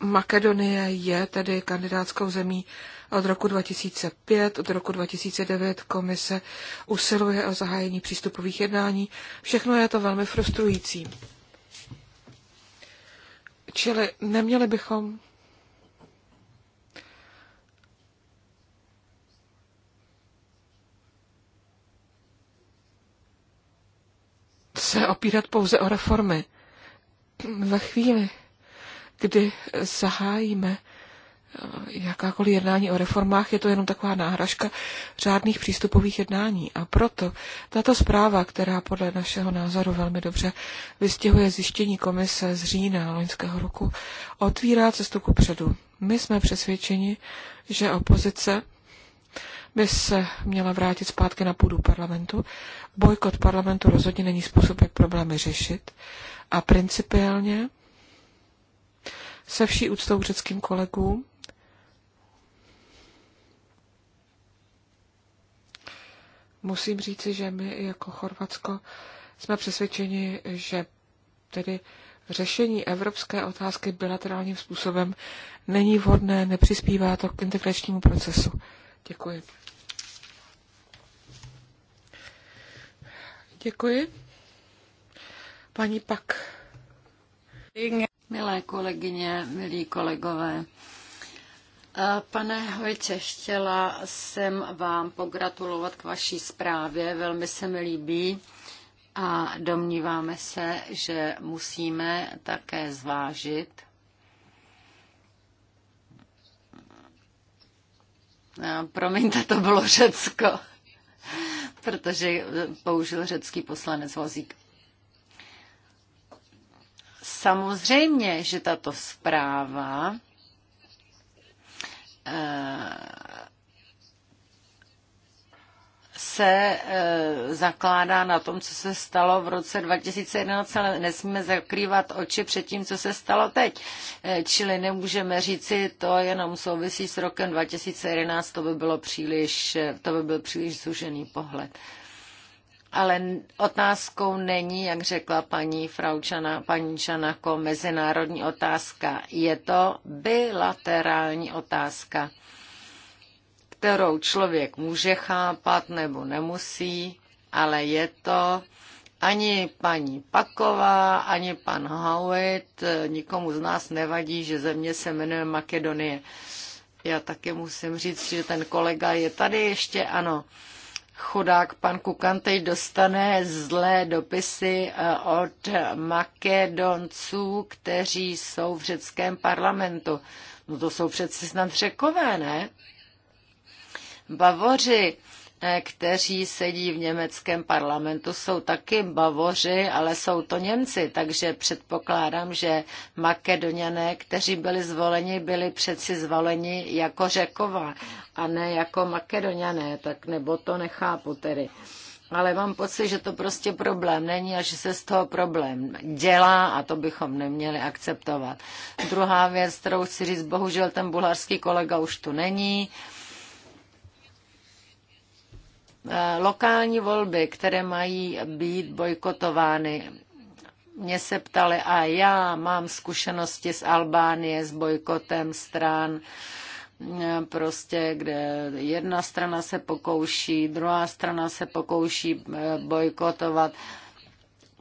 Makedonie je tedy kandidátskou zemí od roku 2005, od roku 2009 komise usiluje o zahájení přístupových jednání. Všechno je to velmi frustrující. Čili neměli bychom se opírat pouze o reformy. Ve chvíli, kdy zahájíme eh, jakákoliv jednání o reformách, je to jenom taková náhražka řádných přístupových jednání. A proto tato zpráva, která podle našeho názoru velmi dobře vystihuje zjištění komise z října loňského roku, otvírá cestu ku předu. My jsme přesvědčeni, že opozice by se měla vrátit zpátky na půdu parlamentu. Bojkot parlamentu rozhodně není způsob, jak problémy řešit. A principiálně se vší úctou k řeckým kolegům. Musím říci, že my jako Chorvatsko jsme přesvědčeni, že tedy řešení evropské otázky bilaterálním způsobem není vhodné, nepřispívá to k integračnímu procesu. Děkuji. Děkuji. Paní Pak. Milé kolegyně, milí kolegové, Pane Hojče, chtěla jsem vám pogratulovat k vaší zprávě, velmi se mi líbí a domníváme se, že musíme také zvážit, promiňte, to bylo Řecko, <laughs> protože použil řecký poslanec vozík Samozřejmě, že tato zpráva eh, se eh, zakládá na tom, co se stalo v roce 2011, ale nesmíme zakrývat oči před tím, co se stalo teď. Eh, čili nemůžeme říci, to jenom souvisí s rokem 2011, to by, bylo příliš, to by byl příliš zúžený pohled. Ale otázkou není, jak řekla paní Fraučana, paní Čanako, mezinárodní otázka. Je to bilaterální otázka, kterou člověk může chápat nebo nemusí, ale je to ani paní Paková, ani pan Howitt, nikomu z nás nevadí, že země se jmenuje Makedonie. Já také musím říct, že ten kolega je tady ještě, ano chudák pan Kukan teď dostane zlé dopisy eh, od Makedonců, kteří jsou v řeckém parlamentu. No to jsou přeci snad řekové, ne? Bavoři Eh, kteří sedí v německém parlamentu, jsou taky bavoři, ale jsou to Němci, takže předpokládám, že makedoněné, kteří byli zvoleni, byli přeci zvoleni jako řekova a ne jako makedoněné, tak nebo to nechápu tedy. Ale mám pocit, že to prostě problém není a že se z toho problém dělá a to bychom neměli akceptovat. Druhá věc, kterou chci říct, bohužel ten bulharský kolega už tu není. Eh, lokální volby, které mají být bojkotovány, mě se ptali, a já mám zkušenosti z Albánie, s bojkotem stran, eh, prostě, kde jedna strana se pokouší, druhá strana se pokouší eh, bojkotovat.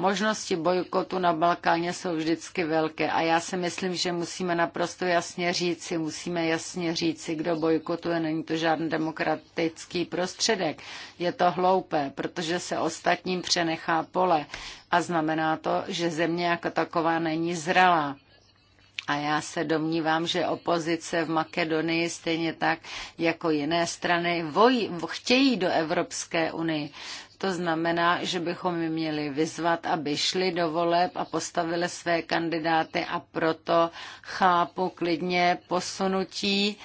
Možnosti bojkotu na Balkáně jsou vždycky velké a já si myslím, že musíme naprosto jasně říci, musíme jasně říci, kdo bojkotuje, není to žádný demokratický prostředek. Je to hloupé, protože se ostatním přenechá pole a znamená to, že země jako taková není zralá. A já se domnívám, že opozice v Makedonii stejně tak jako jiné strany vojí, chtějí do Evropské unie. To znamená, že bychom je měli vyzvat, aby šli do voleb a postavili své kandidáty a proto chápu klidně posunutí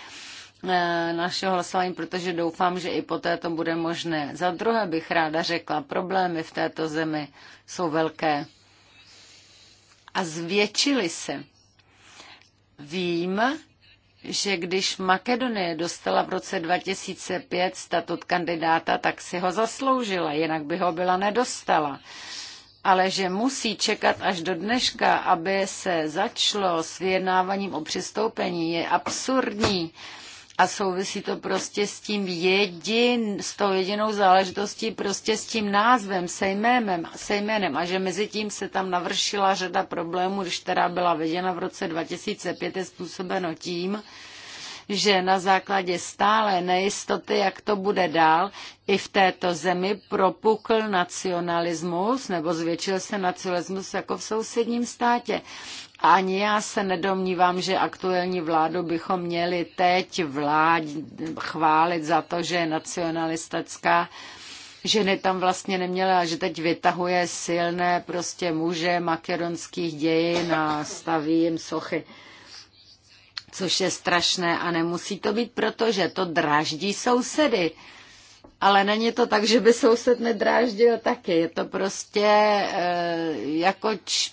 eh, našeho hlasování, protože doufám, že i poté to bude možné. Za druhé bych ráda řekla, problémy v této zemi jsou velké a zvětšily se. Vím, že když Makedonie dostala v roce 2005 statut kandidáta, tak si ho zasloužila, jinak by ho byla nedostala. Ale že musí čekat až do dneška, aby se začalo s vyjednáváním o přistoupení, je absurdní a souvisí to prostě s tím jedin, s tou jedinou záležitostí, prostě s tím názvem, se jménem, a že mezi tím se tam navršila řada problémů, když teda byla veděna v roce 2005, je způsobeno tím, že na základě stále nejistoty, jak to bude dál, i v této zemi propukl nacionalismus nebo zvětšil se nacionalismus jako v sousedním státě. Ani já se nedomnívám, že aktuální vládu bychom měli teď vlád chválit za to, že je nacionalistická, že ne tam vlastně neměla, že teď vytahuje silné prostě muže makedonských dějin a staví jim sochy což je strašné a nemusí to být proto, že to dráždí sousedy. Ale není to tak, že by soused nedráždil taky. Je to prostě e, jako č,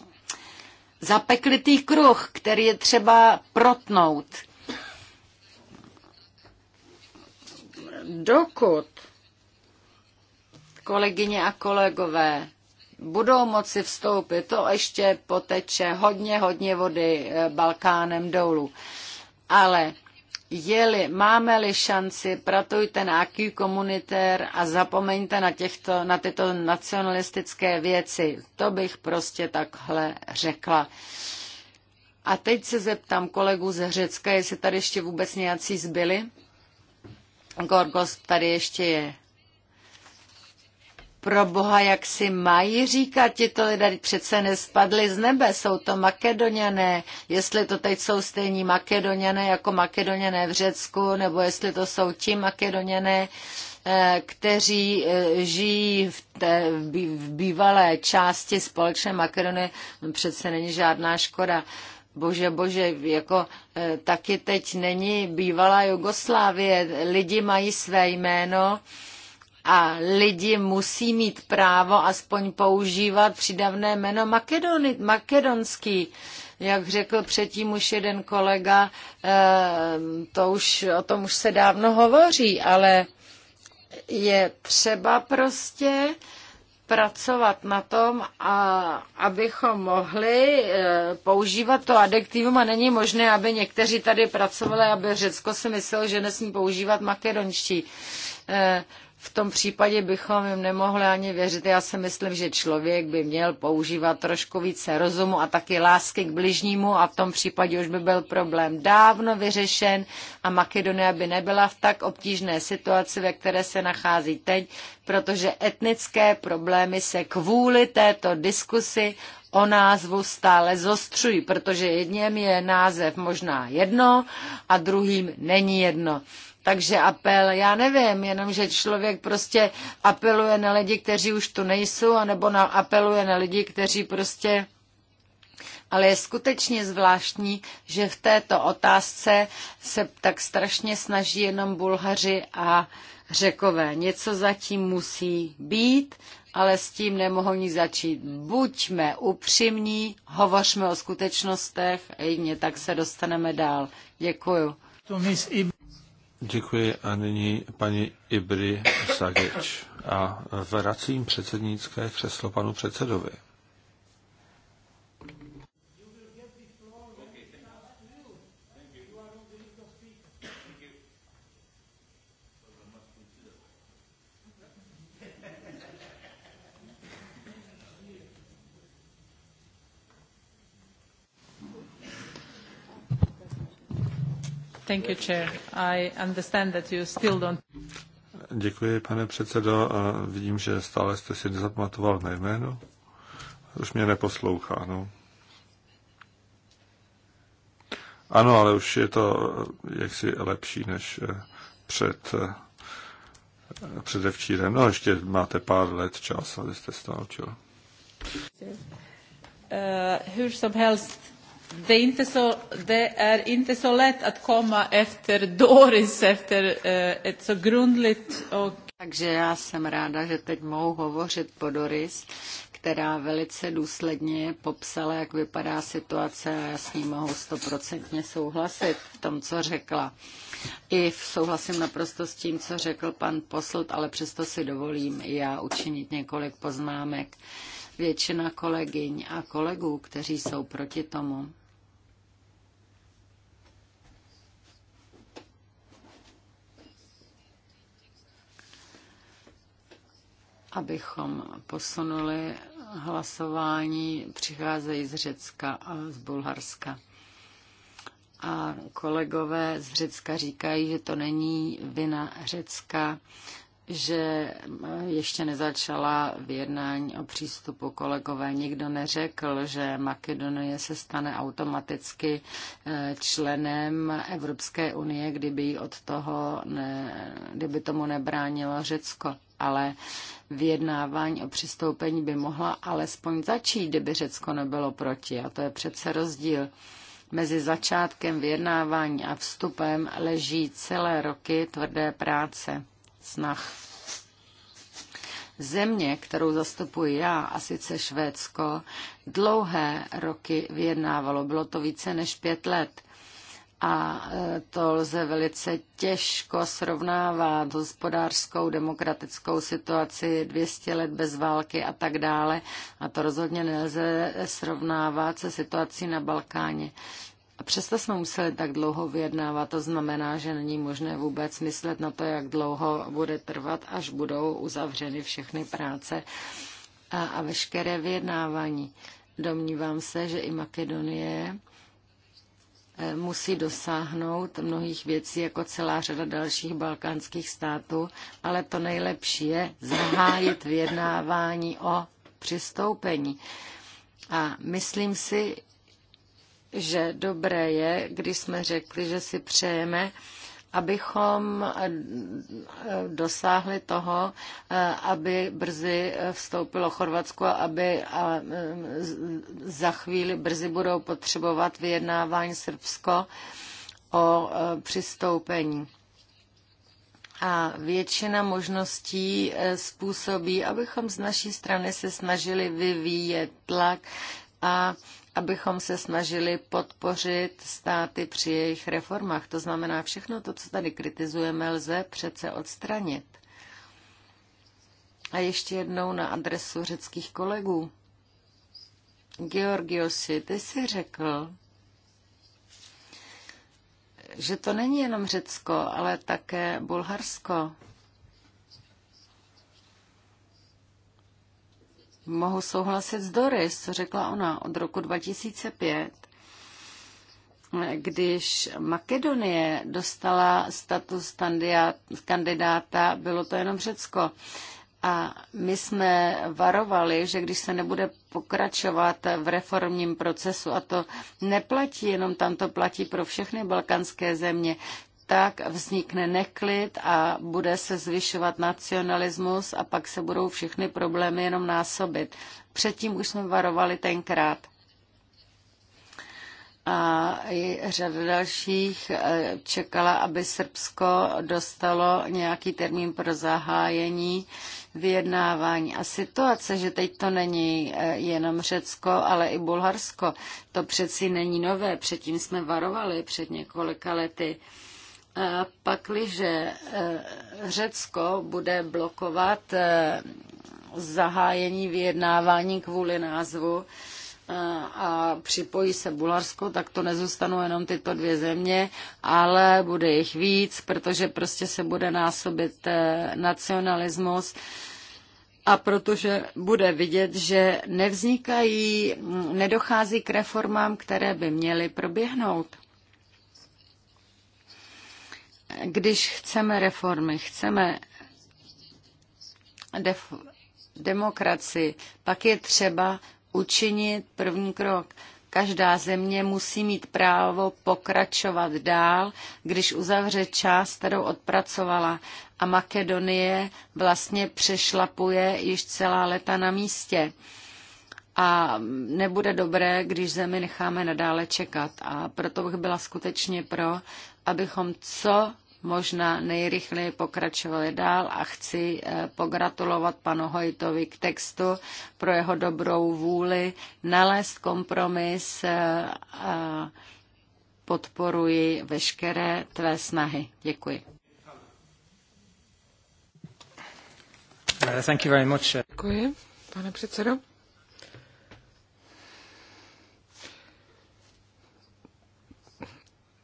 zapeklitý kruh, který je třeba protnout. Dokud kolegyně a kolegové budou moci vstoupit, to ještě poteče hodně, hodně vody eh, Balkánem dolů. Ale Jeli, máme-li šanci, pratujte na aký komunitér a zapomeňte na, těchto, na tyto nacionalistické věci. To bych prostě takhle řekla. A teď se zeptám kolegů ze Řecka, jestli tady ještě vůbec nějací zbyli. Gorgos tady ještě je pro boha, jak si mají říkat to lidé, přece nespadli z nebe, jsou to makedoněné, jestli to teď jsou stejní makedoněné jako makedoněné v Řecku, nebo jestli to jsou ti makedoněné, eh, kteří eh, žijí v, té, v bývalé části společné Makedonie, no přece není žádná škoda. Bože, bože, jako eh, taky teď není bývalá Jugoslávie, lidi mají své jméno, a lidi musí mít právo aspoň používat přidavné jméno makedoni, makedonský. Jak řekl předtím už jeden kolega, eh, to už, o tom už se dávno hovoří, ale je třeba prostě pracovat na tom, a, abychom mohli eh, používat to adjektivum a není možné, aby někteří tady pracovali, aby Řecko si myslel, že nesmí používat makedonští eh, v tom případě bychom jim nemohli ani věřit. Já si myslím, že člověk by měl používat trošku více rozumu a taky lásky k bližnímu a v tom případě už by byl problém dávno vyřešen a Makedonie by nebyla v tak obtížné situaci, ve které se nachází teď, protože etnické problémy se kvůli této diskusi o názvu stále zostřují, protože jedním je název možná jedno a druhým není jedno. Takže apel, já nevím, jenom že člověk prostě apeluje na lidi, kteří už tu nejsou, anebo na, apeluje na lidi, kteří prostě ale je skutečně zvláštní, že v této otázce se tak strašně snaží jenom Bulhaři a Řekové. Něco zatím musí být, ale s tím nemohou nic začít. Buďme upřímní, hovořme o skutečnostech, jedině tak se dostaneme dál. Děkuju. Děkuji a nyní paní Ibry Sageč A vracím předsednické křeslo panu předsedovi. Děkuji, pane předsedo. A vidím, že stále jste si nezapamatoval na jméno. Už mě neposlouchá, no. Ano, ale už je to eh, jaksi lepší než eh, před eh, předevčírem. No, ještě máte pár let čas, abyste se naučil. Uh, det är, inte så, det är inte så lätt att komma efter Doris, efter eh, ett så grundligt och... Takže já jsem ráda, že teď mohu hovořit po Doris, která velice důsledně popsala, jak vypadá situace a já s ní mohu stoprocentně souhlasit v tom, co řekla. I souhlasím naprosto s tím, co řekl pan Poslt, ale přesto si dovolím i já učinit několik poznámek. Většina kolegyň a kolegů, kteří jsou proti tomu, abychom posunuli hlasování, přicházejí z Řecka a z Bulharska. A kolegové z Řecka říkají, že to není vina Řecka, že ještě nezačala vyjednání o přístupu kolegové. Nikdo neřekl, že Makedonie se stane automaticky eh, členem Evropské unie, kdyby, od toho ne, kdyby tomu nebránilo Řecko ale vyjednávání o přistoupení by mohla alespoň začít, kdyby Řecko nebylo proti. A to je přece rozdíl. Mezi začátkem vyjednávání a vstupem leží celé roky tvrdé práce, snah. Země, kterou zastupuji já, a sice Švédsko, dlouhé roky vyjednávalo, bylo to více než pět let a e, to lze velice těžko srovnávat hospodářskou demokratickou situaci 200 let bez války a tak dále a to rozhodně nelze srovnávat se situací na Balkáně. A přesto jsme museli tak dlouho vyjednávat, to znamená, že není možné vůbec myslet na to, jak dlouho bude trvat, až budou uzavřeny všechny práce a, a veškeré vyjednávání. Domnívám se, že i Makedonie musí dosáhnout mnohých věcí jako celá řada dalších balkánských států, ale to nejlepší je zahájit vyjednávání o přistoupení. A myslím si, že dobré je, když jsme řekli, že si přejeme, abychom eh, eh, dosáhli toho, eh, aby brzy vstoupilo Chorvatsko, aby a za chvíli brzy budou potřebovat vyjednávání Srbsko o přistoupení. A většina možností způsobí, abychom z naší strany se snažili vyvíjet tlak a abychom se snažili podpořit státy při jejich reformách. To znamená, všechno to, co tady kritizujeme, lze přece odstranit. A ještě jednou na adresu řeckých kolegů. Georgiosi, ty jsi řekl, že to není jenom Řecko, ale také Bulharsko, Mohu souhlasit s Doris, co řekla ona od roku 2005, když Makedonie dostala status kandidáta, bylo to jenom Řecko. A my jsme varovali, že když se nebude pokračovat v reformním procesu, a to neplatí jenom tam, to platí pro všechny balkanské země, tak vznikne neklid a bude se zvyšovat nacionalismus a pak se budou všechny problémy jenom násobit. Předtím už jsme varovali tenkrát. A i řada dalších eh, čekala, aby Srbsko dostalo nějaký termín pro zahájení vyjednávání. A situace, že teď to není eh, jenom Řecko, ale i Bulharsko, to přeci není nové. Předtím jsme varovali před několika lety pakliže e, Řecko bude blokovat e, zahájení vyjednávání kvůli názvu e, a připojí se Bulharsko, tak to nezůstanou jenom tyto dvě země, ale bude jich víc, protože prostě se bude násobit nacionalismus. A protože bude vidět, že nevznikají, nedochází k reformám, které by měly proběhnout když chceme reformy, chceme def- demokracii, pak je třeba učinit první krok. Každá země musí mít právo pokračovat dál, když uzavře část, kterou odpracovala. A Makedonie vlastně přešlapuje již celá leta na místě. A nebude dobré, když zemi necháme nadále čekat. A proto bych byla skutečně pro, abychom co možná nejrychleji pokračovali dál a chci eh, pogratulovat panu Hojtovi k textu pro jeho dobrou vůli nalézt kompromis eh, a podporuji veškeré tvé snahy. Děkuji. Thank you very much. Děkuji, pane předsedo.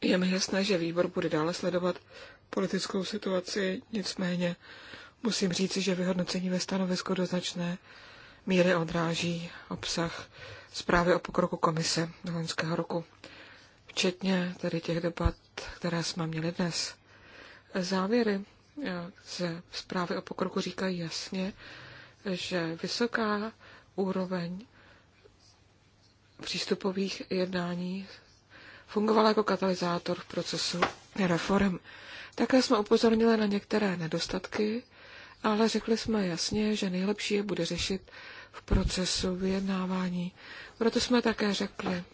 Je mi jasné, že výbor bude dále sledovat politickou situaci, nicméně musím říci, že vyhodnocení ve stanovisku do značné míry odráží obsah zprávy o pokroku komise loňského roku, včetně tedy těch debat, které jsme měli dnes. Závěry eh, ze zprávy o pokroku říkají jasně, že vysoká úroveň přístupových jednání fungovala jako katalyzátor v procesu reform. Také jsme upozornili na některé nedostatky, ale řekli jsme jasně, že nejlepší je bude řešit v procesu vyjednávání. Proto jsme také řekli,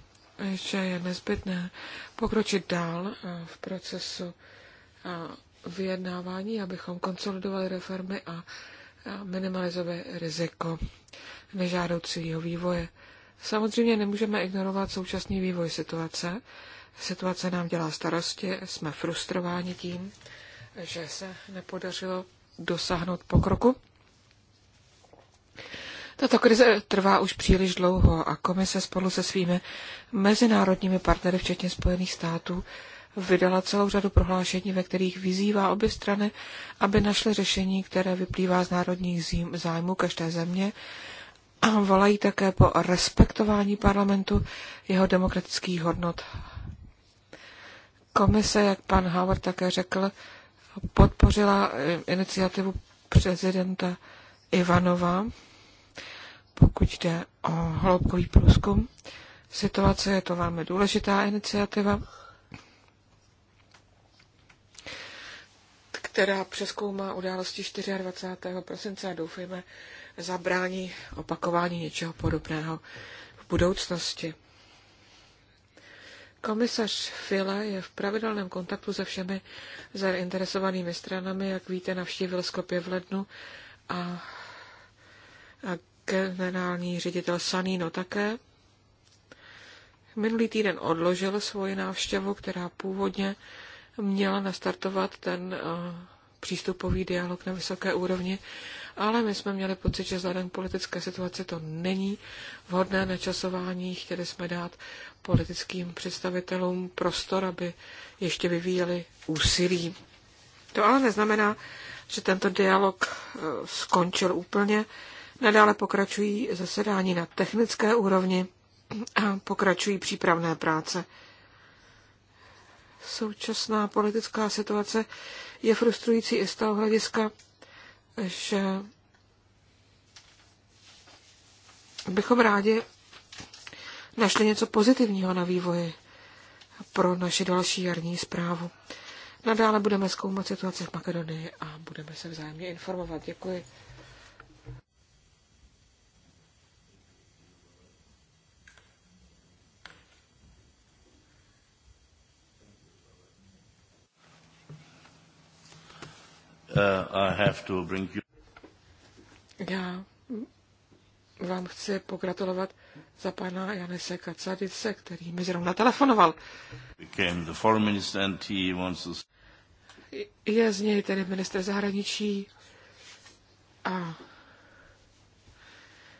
že je nezbytné pokročit dál eh, v procesu eh, vyjednávání, abychom konsolidovali reformy a eh, minimalizovali riziko nežádoucího vývoje. Samozřejmě nemůžeme ignorovat současný vývoj situace. Situace nám dělá starosti, jsme frustrováni tím, že se nepodařilo dosáhnout pokroku. Tato krize trvá už příliš dlouho a komise spolu se svými mezinárodními partnery, včetně Spojených států, vydala celou řadu prohlášení, ve kterých vyzývá obě strany, aby našly řešení, které vyplývá z národních zájmů každé země a volají také po respektování parlamentu, jeho demokratických hodnot. Komise, jak pan Howard také řekl, podpořila iniciativu prezidenta Ivanova, pokud jde o hloubkový průzkum. Situace je to velmi důležitá iniciativa, která přeskoumá události 24. prosince a doufejme, zabrání opakování něčeho podobného v budoucnosti. Komisař File je v pravidelném kontaktu se všemi zainteresovanými stranami, jak víte, navštívil Skopje v lednu a, a generální ředitel Sanino také. Minulý týden odložil svoji návštěvu, která původně měla nastartovat ten eh, přístupový dialog na vysoké úrovni, ale my jsme měli pocit, že vzhledem k politické situaci to není vhodné načasování. Chtěli jsme dát politickým představitelům prostor, aby ještě vyvíjeli úsilí. To ale neznamená, že tento dialog eh, skončil úplně. Nadále pokračují zasedání na technické úrovni a pokračují přípravné práce. Současná politická situace je frustrující i z toho hlediska, že bychom rádi našli něco pozitivního na vývoji pro naši další jarní zprávu. Nadále budeme zkoumat situaci v Makedonii a budeme se vzájemně informovat. Děkuji. Uh, I have to bring you... Já vám chci pogratulovat za pana Janese Kacadice, který mi zrovna telefonoval. Je z něj tedy minister zahraničí a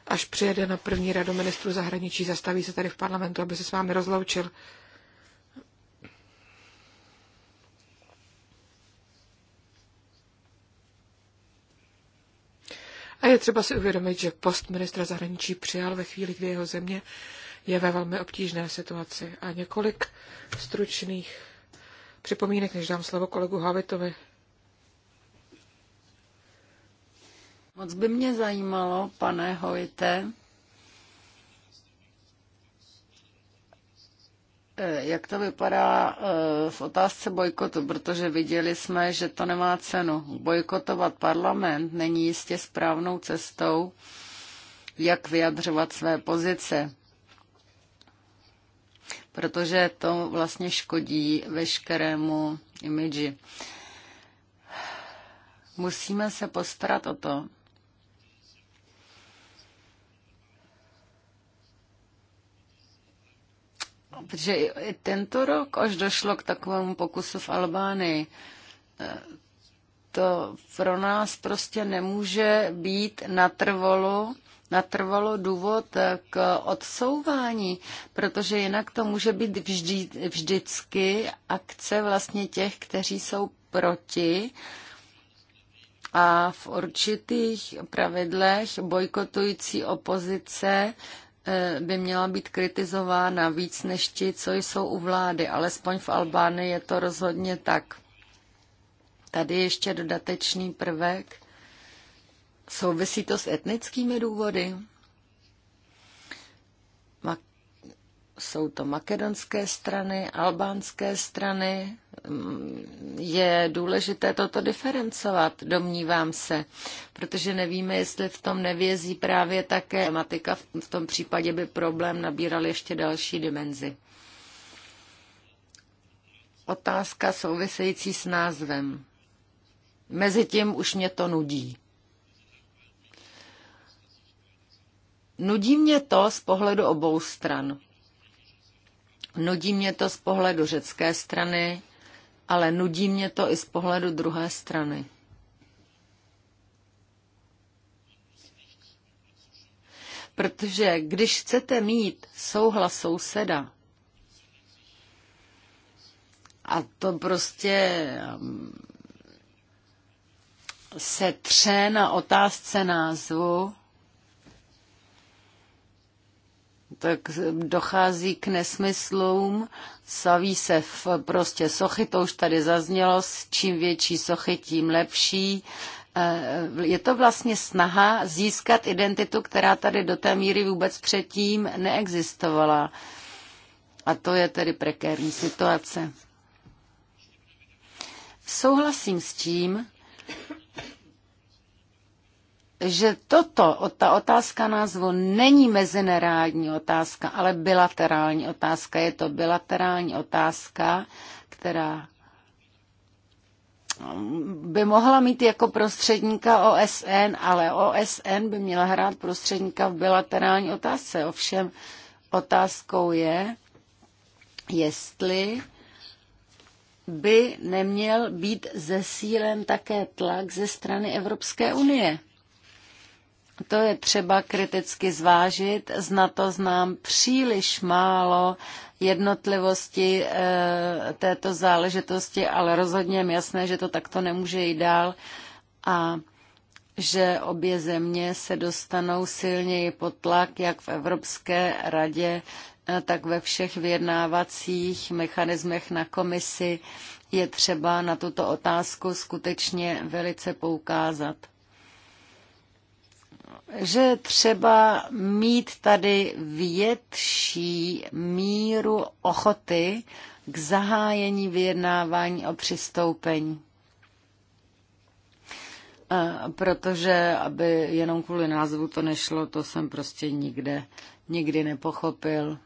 až přijede na první radu ministru zahraničí, zastaví se tady v parlamentu, aby se s vámi rozloučil. je třeba si uvědomit, že post ministra zahraničí přijal ve chvíli, kdy jeho země je ve velmi obtížné situaci. A několik stručných připomínek, než dám slovo kolegu Havitovi. Moc by mě zajímalo, pane Hojte, Eh, jak to vypadá eh, v otázce bojkotu, protože viděli jsme, že to nemá cenu. Bojkotovat parlament není jistě správnou cestou, jak vyjadřovat své pozice, protože to vlastně škodí veškerému imidži. Musíme se postarat o to, protože i tento rok až došlo k takovému pokusu v Albánii. E, to pro nás prostě nemůže být natrvalo, natrvalo důvod k odsouvání, protože jinak to může být vždy, vždycky akce vlastně těch, kteří jsou proti a v určitých pravidlech bojkotující opozice Eh, by měla být kritizována víc než ti, co jsou u vlády. Alespoň v Albánii je to rozhodně tak. Tady ještě dodatečný prvek. Souvisí to s etnickými důvody? jsou to makedonské strany, albánské strany. Mm, je důležité toto diferencovat, domnívám se, protože nevíme, jestli v tom nevězí právě také tematika. V tom případě by problém nabíral ještě další dimenzi. Otázka související s názvem. Mezitím už mě to nudí. Nudí mě to z pohledu obou stran. Nudí mě to z pohledu řecké strany, ale nudí mě to i z pohledu druhé strany. Protože když chcete mít souhlas souseda, a to prostě um, se tře na otázce názvu, tak dochází k nesmyslům, saví se v prostě sochy, to už tady zaznělo, s čím větší sochy, tím lepší. Eh, je to vlastně snaha získat identitu, která tady do té míry vůbec předtím neexistovala. A to je tedy prekérní situace. Souhlasím s tím, že toto, ta otázka názvu není mezinárodní otázka, ale bilaterální otázka. Je to bilaterální otázka, která mm, by mohla mít jako prostředníka OSN, ale OSN by měla hrát prostředníka v bilaterální otázce. Ovšem otázkou je, jestli by neměl být zesílen také tlak ze strany Evropské unie. To je třeba kriticky zvážit. Zna to znám příliš málo jednotlivosti e, této záležitosti, ale rozhodně je jasné, že to takto nemůže jít dál a že obě země se dostanou silněji pod tlak, jak v Evropské radě, eh, tak ve všech vyjednávacích mechanismech na komisi je třeba na tuto otázku skutečně velice poukázat že třeba mít tady větší míru ochoty k zahájení vyjednávání o přistoupení. Protože, aby jenom kvůli názvu to nešlo, to jsem prostě nikde, nikdy nepochopil.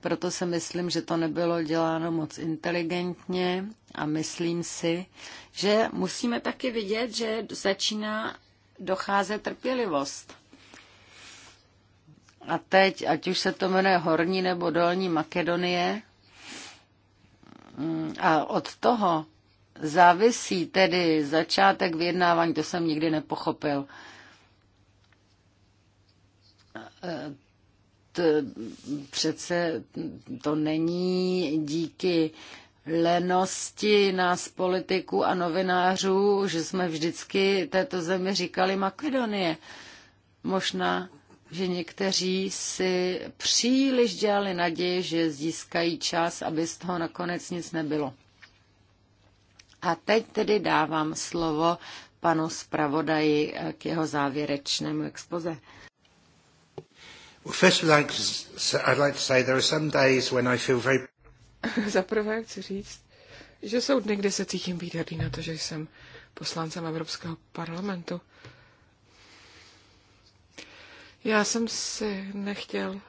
Proto si myslím, že to nebylo děláno moc inteligentně a myslím si, že musíme taky vidět, že začíná dochází trpělivost. A teď, ať už se to jmenuje Horní nebo Dolní Makedonie, mm, a od toho závisí tedy začátek vyjednávání, to jsem nikdy nepochopil. E, to přece to není díky lenosti nás politiků a novinářů, že jsme vždycky této zemi říkali Makedonie. Možná, že někteří si příliš dělali naději, že získají čas, aby z toho nakonec nic nebylo. A teď tedy dávám slovo panu zpravodaji k jeho závěrečnému expoze. Well, first, I'd like to say there are some days when I feel very <laughs> Za prvé chci říct, že jsou dny, kdy se cítím být hrdý na to, že jsem poslancem Evropského parlamentu. Já jsem si nechtěl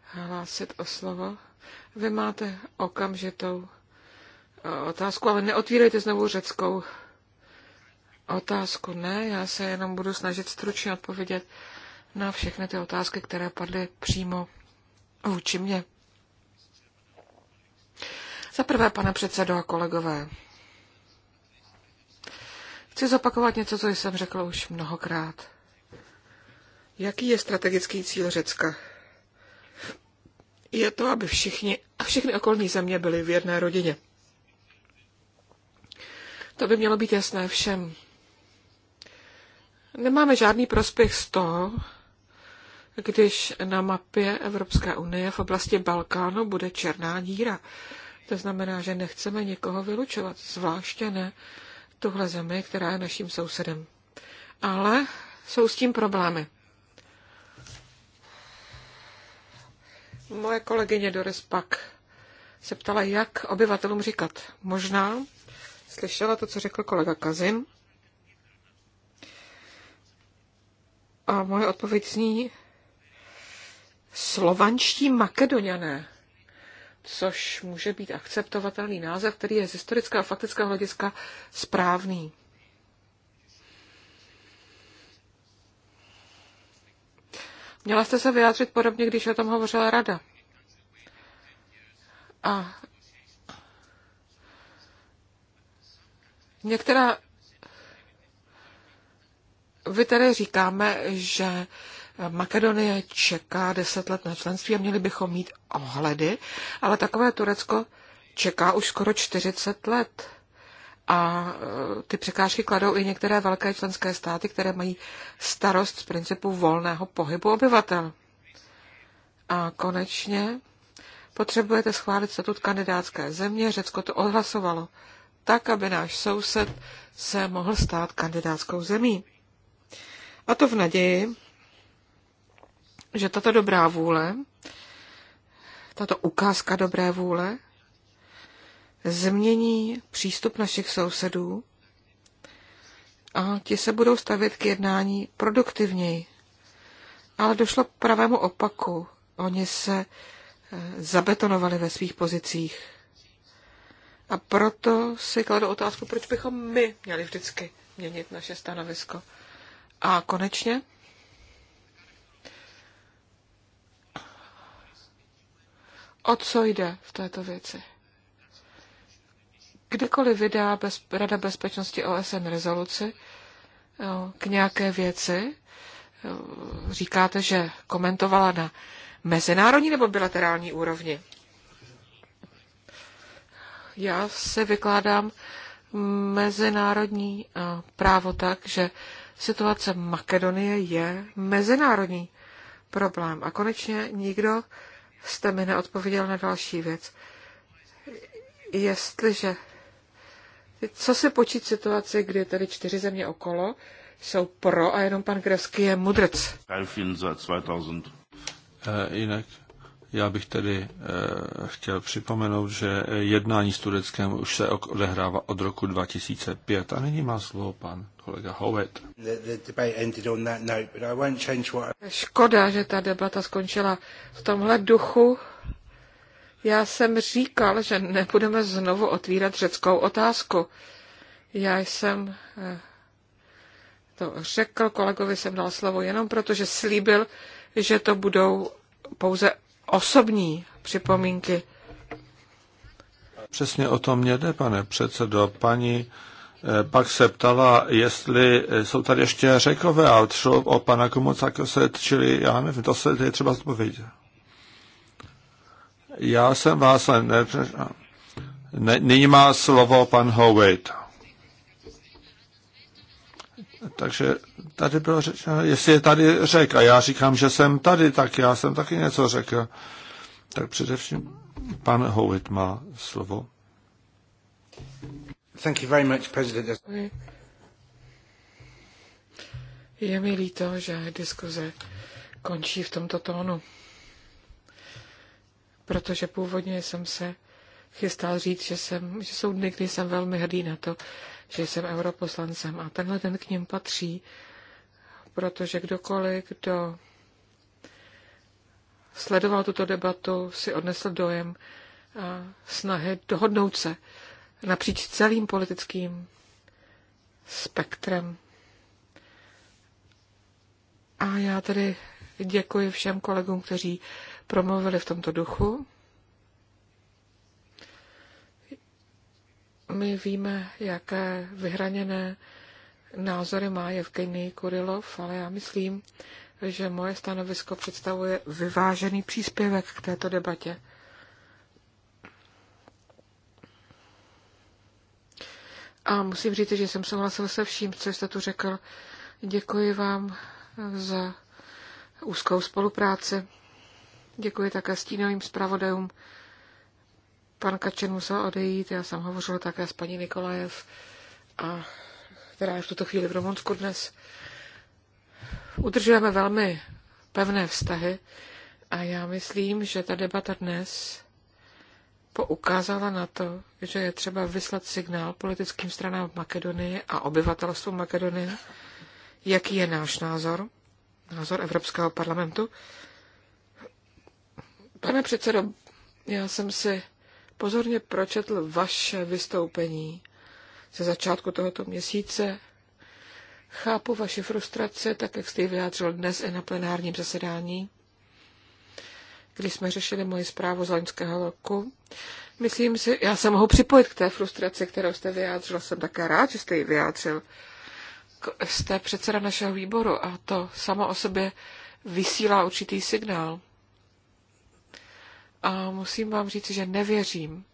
hlásit o slovo. Vy máte okamžitou eh, otázku, ale neotvírejte znovu řeckou otázku. Ne, já se jenom budu snažit stručně odpovědět na všechny ty otázky, které padly přímo vůči mě. Za prvé, pane předsedo a kolegové, chci zopakovat něco, co jsem řekl už mnohokrát. Jaký je strategický cíl Řecka? Je to, aby všichni a všechny okolní země byly v jedné rodině. To by mělo být jasné všem. Nemáme žádný prospěch z toho, když na mapě Evropské unie v oblasti Balkánu bude černá díra. To znamená, že nechceme nikoho vylučovat, zvláště ne tuhle zemi, která je naším sousedem. Ale jsou s tím problémy. Moje kolegyně Doris pak se ptala, jak obyvatelům říkat. Možná slyšela to, co řekl kolega Kazin. A moje odpověď zní slovanští makedoniané což může být akceptovatelný název, který je z historického a faktického hlediska správný. Měla jste se vyjádřit podobně, když o tom hovořila rada. A některá vy tady říkáme, že Makedonie čeká deset let na členství a měli bychom mít ohledy, ale takové Turecko čeká už skoro 40 let. A e, ty překážky kladou i některé velké členské státy, které mají starost z principu volného pohybu obyvatel. A konečně potřebujete schválit statut kandidátské země. Řecko to odhlasovalo tak, aby náš soused se mohl stát kandidátskou zemí. A to v naději, že tato dobrá vůle, tato ukázka dobré vůle, změní přístup našich sousedů a ti se budou stavět k jednání produktivněji. Ale došlo k pravému opaku. Oni se eh, zabetonovali ve svých pozicích. A proto si kladu otázku, proč bychom my měli vždycky měnit naše stanovisko. A konečně o co jde v této věci. Kdykoliv vydá bez, Rada bezpečnosti OSN rezoluci eh, k nějaké věci, eh, říkáte, že komentovala na mezinárodní nebo bilaterální úrovni. Já se vykládám mezinárodní eh, právo tak, že situace Makedonie je mezinárodní problém. A konečně nikdo jste mi neodpověděl na další věc. Jestliže, co se počít situaci, kdy tady čtyři země okolo jsou pro a jenom pan Grevský je Uh, Jinak já bych tedy eh, chtěl připomenout, že jednání s Tureckem už se odehrává od roku 2005 a nyní má slovo pan kolega Hovet. Škoda, že ta debata skončila v tomhle duchu. Já jsem říkal, že nebudeme znovu otvírat řeckou otázku. Já jsem eh, to řekl, kolegovi jsem dal slovo jenom proto, že slíbil, že to budou pouze osobní připomínky. Přesně o tom mě jde, pane předsedo. Paní eh, pak se ptala, jestli eh, jsou tady ještě řekové a šlo o pana Komocakose, čili já nevím, to se je třeba zpovědět. Já jsem vás ne... Nyní má slovo pan Howitt. Takže tady bylo řečeno, jestli je tady řek a já říkám, že jsem tady, tak já jsem taky něco řekl. Tak především pan Howitt má slovo. Thank you very much, President. Je mi líto, že diskuze končí v tomto tónu, protože původně jsem se chystal říct, že, jsem, že jsou dny, kdy jsem velmi hrdý na to, že jsem europoslancem. A tenhle ten k ním patří, protože kdokoliv, kdo sledoval tuto debatu, si odnesl dojem snahy dohodnout se napříč celým politickým spektrem. A já tedy děkuji všem kolegům, kteří promluvili v tomto duchu. My víme, jaké vyhraněné názory má Evgeny Kurilov, ale já myslím, že moje stanovisko představuje vyvážený příspěvek k této debatě. A musím říct, že jsem souhlasil se vším, co jste tu řekl. Děkuji vám za úzkou spolupráci. Děkuji také stínovým zpravodajům Pan Kačen musel odejít, já jsem hovořil také s paní Nikolajev, a, která je v tuto chvíli v Romonsku dnes. Udržujeme velmi pevné vztahy a já myslím, že ta debata dnes poukázala na to, že je třeba vyslat signál politickým stranám v Makedonii a obyvatelstvu Makedonie, jaký je náš názor, názor Evropského parlamentu. Pane předsedo, já jsem si pozorně pročetl vaše vystoupení ze začátku tohoto měsíce. Chápu vaši frustrace, tak jak jste ji vyjádřil dnes i na plenárním zasedání, kdy jsme řešili moji zprávu z loňského roku. Myslím si, já se mohu připojit k té frustraci, kterou jste vyjádřil. Jsem také rád, že jste ji vyjádřil. Jste předseda našeho výboru a to samo o sobě vysílá určitý signál. A musím vám říct, že nevěřím,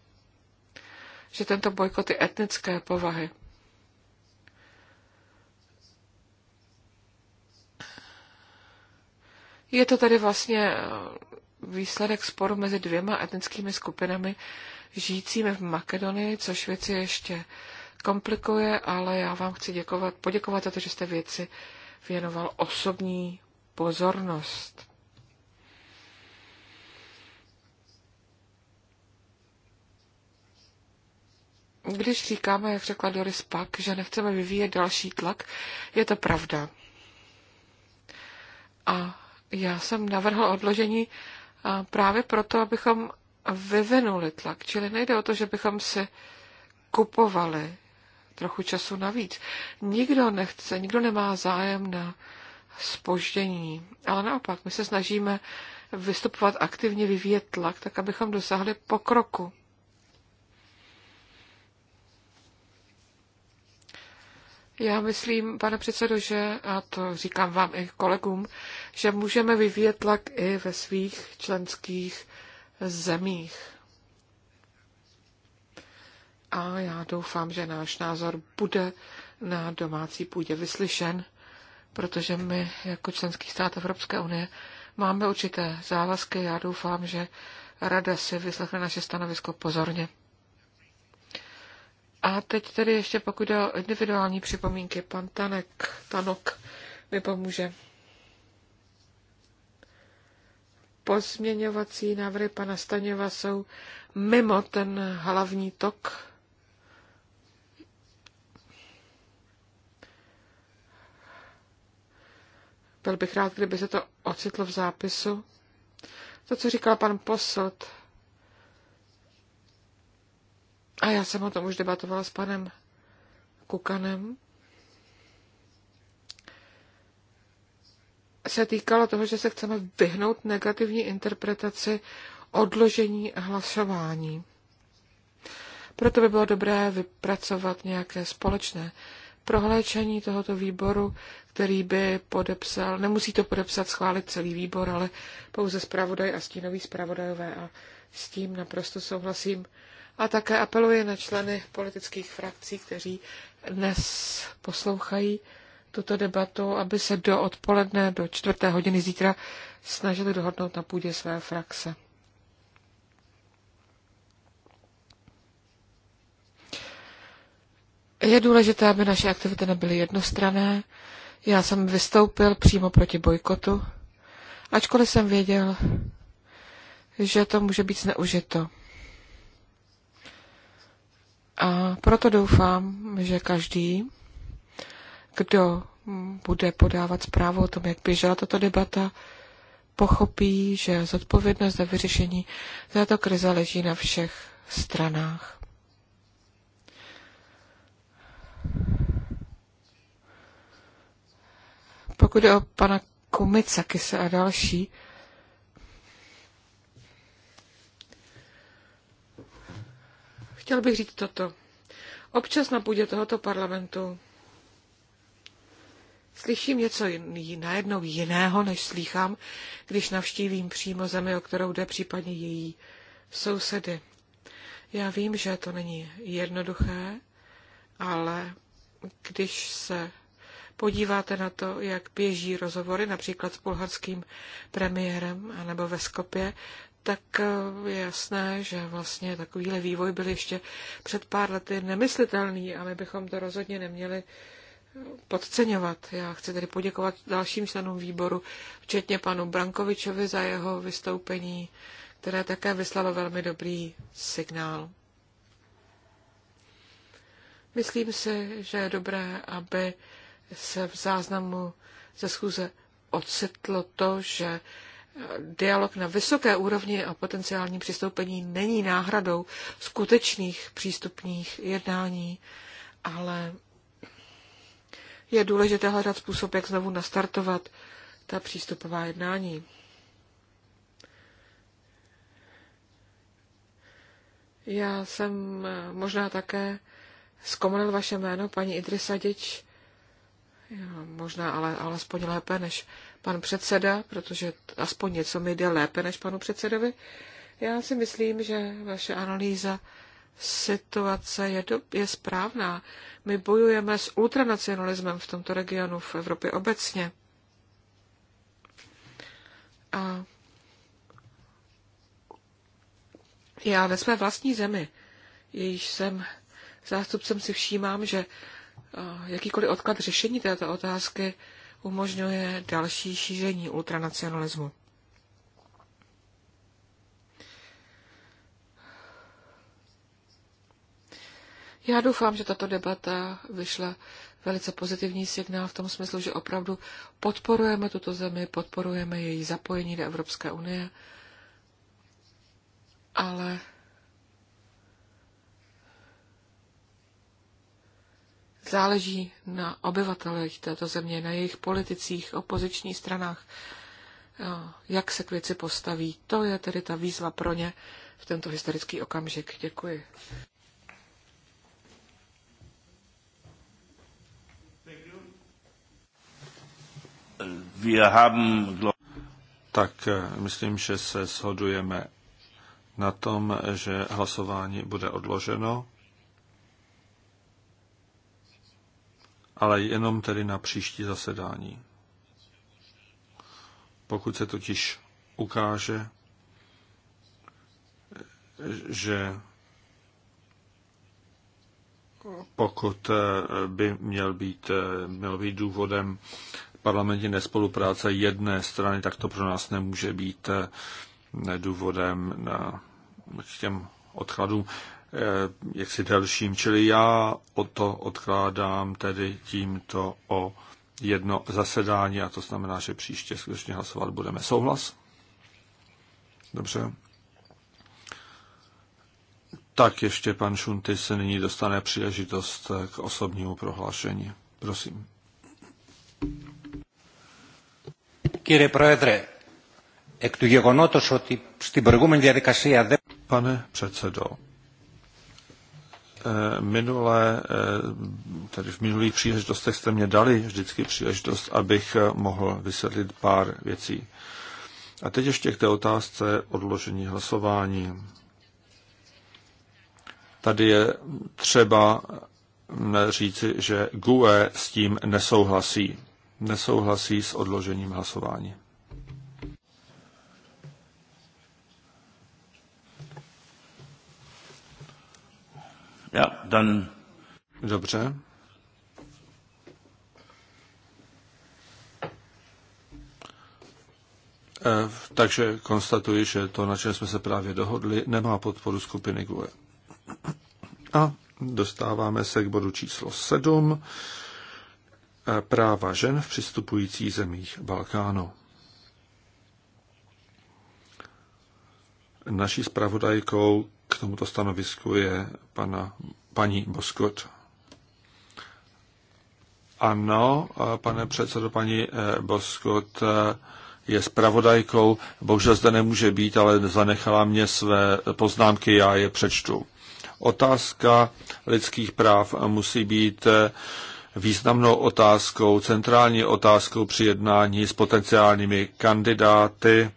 že tento bojkot je etnické povahy. Je to tady vlastně eh, výsledek sporu mezi dvěma etnickými skupinami žijícími v Makedonii, což věci ještě komplikuje, ale já vám chci děkovat, poděkovat za to, že jste věci věnoval osobní pozornost. Když říkáme, jak řekla Doris Pak, že nechceme vyvíjet další tlak, je to pravda. A já jsem navrhl odložení právě proto, abychom vyvinuli tlak. Čili nejde o to, že bychom si kupovali trochu času navíc. Nikdo nechce, nikdo nemá zájem na spoždění. Ale naopak, my se snažíme vystupovat aktivně, vyvíjet tlak, tak abychom dosáhli pokroku. Já myslím, pane předsedo, že, a to říkám vám i kolegům, že můžeme vyvíjet tlak i ve svých členských zemích. A já doufám, že náš názor bude na domácí půdě vyslyšen, protože my jako členský stát Evropské unie máme určité závazky. Já doufám, že Rada si vyslechne naše stanovisko pozorně. A teď tedy ještě pokud jde o individuální připomínky, pan Tanek, Tanok mi pomůže. Pozměňovací návrhy pana Staněva jsou mimo ten hlavní tok. Byl bych rád, kdyby se to ocitlo v zápisu. To, co říkal pan Posot, a já jsem o tom už debatovala s panem Kukanem. Se týkalo toho, že se chceme vyhnout negativní interpretaci odložení hlasování. Proto by bylo dobré vypracovat nějaké společné prohléčení tohoto výboru, který by podepsal, nemusí to podepsat schválit celý výbor, ale pouze zpravodaj a stínový zpravodajové a s tím naprosto souhlasím a také apeluji na členy politických frakcí, kteří dnes poslouchají tuto debatu, aby se do odpoledne, do čtvrté hodiny zítra snažili dohodnout na půdě své frakce. Je důležité, aby naše aktivity nebyly jednostrané. Já jsem vystoupil přímo proti bojkotu, ačkoliv jsem věděl, že to může být zneužito. A proto doufám, že každý, kdo bude podávat zprávu o tom, jak běžela tato debata, pochopí, že zodpovědnost za vyřešení této krize leží na všech stranách. Pokud je o pana Kumicakise a další, Chtěl bych říct toto. Občas na půdě tohoto parlamentu slyším něco jiný, najednou jiného, než slýchám, když navštívím přímo zemi, o kterou jde případně její sousedy. Já vím, že to není jednoduché, ale když se podíváte na to, jak běží rozhovory například s bulharským premiérem anebo ve Skopě, tak eh, je jasné, že vlastně takovýhle vývoj byl ještě před pár lety nemyslitelný a my bychom to rozhodně neměli eh, podceňovat. Já chci tedy poděkovat dalším členům výboru, včetně panu Brankovičovi za jeho vystoupení, které také vyslalo velmi dobrý signál. Myslím si, že je dobré, aby se v záznamu ze schůze ocitlo to, že dialog na vysoké úrovni a potenciální přistoupení není náhradou skutečných přístupních jednání, ale je důležité hledat způsob, jak znovu nastartovat ta přístupová jednání. Já jsem možná také zkomolil vaše jméno, paní Idrisa možná ale alespoň lépe než pan předseda, protože aspoň něco mi jde lépe než panu předsedovi. Já si myslím, že vaše analýza situace je, do, je správná. My bojujeme s ultranacionalismem v tomto regionu, v Evropě obecně. A já ve své vlastní zemi, jejíž jsem zástupcem, si všímám, že jakýkoliv odklad řešení této otázky umožňuje další šíření ultranacionalismu. Já doufám, že tato debata vyšla velice pozitivní signál v tom smyslu, že opravdu podporujeme tuto zemi, podporujeme její zapojení do Evropské unie, ale záleží na obyvatelech této země, na jejich politicích, opozičních stranách, jak se k věci postaví. To je tedy ta výzva pro ně v tento historický okamžik. Děkuji. Tak eh, myslím, že se shodujeme na tom, že hlasování bude odloženo ale jenom tedy na příští zasedání. Pokud se totiž ukáže, že pokud by měl být, měl být důvodem parlamentní nespolupráce jedné strany, tak to pro nás nemůže být důvodem na, těm odkladům. Eh, jaksi delším. Čili já o to odkládám tedy tímto o jedno zasedání a to znamená, že příště skutečně hlasovat budeme. Souhlas? Dobře. Tak ještě pan Šunty se nyní dostane příležitost k osobnímu prohlášení. Prosím. Kyrie projedre, jak tu gegonotos, ότι στην προηγούμενη ty δεν... Pane předsedo, Eh, minule, eh, tady v minulých příležitostech jste mě dali vždycky příležitost, abych eh, mohl vysvětlit pár věcí. A teď ještě k té otázce odložení hlasování. Tady je třeba mm, říci, že GUE s tím nesouhlasí. Nesouhlasí s odložením hlasování. Ja, dann. Dobře. E, takže konstatuji, že to, na čem jsme se právě dohodli, nemá podporu skupiny GUE. A dostáváme se k bodu číslo 7. E, práva žen v přistupujících zemích Balkánu. Naší zpravodajkou k tomuto stanovisku je pana, paní Boskot. Ano, pane předsedo, paní eh, Boskot eh, je zpravodajkou, bohužel zde nemůže být, ale zanechala mě své poznámky, já je přečtu. Otázka lidských práv musí být eh, významnou otázkou, centrální otázkou při jednání s potenciálními kandidáty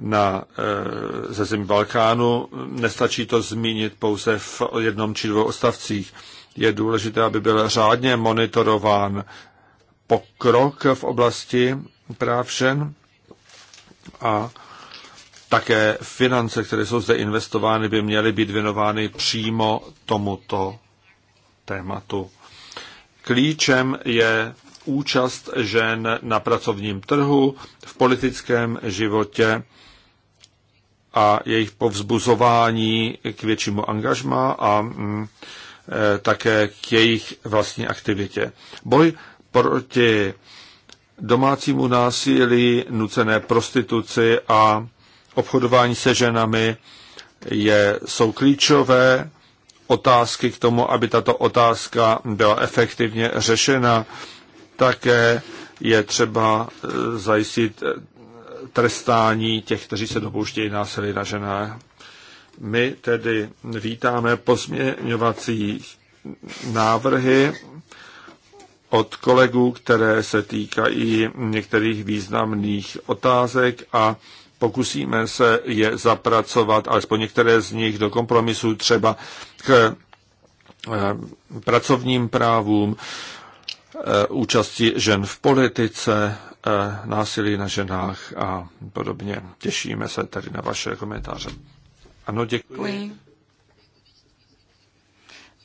na, eh, ze zemí Balkánu. Nestačí to zmínit pouze v jednom či dvou ostavcích. Je důležité, aby byl řádně monitorován pokrok v oblasti práv žen a také finance, které jsou zde investovány, by měly být věnovány přímo tomuto tématu. Klíčem je účast žen na pracovním trhu, v politickém životě a jejich povzbuzování k většímu angažma a mm, e, také k jejich vlastní aktivitě. Boj proti domácímu násilí, nucené prostituci a obchodování se ženami je, jsou klíčové otázky k tomu, aby tato otázka byla efektivně řešena. Také je třeba e, zajistit trestání těch, kteří se dopouštějí násilí na ženách. My tedy vítáme pozměňovací návrhy od kolegů, které se týkají některých významných otázek a pokusíme se je zapracovat, alespoň některé z nich, do kompromisu třeba k eh, pracovním právům, eh, účasti žen v politice, Eh, násilí na ženách a podobně. Těšíme se tedy na vaše komentáře. Ano, děkuji. děkuji.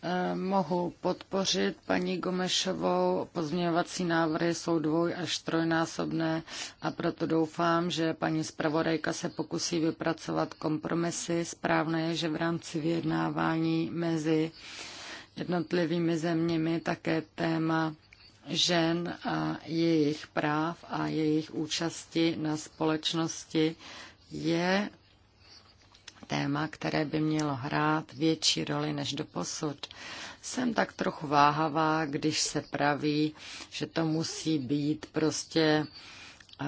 Eh, mohu podpořit paní Gomešovou. Pozměňovací návrhy jsou dvoj až trojnásobné a proto doufám, že paní zpravodajka se pokusí vypracovat kompromisy. Správné je, že v rámci vyjednávání mezi jednotlivými zeměmi také téma žen a jejich práv a jejich účasti na společnosti je téma, které by mělo hrát větší roli než do posud. Jsem tak trochu váhavá, když se praví, že to musí být prostě eh,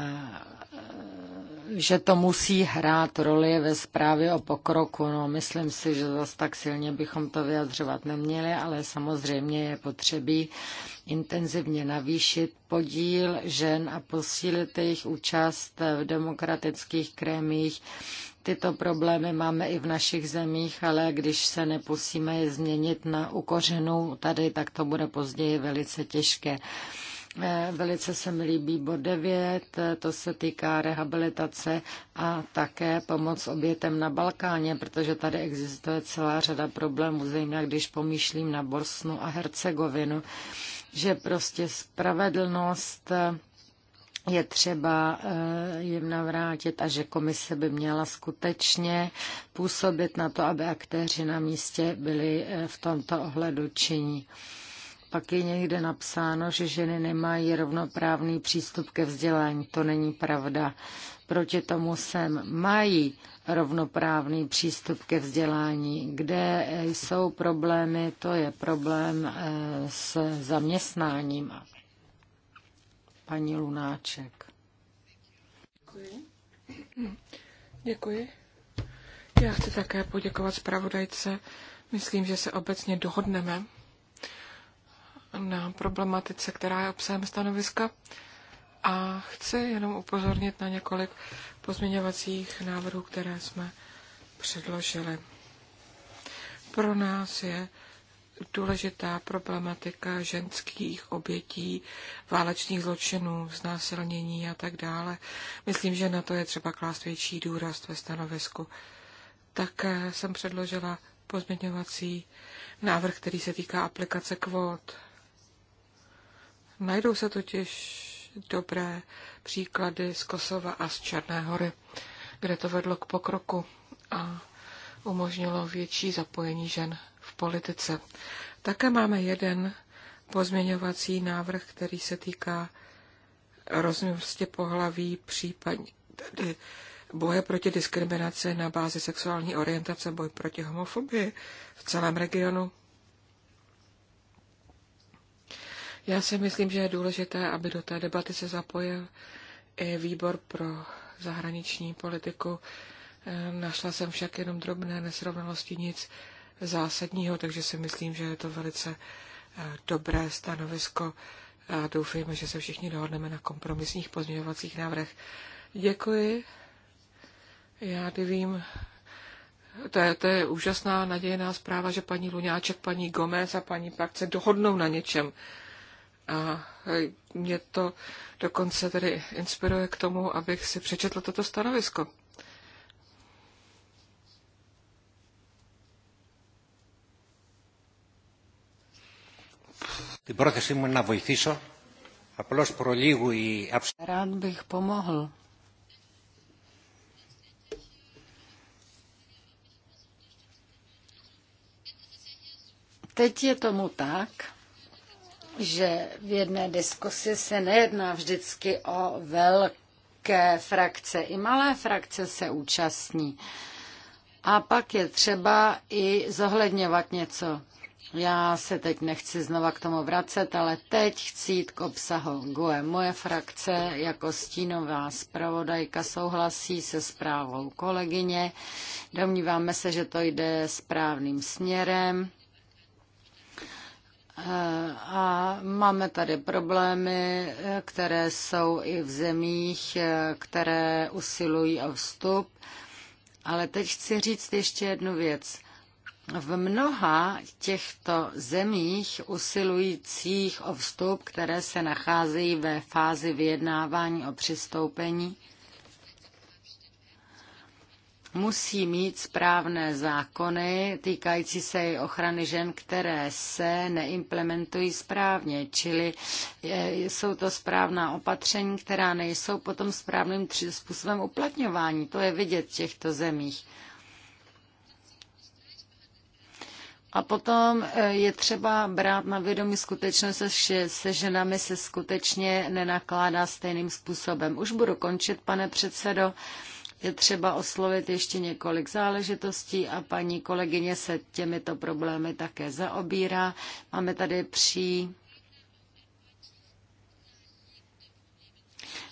že to musí hrát roli ve zprávě o pokroku. No, myslím si, že zase tak silně bychom to vyjadřovat neměli, ale samozřejmě je potřebí intenzivně navýšit podíl žen a posílit jejich účast v demokratických krémích. Tyto problémy máme i v našich zemích, ale když se nepustíme je změnit na ukořenou tady, tak to bude později velice těžké. Eh, velice se mi líbí bod 9, eh, to se týká rehabilitace a také pomoc obětem na Balkáně, protože tady existuje celá řada problémů, zejména když pomýšlím na Bosnu a Hercegovinu, že prostě spravedlnost eh, je třeba jim navrátit a že komise by měla skutečně působit na to, aby aktéři na místě byli v tomto ohledu činí. Pak je někde napsáno, že ženy nemají rovnoprávný přístup ke vzdělání. To není pravda. Proti tomu sem mají rovnoprávný přístup ke vzdělání. Kde jsou problémy, to je problém eh, s zaměstnáním. Paní Lunáček. Děkuji. Děkuji. Já chci také poděkovat zpravodajce. Myslím, že se obecně dohodneme na problematice, která je obsahem stanoviska a chci jenom upozornit na několik pozměňovacích návrhů, které jsme předložili. Pro nás je důležitá problematika ženských obětí, válečných zločinů, znásilnění a tak dále. Myslím, že na to je třeba klást větší důraz ve stanovisku. Tak jsem předložila pozměňovací návrh, který se týká aplikace kvót. Najdou se totiž dobré příklady z Kosova a z Černé hory, kde to vedlo k pokroku a umožnilo větší zapojení žen v politice. Také máme jeden pozměňovací návrh, který se týká rozměrstě pohlaví, případně tedy boje proti diskriminaci na bázi sexuální orientace, boj proti homofobii v celém regionu. Já si myslím, že je důležité, aby do té debaty se zapojil i výbor pro zahraniční politiku. E, našla jsem však jenom drobné nesrovnalosti, nic zásadního, takže si myslím, že je to velice e, dobré stanovisko a doufejme, že se všichni dohodneme na kompromisních pozměňovacích návrh. Děkuji. Já nevím, to je, to je úžasná nadějná zpráva, že paní Luňáček, paní Gomez a paní Pak se dohodnou na něčem. A e, mě to dokonce tedy inspiruje k tomu, abych si přečetl toto stanovisko. Rád bych pomohl. Teď je tomu tak, že v jedné diskusi se nejedná vždycky o velké frakce. I malé frakce se účastní. A pak je třeba i zohledňovat něco. Já se teď nechci znova k tomu vracet, ale teď chci jít k obsahu GUE. Moje frakce jako stínová zpravodajka souhlasí se zprávou kolegyně. Domníváme se, že to jde správným směrem a máme tady problémy, které jsou i v zemích, které usilují o vstup. Ale teď chci říct ještě jednu věc. V mnoha těchto zemích usilujících o vstup, které se nacházejí ve fázi vyjednávání o přistoupení, musí mít správné zákony týkající se i ochrany žen, které se neimplementují správně, čili eh, jsou to správná opatření, která nejsou potom správným způsobem uplatňování. To je vidět v těchto zemích. A potom eh, je třeba brát na vědomí skutečnost, že se ženami se skutečně nenakládá stejným způsobem. Už budu končit, pane předsedo je třeba oslovit ještě několik záležitostí a paní kolegyně se těmito problémy také zaobírá. Máme tady pří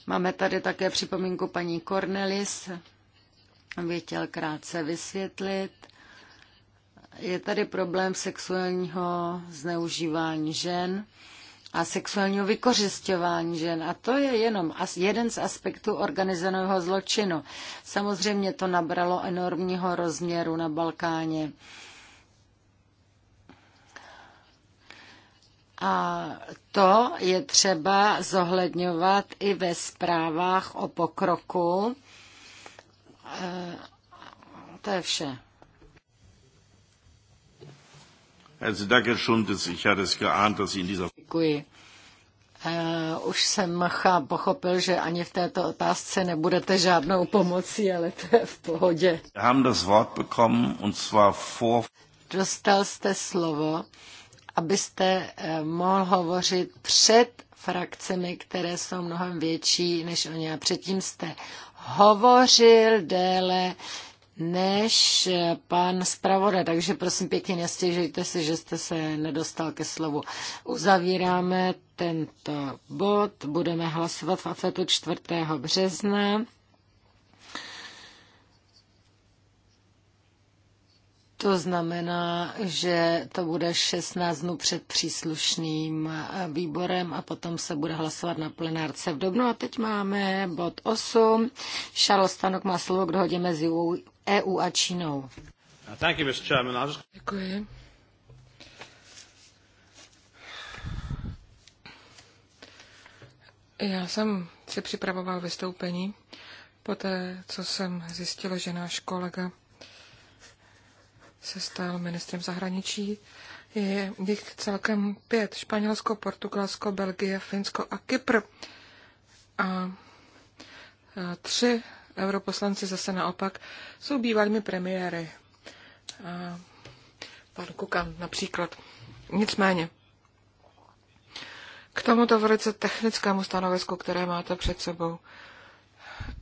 Máme tady také připomínku paní Cornelis, aby chtěl krátce vysvětlit. Je tady problém sexuálního zneužívání žen a sexuálního vykořišťování žen. A to je jenom jeden z aspektů organizovaného zločinu. Samozřejmě to nabralo enormního rozměru na Balkáně. A to je třeba zohledňovat i ve zprávách o pokroku. E, to je vše. Děkuji. Eh, už jsem chám pochopil, že ani v této otázce nebudete žádnou pomocí, ale to je v pohodě. Dostal jste slovo, abyste eh, mohl hovořit před frakcemi, které jsou mnohem větší než oni. A předtím jste hovořil déle než eh, pan zpravoda, takže prosím pěkně nestěžejte si, že jste se nedostal ke slovu. Uzavíráme tento bod, budeme hlasovat v AFETu 4. března. To znamená, že to bude 16 dnů před příslušným eh, výborem a potom se bude hlasovat na plenárce v Dobnu. A teď máme bod 8. Charles Stanok má slovo k dohodě mezi EU a Čínou. Děkuji. Já jsem si připravoval vystoupení poté, co jsem zjistil, že náš kolega se stal ministrem zahraničí. Je jich celkem pět. Španělsko, Portugalsko, Belgie, Finsko a Kypr. A tři europoslanci zase naopak jsou bývalými premiéry. A pan Kukan například. Nicméně, k tomuto velice technickému stanovisku, které máte před sebou,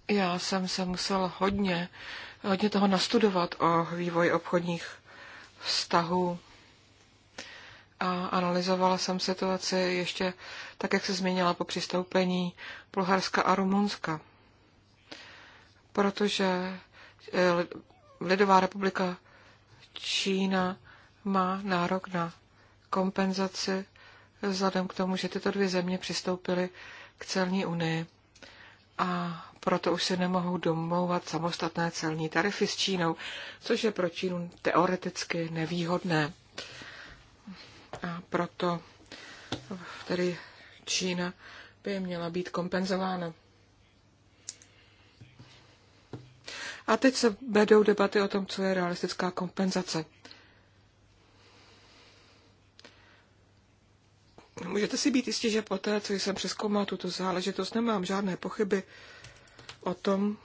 já jsem se musel hodně, hodně toho nastudovat o vývoji obchodních vztahů a analyzovala jsem situaci ještě tak, jak se změnila po přistoupení Bulharska a Rumunska protože eh, Lidová republika Čína má nárok na kompenzaci vzhledem k tomu, že tyto dvě země přistoupily k celní unii a proto už se nemohou domlouvat samostatné celní tarify s Čínou, což je pro Čínu teoreticky nevýhodné. A proto tedy Čína by měla být kompenzována. A teď se vedou debaty o tom, co je realistická kompenzace. Můžete si být jistí, že poté, co jsem přeskoumal tuto záležitost, nemám žádné pochyby o tom,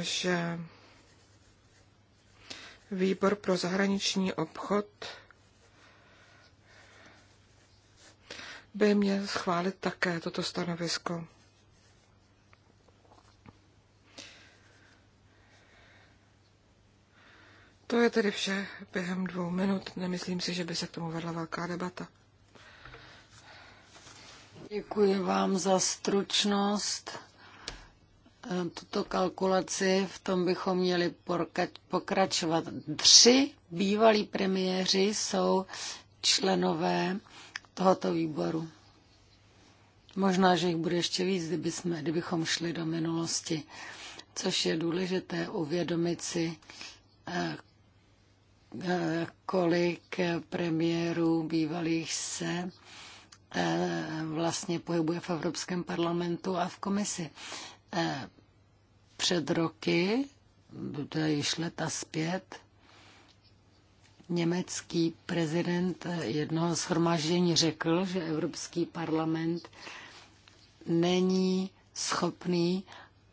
že výbor pro zahraniční obchod by mě schválit také toto stanovisko. To je tedy vše během dvou minut. Nemyslím si, že by se k tomu vedla velká debata. Děkuji vám za stručnost. E, tuto kalkulaci v tom bychom měli pokračovat. Tři bývalí premiéři jsou členové tohoto výboru. Možná, že jich bude ještě víc, kdyby jsme, kdybychom šli do minulosti. Což je důležité uvědomit si, e, kolik premiérů bývalých se eh, vlastně pohybuje v Evropském parlamentu a v komisi. Eh, před roky, to je již leta zpět, německý prezident jednoho schromáždění řekl, že Evropský parlament není schopný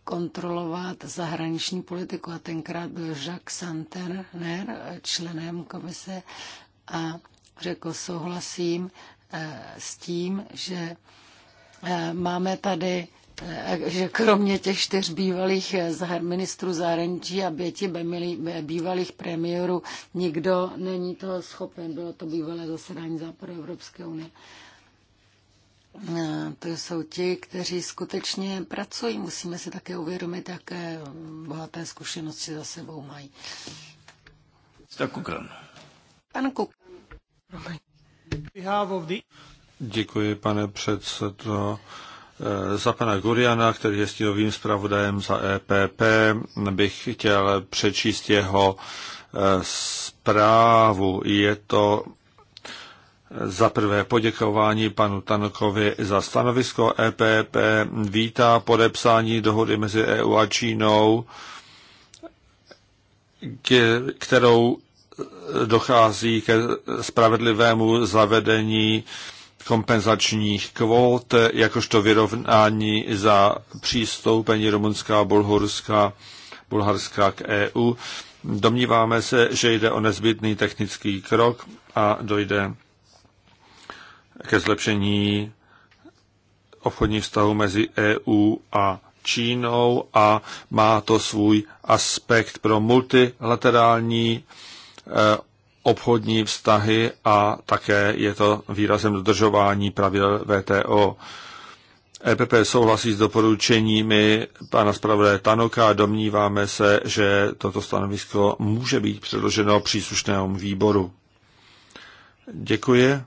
kontrolovat zahraniční politiku a tenkrát byl Jacques Santerner členem komise a řekl souhlasím eh, s tím, že eh, máme tady eh, že kromě těch čtyř bývalých ministrů zahraničí a pěti bývalých premiérů nikdo není toho schopen. Bylo to bývalé zasedání Západu Evropské unie to jsou ti, kteří skutečně pracují. Musíme si také uvědomit, jaké bohaté zkušenosti za sebou mají. Tak Kukan. Pan Kukan. Děkuji, pane předsedo. Eh, za pana Guriana, který je stínovým zpravodajem za EPP, bych chtěl přečíst jeho eh, zprávu. Je to za prvé poděkování panu Tanokovi za stanovisko EPP vítá podepsání dohody mezi EU a Čínou, kterou dochází ke spravedlivému zavedení kompenzačních kvót, jakožto vyrovnání za přístoupení Rumunská a Bulharska, Bulharska k EU. Domníváme se, že jde o nezbytný technický krok a dojde ke zlepšení obchodních vztahů mezi EU a Čínou a má to svůj aspekt pro multilaterální e, obchodní vztahy a také je to výrazem dodržování pravidel VTO. EPP souhlasí s doporučeními pana zpravodaje Tanoka a domníváme se, že toto stanovisko může být předloženo příslušnému výboru. Děkuji.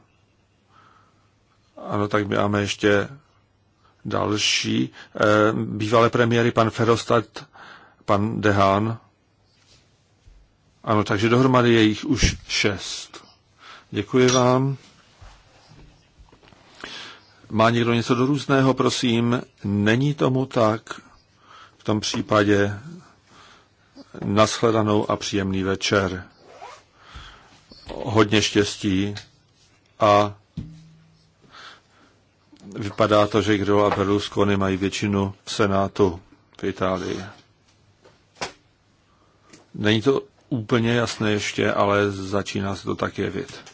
Ano, tak máme ještě další. Eh, bývalé premiéry pan Ferostat, pan Dehan. Ano, takže dohromady je jich už šest. Děkuji vám. Má někdo něco do různého, prosím? Není tomu tak. V tom případě nashledanou a příjemný večer. Hodně štěstí a vypadá to, že kdo a Berlusconi mají většinu v Senátu v Itálii. Není to úplně jasné ještě, ale začíná se to tak jevit.